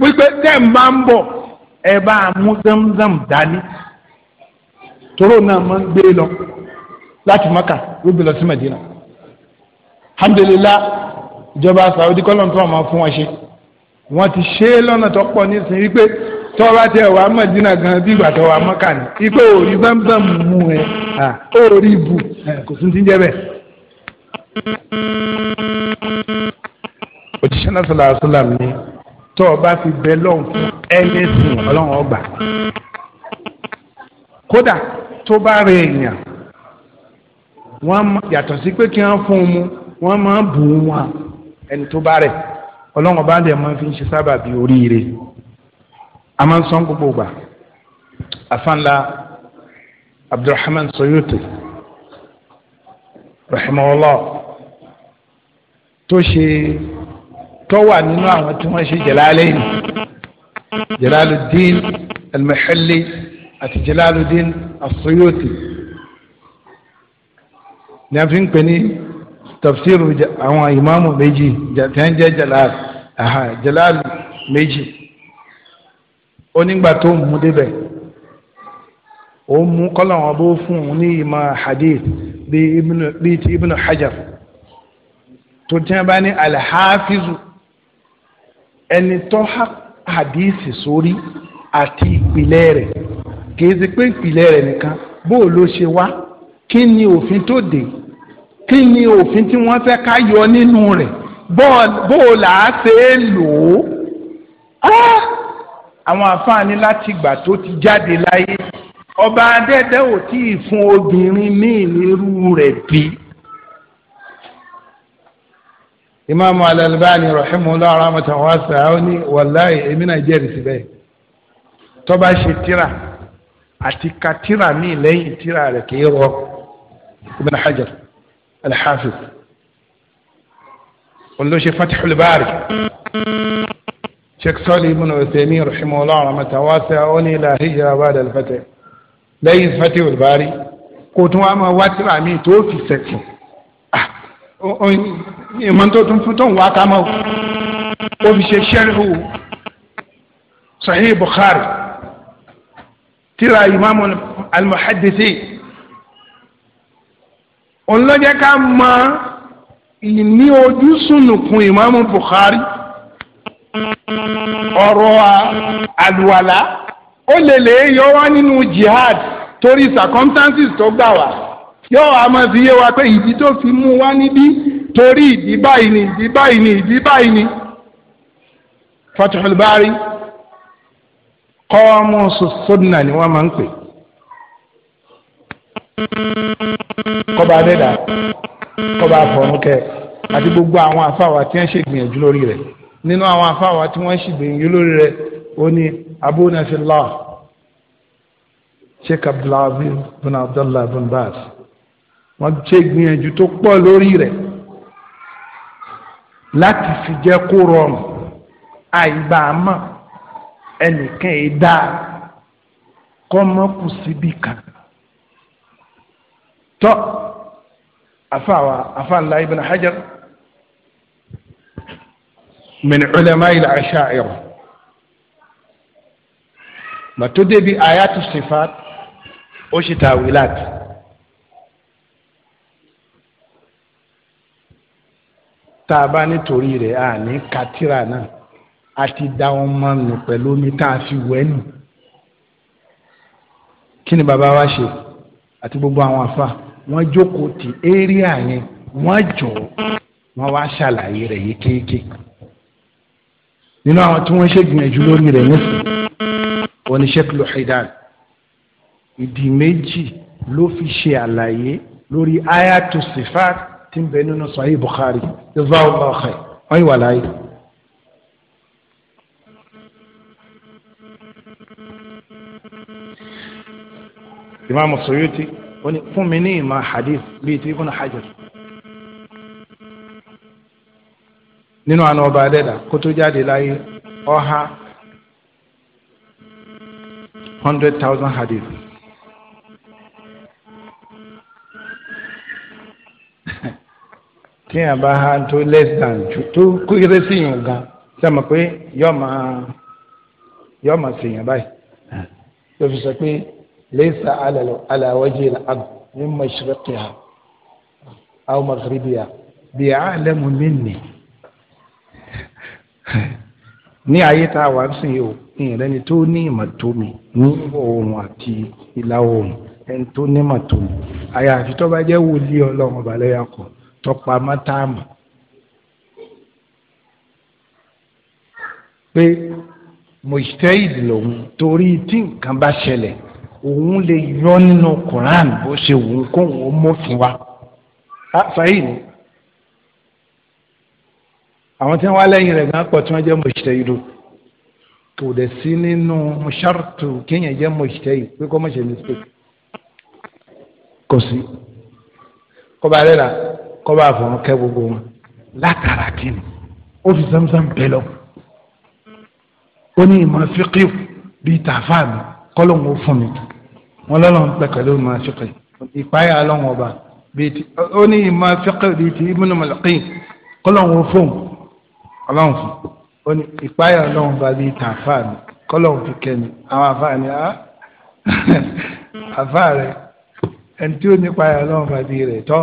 wọ́n pé tẹ́ ń bá ń bọ̀ ẹ bá mú zamzam dání tóró náà máa ń gbé lọ láti maka ló gbé lọ sí Madina alhamdulillah ìjọba Saudi kọ́lọ́ntàn máa fún wọn ṣe wọ́n ti ṣe é lọ́nà tó pọ̀ nísìnyí pé tọ́ba tẹ wàá mọ̀dínà gan bí ìgbà tọ́wà mọ́kà ni ipò òrí bámbám mú ẹ òrí ah. ibù eh, kò tún ti jẹ́ bẹ́ẹ̀. òjíṣẹ́ náà sọ̀rọ̀ àṣọlá mi tọ́ba fi bẹ lọ́hùn fún ẹni sìn ọlọ́run ọgbà kódà tó bá rẹ èèyàn wọ́n yàtọ̀ sí pé kí wọ́n fún un mu wọ́n máa bù ú wọn ẹni tó bá rẹ̀ ọlọ́run ọba dẹ̀ máa fi ń ṣe sábàbí oríire a máa ń sọ gbogbo gbà afanla abdulrahman soyuti rahimahullah tó ṣe tó wà nínú àwọn tí wọ́n ṣe jalalayn jalaluddin almahalli àti jalaluddin asoyuti ní a fi ń pè ní tafsir àwọn ìmáàmù méjì tí jalal aha jalal méjì onígbà tó mú débẹ̀ ó mú kọ́lọ́wọ́n bó fún un ní ìmọ̀ hadith bíi ti ibn hajar tó tí wọ́n bá ní alhafizu ẹni tó hadith sórí àti ìpìlẹ̀ rẹ̀ kìí ṣe pé ìpìlẹ̀ rẹ̀ nìkan bó ló ṣe wá kí ni òfin tó dé kí ni òfin tí wọ́n fẹ́ ká yọ nínú rẹ̀ bó là ṣe é lò ó. Ah! àwọn àfáàní láti ìgbà tó ti jáde láyé ọba adẹ́dẹ́ ò tí ì fún obìnrin míì nírú rẹ̀ bí. imaamu alalbani rahimahullah rahmatan wasa ó ní wàláyé èmi náà jẹ́rìí síbẹ̀ tọ́ba ṣe tíra àti ka tíra míì lẹ́yìn tíra rẹ̀ kì í rọ ibn hajar alhafiz olóṣè fatihul bari sheikh sọ́ọ̀lì ibùnà ọ̀sẹ̀mí rahimu ọlọ́run mẹ́ta wá sí àwọn ní ilà hijira bá dàl fẹ́tẹ̀ lẹ́yìn fẹ́tẹ̀ olùbárí kò tún wá máa wá tíra mi tó fi sẹ̀kù ah, ìmọ̀ tó tún fún tóun wá ká mọ́ ó fi ṣe sẹ́ríhù sahih bukhari tíra ìmáàmù al-muhaddisi òun ló jẹ́ ká mọ ìní ojú sùnùkùn ìmáàmù bukhari ọ̀rọ̀ àlùwàlá ó lè lè yọ wá nínú jihad torí circumstances tó gbà wá yóò wá máa fi yé wa pé ìdí tó fi mú wá níbí torí ìdí báyìí ni ìdí báyìí ni ìdí báyìí ni Fathul Bari kọ́ọ́mù sọ́dúnà ni wọ́n máa ń pè kọba adẹ́dà kọba àfọ̀rúnkẹ́ àti gbogbo àwọn afáwà tí wọ́n ṣègbìyànjú lórí rẹ̀ nínú àwọn afáwa tí wọ́n sì gbìyànjú lórí rẹ̀ ó ní abúnafillah sheikh abdulaziz bin abdullah bin baz wọ́n ṣe gbìyànjú tó pọ̀ lórí rẹ̀ láti fi jẹ́ kó rọrùn àìgbà àmọ́ ẹnìkan ẹ̀dá kọ́mọ́kù síbi kan tọ́ afáwa afáńlá ibn hajar min ulama il ashaira mà tó débi ayatu sifat ó ṣe tawilat tá a bá nítorí rẹ̀ a ní katira náà a ti da ọmọ nù pẹ̀lú omi tá a fi wẹ̀ nù kí ni bàbá wa ṣe àti gbogbo àwọn afa wọ́n jókòó ti éríà yẹn wọ́n jọ wọ́n wá ṣàlàyé rẹ̀ yékéyéké nínú àwọn tí wọ́n ṣe gbìyànjú lórí rẹ̀ nísìn wọ́n ní sheikh luhidan ìdí méjì ló fi ṣe àlàyé lórí ayatu sifat tí ń bẹ nínú sahih bukhari jazakallahu khair wọ́n yìí wà láàyè. imaamu suyuti wọ́n ní fún mi ní ìmọ̀ hadith bíi ti ibùn hajar. nínú àna ọba adẹ́dà kó tó jáde láyé ọha hundred thousand hadith. tíyàn bá ha tó less than ju tó kéré sí yàn gan sẹ́mi pé yọ́ọ́ máa yọ́ọ́ máa sèyàn báyìí ló fi sọ pé laysa ala wajhi al-ard min mashriqiha aw maghribiha bi'alamu minni ní ayé tá a wà ń sìn yìí o ìrẹni tó ní ìmọ̀ tó mi ní ìwọ̀ oòrùn àti ìlà oòrùn ẹni tó ní ìmọ̀ tó mi àyàfi tó bá jẹ́ wòlíì ọlọ́run ọba lẹ́yà kan tọpa mọ́tàmù pé mujtahid lòun torí tí nǹkan bá ṣẹlẹ̀ òun lè yọ nínú Quran bó ṣe wù ú kóun ó mọ̀ fún wa. Ah, àwọn tí wọ́n wá lẹ́yìn rẹ̀ gan pọ̀ tí wọ́n jẹ́ mujtahidu kò dẹ̀ sí nínú ṣàrtù kéèyàn jẹ́ mujtahid pé kọ́ mọ̀ṣẹ́ mistake kò sí kọ́ba rẹ́ra kọ́ba àfọ̀n kẹ́ gbogbo wọn látara kíni ó fi zamzam bẹ́ lọ ó ní ìmọ̀ fíkì bíi tàfà mi fún mi wọn lọ́nà ń pẹ́ fíkì ìpáyà ọlọ́hún ọba ó ní ìmọ̀ fíkì bíi ti ibùnú mọ̀lẹ́kì kọ́lọ́hún fún mi ọlọ́run fún ó ní ìpáyà ọlọ́run bá bí ìtàn àfáà mi kọ́lọ́run fi kẹ́ni àwọn àfáà ni á àfáà rẹ ẹni tí ó ní ìpáyà ọlọ́run bá bí rẹ̀ tọ́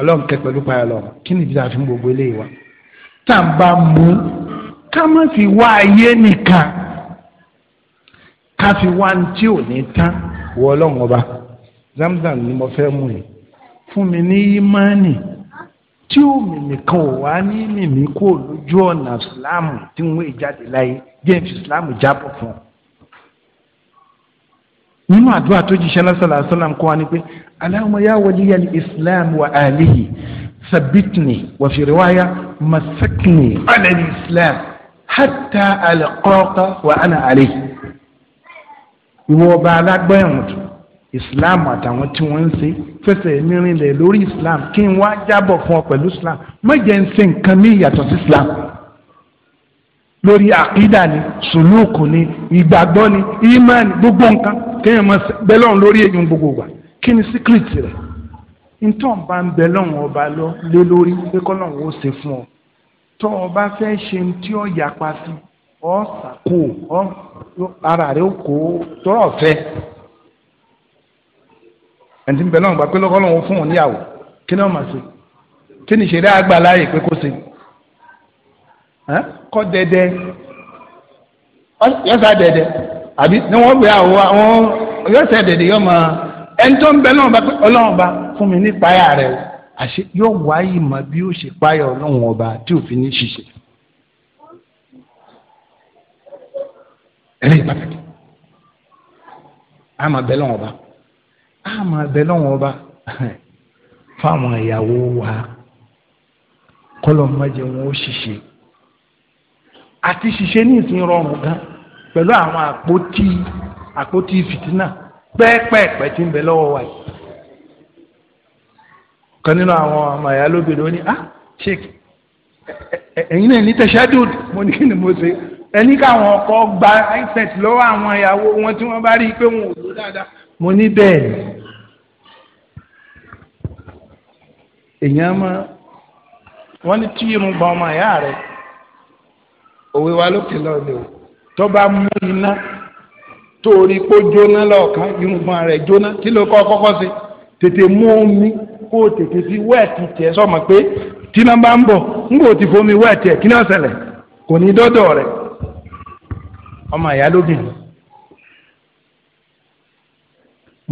ọlọ́run kẹ pẹ̀lú ìpáyà ọlọ́run kí ni ìdíjà fún gbogbo eléyìí wa tá à ń bá mú ká má fi wá ayé nìkan ká fi wá ní tí ò ní tán wọ ọlọ́run ọba zamzam ni mo fẹ́ mú yìí fún mi ní yimani tí òmìnì kan ò wá ní mìmí kó lójú ọ̀nà ìsìláàmù tí wọ́n è jáde láyé james ìsìláàmù jábọ̀ fún un. nínú àdúrà tó jíṣẹ́ lásàlá àṣàlám kọ́ wa ni pé Allahumma ya waliyal islam wa alihi sabitni wa fi riwaya masakni ala islam hatta wa ana alihi. ìwọ ọba alágbọ́n tó islam àtàwọn tí wọ́n ń ṣe fẹsẹ̀ mírin lẹ̀ lórí islam kí n wá jábọ̀ fún ọ pẹ̀lú islam má jẹ́ ń ṣe nǹkan mí yàtọ̀ sí islam lórí àkídà ni sùlùkù ni ìgbàgbọ́ ni ìmánì gbogbo nǹkan kéèyàn máa bẹ́lọ́n lórí èyí gbogbo wa kí ni síkírìtì rẹ̀ ntọ́ bá ń bẹ́lọ́n ọba lọ lé lórí pé kọ́lọ́n ó ṣe fún ọ tọ́ ọ fẹ́ ṣe ní tí ó yapa sí ọ sàkó ọ ara rẹ̀ ó tọ́rọ̀ fẹ́ ẹni tí ń bẹ lọ́wọ́n gbà pé lọ́kọ́lọ́wọ́ fún wọn níyàwó kí ni wọ́n máa ṣe kí ni ìṣeré àgbà láàyè pé kó ṣe kọ́ dẹ́dẹ́ yọ́sà dẹ́dẹ́ àbí ni wọ́n gbé àwọ̀ àwọn yọ́sà dẹ́dẹ́ yọ́ máa ẹni tó ń bẹ lọ́wọ́n gbà pé ọlọ́wọ́n bá fún mi ní páyà rẹ̀ àṣẹ yóò wáyé mà bí ó ṣe páyà ọlọ́wọ́n ọba tí òfin ní ṣiṣẹ́ ẹlẹ́yìn pàtàkì àmọ́ bẹ́ẹ̀ lọ́wọ́n ọba á máa bẹ lọ́wọ́n ọba fáwọn ìyàwó wa kọ́lọ̀ mọ́jẹ wọn ó ṣiṣẹ́ àti ṣiṣẹ́ ní ìsìn rọrùn gan pẹ̀lú àwọn àpótí àpótí fìtínà pẹ́ẹ́pẹ́ẹ́pẹ́ tí ń bẹ lọ́wọ́ wa yìí kan nínú àwọn ọmọ ìyá lóbìnrin ó ní ah sheik ẹ̀yin náà ní tẹ̀sádùd mo ní kí ni mo ṣe ẹni káwọn ọkọ gba ẹ̀sẹ̀t lọ́wọ́ àwọn ìyàwó wọn tí wọ́n bá rí i pé wọn ò lò dáadáa mo ní bẹ́ẹ̀ èèyàn máa wọ́n ní tí irun gba ọmọ àyà rẹ̀ òwe wa lókè lọ́ọ̀lẹ̀ o tó bá mú iná torí kó jóná lọ́ọ̀kan irun gba rẹ̀ jóná kí ló kọ́ kọ́kọ́ tètè mú omi kó tètè fi wẹ́ẹ̀tì tiẹ̀ sọ̀mọ pé tí náà bá ń bọ̀ fomi wẹ́ẹ̀tì ẹ̀ kí náà ṣẹlẹ̀ kò ní dọ́dọ̀ rẹ̀ ọmọ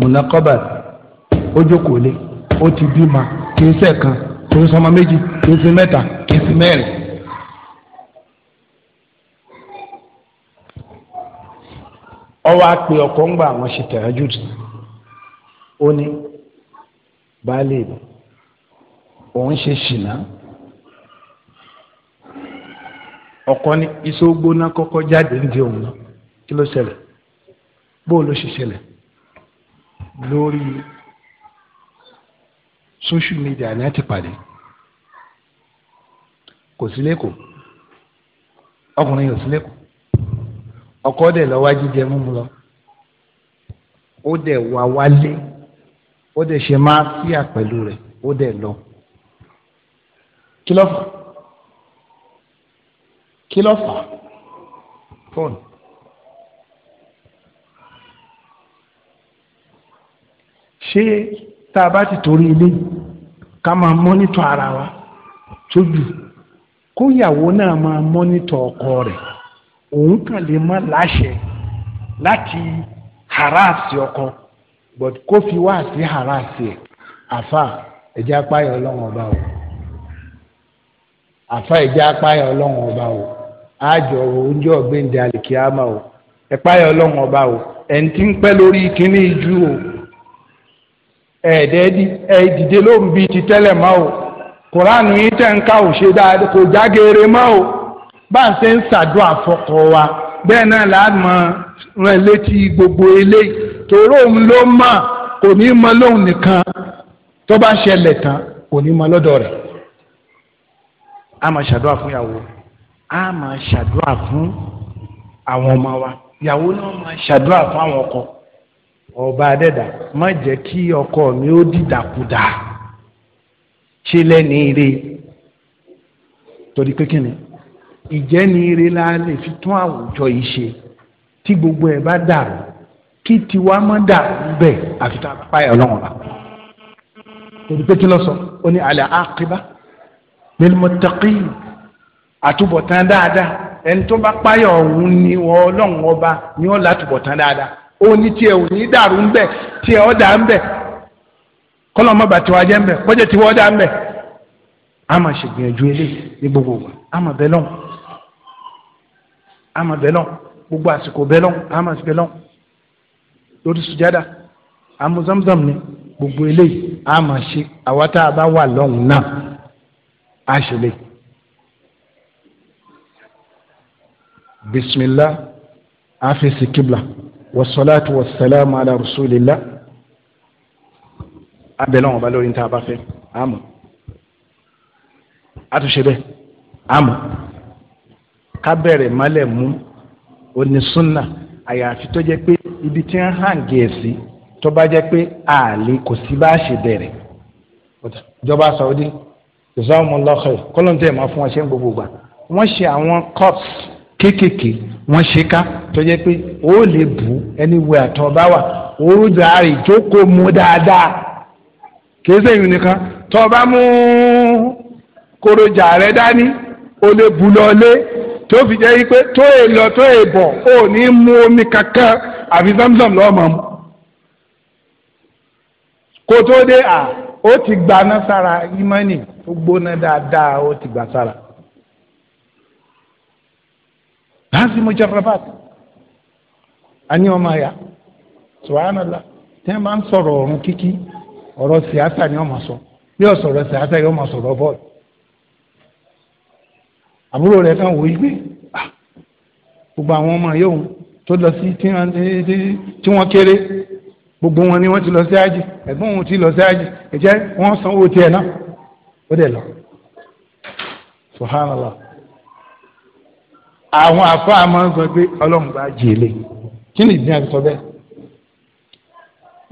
mùnàkọ́bà ó jókòó lé ti bímọ ma í ṣe kan kì í ṣọmọ méjì kì í ṣe mẹ́ta ọwọ́ pe ọkọ̀ ń gba àwọn ṣe tahajjud ó ní baálé òun ṣe ṣìnà ọkọ ní iṣẹ́ ó gbóná kọ́kọ́ jáde ń di òun kí ló ṣẹlẹ̀ lórí social media ní àti pàdé kò sí lẹ́kọ̀ọ́ ọkùnrin yóò sí lẹ́kọ̀ọ́ ọkọ dẹ̀ lọ́wọ́ jíjẹ múmu lọ ó dẹ̀ wá wálé ó dẹ̀ ṣe máa fíà pẹ̀lú rẹ̀ ó dẹ̀ lọ kí ló kí ló fóònù. ṣé tá a bá ti torí ilé ká máa mọ́nítọ̀ ara wa tójú kóyàwó náà máa mọ́nítọ̀ ọkọ rẹ̀ òun kàn lè má láṣẹ láti haraasi ọkọ but kó fi wá sí haraasi ẹ̀ àfa ẹ̀jẹ̀ apáyọ̀ ọlọ́run ọba o àfa ẹ̀jẹ̀ apáyọ̀ ọlọ́run ọba o àjọ oúnjẹ ọ̀gbìn dàlìkíámà o ẹ̀páyọ̀ ọlọ́run ọba o ẹ̀ ń tí ń pẹ́ lórí kínní ju o ẹ̀ẹ́dẹ́ẹ́dì ẹ̀ẹ́dìde ló ń bi ti tẹ́lẹ̀ mọ́ o kùránù yìí tẹ̀ ń ká ò ṣe dáadáa kò jágeere mọ́ o bá a ṣe ń ṣàdúrà fọkọ wa bẹ́ẹ̀ náà láàmú rẹ̀ létí gbogbo eléyìí tòró òun ló mọ̀ kò ní mọ lóhùn nìkan tó bá ṣẹlẹ̀ tán kò ní mọ lọ́dọ̀ rẹ̀ a máa ṣàdúrà fún ìyàwó a máa ṣàdúrà fún àwọn ọmọ wa ìyàwó náà máa ṣàdúrà fún àwọn ọkọ ọba adẹ́dà má jẹ́ kí ọkọ mi ó dìdàkudà ṣe lẹ́ni ire torí pé kí ni ìjẹ́ni ire la lè fi tún àwùjọ yìí ṣe tí gbogbo ẹ̀ bá dàrú kí tiwa má dàrú bẹ́ẹ̀ àfi tá a páyà ọlọ́run la torí pé kí ló sọ ó ní àlẹ́ àkíbá lil muttaqin àtúbọ̀tán dáadáa ẹni tó bá páyà ọ̀hún ni ọlọ́run ọba ni ó látúbọ̀tán dáadáa. Oni tiẹ̀ oni dàrú ńbẹ tiẹ̀ ọ̀dà ńbẹ kọ́lọ́ ọmọ bàtí wa jẹ́ ńbẹ kọ́jẹ́ tiwọ́ ọ̀dà ńbẹ. a máa ṣègbìyànjú eléyìí ní gbogbo wa a máa bẹ gbogbo àsìkò bẹ lọ́hùn a máa bẹ lọ́hùn zamzam ni gbogbo eléyìí a máa ṣe àwa tá a bá wà a ṣe lè. bisimilah a fèsì kíbla. والصلاة والسلام على رسول الله أبلون wọn bá lórí níta bá fẹ́ àmọ́ àtúnṣe bẹ́ẹ̀ àmọ́ ká bẹ̀rẹ̀ mọ́lẹ̀ mú onísúnà àyàfi tó jẹ́ pé ibi tí wọ́n hàn gẹ̀ẹ́sì tó bá jẹ́ pé àlè kò sí bá ṣe bẹ̀rẹ̀ ìjọba Saudi ìsọ́mọlọ́kẹ́ kọ́lọ́ntẹ́ máa fún wọn ṣe ń gbogbo gbà wọ́n ṣe àwọn cups kéékèèké wọ́n ṣe ká tó jẹ́ pé ó lè bù ẹni wo àtọ̀ bá wà ó dà rí jókòó mu dáadáa kìí sẹ́yìn nìkan tó bá mú korojà rẹ dání ó lè bù lọlé tó fi jẹ́ pé tó è lọ tó è bọ̀ ó ní mú omi kankan àfi zamzam lọ́ọ́ mu kó tó dé à ó ti gbaná sára ìmọ̀nì ó gbóná dáadáa ó ti gbà sára láti مجربات، a ní ọmọ àyà subhanallah tí wọ́n bá ń sọ̀rọ̀ ọ̀run kíkí ọ̀rọ̀ sìásà ni wọ́n máa sọ bí ọ̀sọ̀rọ̀ sìásà yóò máa sọ̀rọ̀ bọ́ọ̀lù àbúrò rẹ̀ kan wò ó gbé gbogbo àwọn ọmọ yóò tó lọ sí tí wọ́n kéré gbogbo wọn ni wọ́n ti lọ sí àjì ẹ̀gbọ́n wọn ti lọ sí àjì ẹ̀jẹ̀ wọ́n sanwó tiẹ̀ náà ó dẹ̀ lọ subhanallah àwọn àfọ àmọ́ ń sọ pé ọlọ́run bá jì lè kí ni ìdí àti sọ bẹ́ẹ̀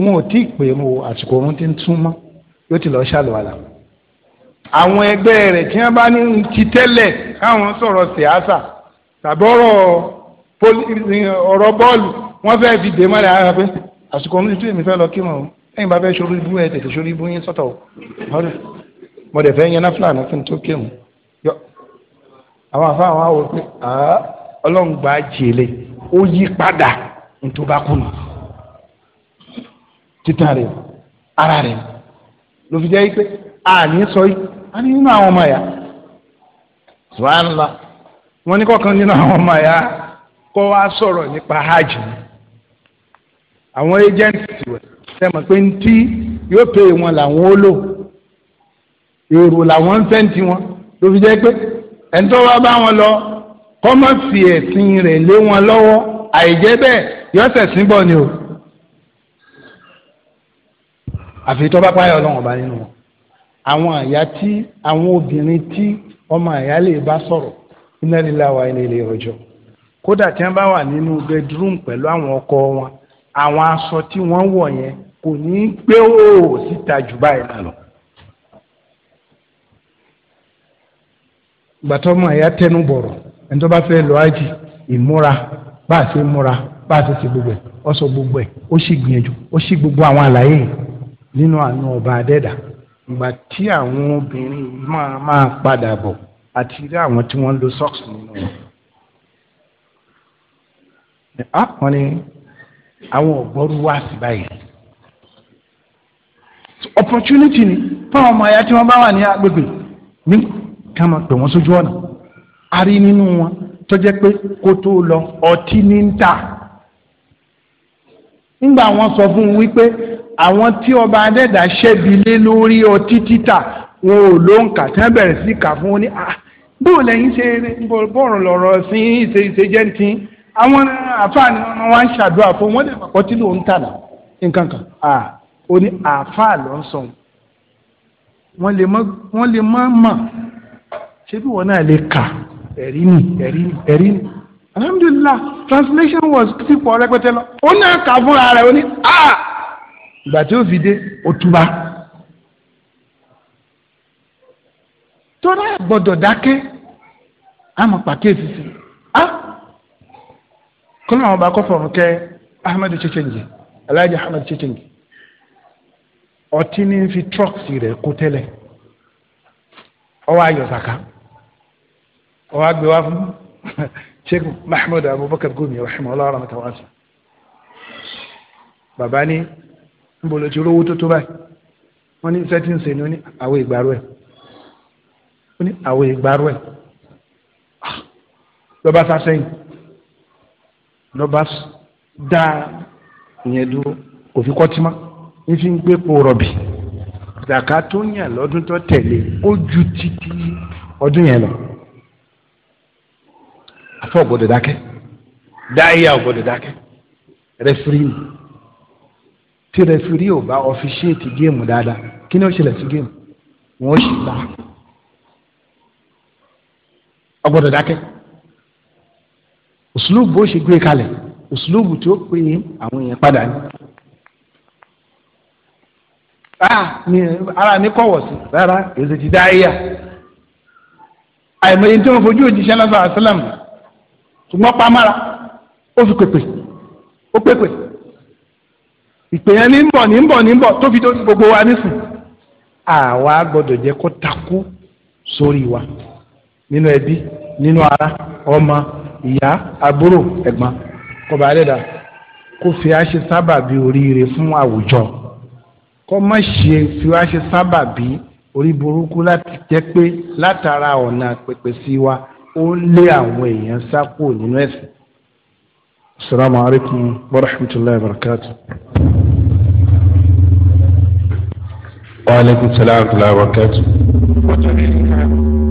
wọn ò tí ì pè mo àsìkò òun ti ń túmọ̀ yóò ti lọ ṣàlùwàlà àwọn ẹgbẹ́ rẹ̀ tí wọ́n bá ní ti tẹ́lẹ̀ káwọn sọ̀rọ̀ sìáṣà tàbí ọ̀rọ̀ bọ́ọ̀lù wọ́n fẹ́ fi dè mọ́lẹ̀ ara pé àsìkò òun ti tú èmi fẹ́ lọ kí wọn o ẹ̀yin bá fẹ́ ṣorí ibú ẹ̀ tètè ṣorí ibú yín sọ́tọ̀ àwọn afá àwọn àwọn pé ọlọ́run gba jèlé ó yí padà ntòba kùnà títà rẹ ara rẹ ló fi jẹ́ pé àní sọ yìí a ní nínú àwọn ọmọ ẹ̀yà subhanallah wọ́n ní kọ̀ọ̀kan nínú àwọn ọmọ ẹ̀yà kọ́ wa sọ̀rọ̀ nípa hajj àwọn agents wẹ̀ ṣe mọ̀ pé ntí yóò pè wọn làwọn ó lò èrò làwọn ń fẹ́ ntí wọn ló fi pé ẹ̀ńtọ́ wa bá wọn lọ kọ́ mọ̀ ẹ̀sìn rẹ̀ lé wọn lọ́wọ́ àìjẹ́ bẹ́ẹ̀ yọ́sẹ̀ síbọ̀ ni o àfi tó bá páyọ̀ ọlọ́run ọba nínú wọn àwọn àyà tí àwọn obìnrin tí ọmọ àyà lè bá sọ̀rọ̀ inna lillahi wa inna ilayhi raji'un kódà tí wọ́n bá wà nínú bedroom pẹ̀lú àwọn ọkọ wọn àwọn aṣọ tí wọ́n wọ̀ yẹn kò ní í pé ó síta jù báyìí lọ. gbàtọ́mọ ẹ̀yà tẹnu bọ̀rọ̀ ẹni tó bá fẹ́ lọ ájì ìmúra bá a ṣe múra bá a ṣe ṣe gbogbo ẹ̀ ọ sọ gbogbo ẹ̀ ó sì gbìyànjú ó sì gbogbo àwọn àlàyé nínú àánú ọba adẹ́dà ìgbà tí àwọn obìnrin máa máa padà bọ̀ àti rí àwọn tí wọ́n lo socks nínú wọn. àwọn ni àwọn ọ̀gbọ́rú wá sí báyìí opportunity ni fáwọn ọmọ ayá tí wọ́n bá wà ní agbègbè ní kama máa pè wọ́n sójú ọ̀nà a rí nínú wọn tó jẹ́ pé kó tó lọ ọtí ní ń tà nígbà wọn sọ fún un wípé àwọn tí ọba adẹ́dà ṣẹ́bi lé lórí ọtí títà wọn ò ló ń kà tí wọ́n bẹ̀rẹ̀ sí kà fún un ní bó lẹ́yìn ṣe bọ̀rọ̀ lọ̀rọ̀ sí ìṣe ìṣe jẹ́ ti àwọn àfáàní wọn wá ń ṣàdúrà fún wọn lè pàpọ̀ tí lòun tà nǹkan kan ó ní àfáà lọ́sàn-án wọ́n lè má mà ṣé bí wọn náà lè kà ẹ̀rí ni ẹ̀rí ni ẹ̀rí ni alhamdulilah translation was sípò rẹpẹtẹ lọ ó náà kà fúnra rẹ̀ ó ní a ah! ìgbà tí ó fi dé ó túba tọ́lá gbọ́dọ̀ dákẹ́ àmọ́ pàkíyèsí sí a kọ́nà àwọn ọba akọ́fọ̀rún kẹ́ ahmed chechenji alhaji ahmed chechenji ọtí ní fi trọ́ọ̀sì rẹ̀ kó tẹ́lẹ̀ ọwọ́ ayọ̀sàká ọwọ́ àgbẹ̀ wá fún sheikh mahmud abubakar gumi rahim ọlọ́run rahmatan wasa bàbá ní níbo ló ti rówó tó tó báyìí wọ́n ní iṣẹ́ tí ń ṣe ni ó ní àwọn ìgbàrú ẹ̀ ó ní àwọn ìgbàrú ẹ̀ ah, lọ́ba sá sẹ́yìn lọ́ba dá ìyẹn dúró kò fi kọ́tí mọ́ ifi ń gbé po rọ̀bì zaka tó yàn lọ́dún tó tẹ̀lé ó ju títí ọdún yẹn lọ afọ gbọ́dọ̀ dákẹ́ dáìyà gbọ́dọ̀ dákẹ́ rẹfiri ni tí rẹfiri ò bá ọfiṣẹẹtì géèmù dáadáa kí ni ó ṣẹlẹ̀ sí géèmù wọn ó ṣì gbà ọgbọ́dọ̀ dákẹ́ òṣùlùbù bó ṣe gbé kalẹ̀ òṣùlùbù tí ó pè àwọn èèyàn padà ní. Ah, ara ní kọ̀wọ̀ sí rárá èsì ti dáìyà àìmọye tí wọn fojú òjíṣẹ́ lọ́sọ̀ àṣálàmù. ṣùgbọ́n pamara ó fi pèpè ó pèpè ìpè yẹn ní bọ̀ ní bọ̀ ní gbogbo wa nísìn àwa gbọ́dọ̀ jẹ́ kó takú sórí wa nínú ẹbí nínú ara ọmọ ìyá àbúrò ẹ̀gbọ́n kọba àdẹ́dà kó fi á ṣe sábàbí oríire fún àwùjọ kó má ṣe fi á ṣe sábàbí orí burúkú láti jẹ́ pé látara ọ̀nà pèpè wa. ó lé àwọn èèyàn sápò nínú ẹ̀sìn. asalaamu alaykum wa rahmatulahi wa barakatu. wa aleykum salaam wa rahmatulahi wa barakatu.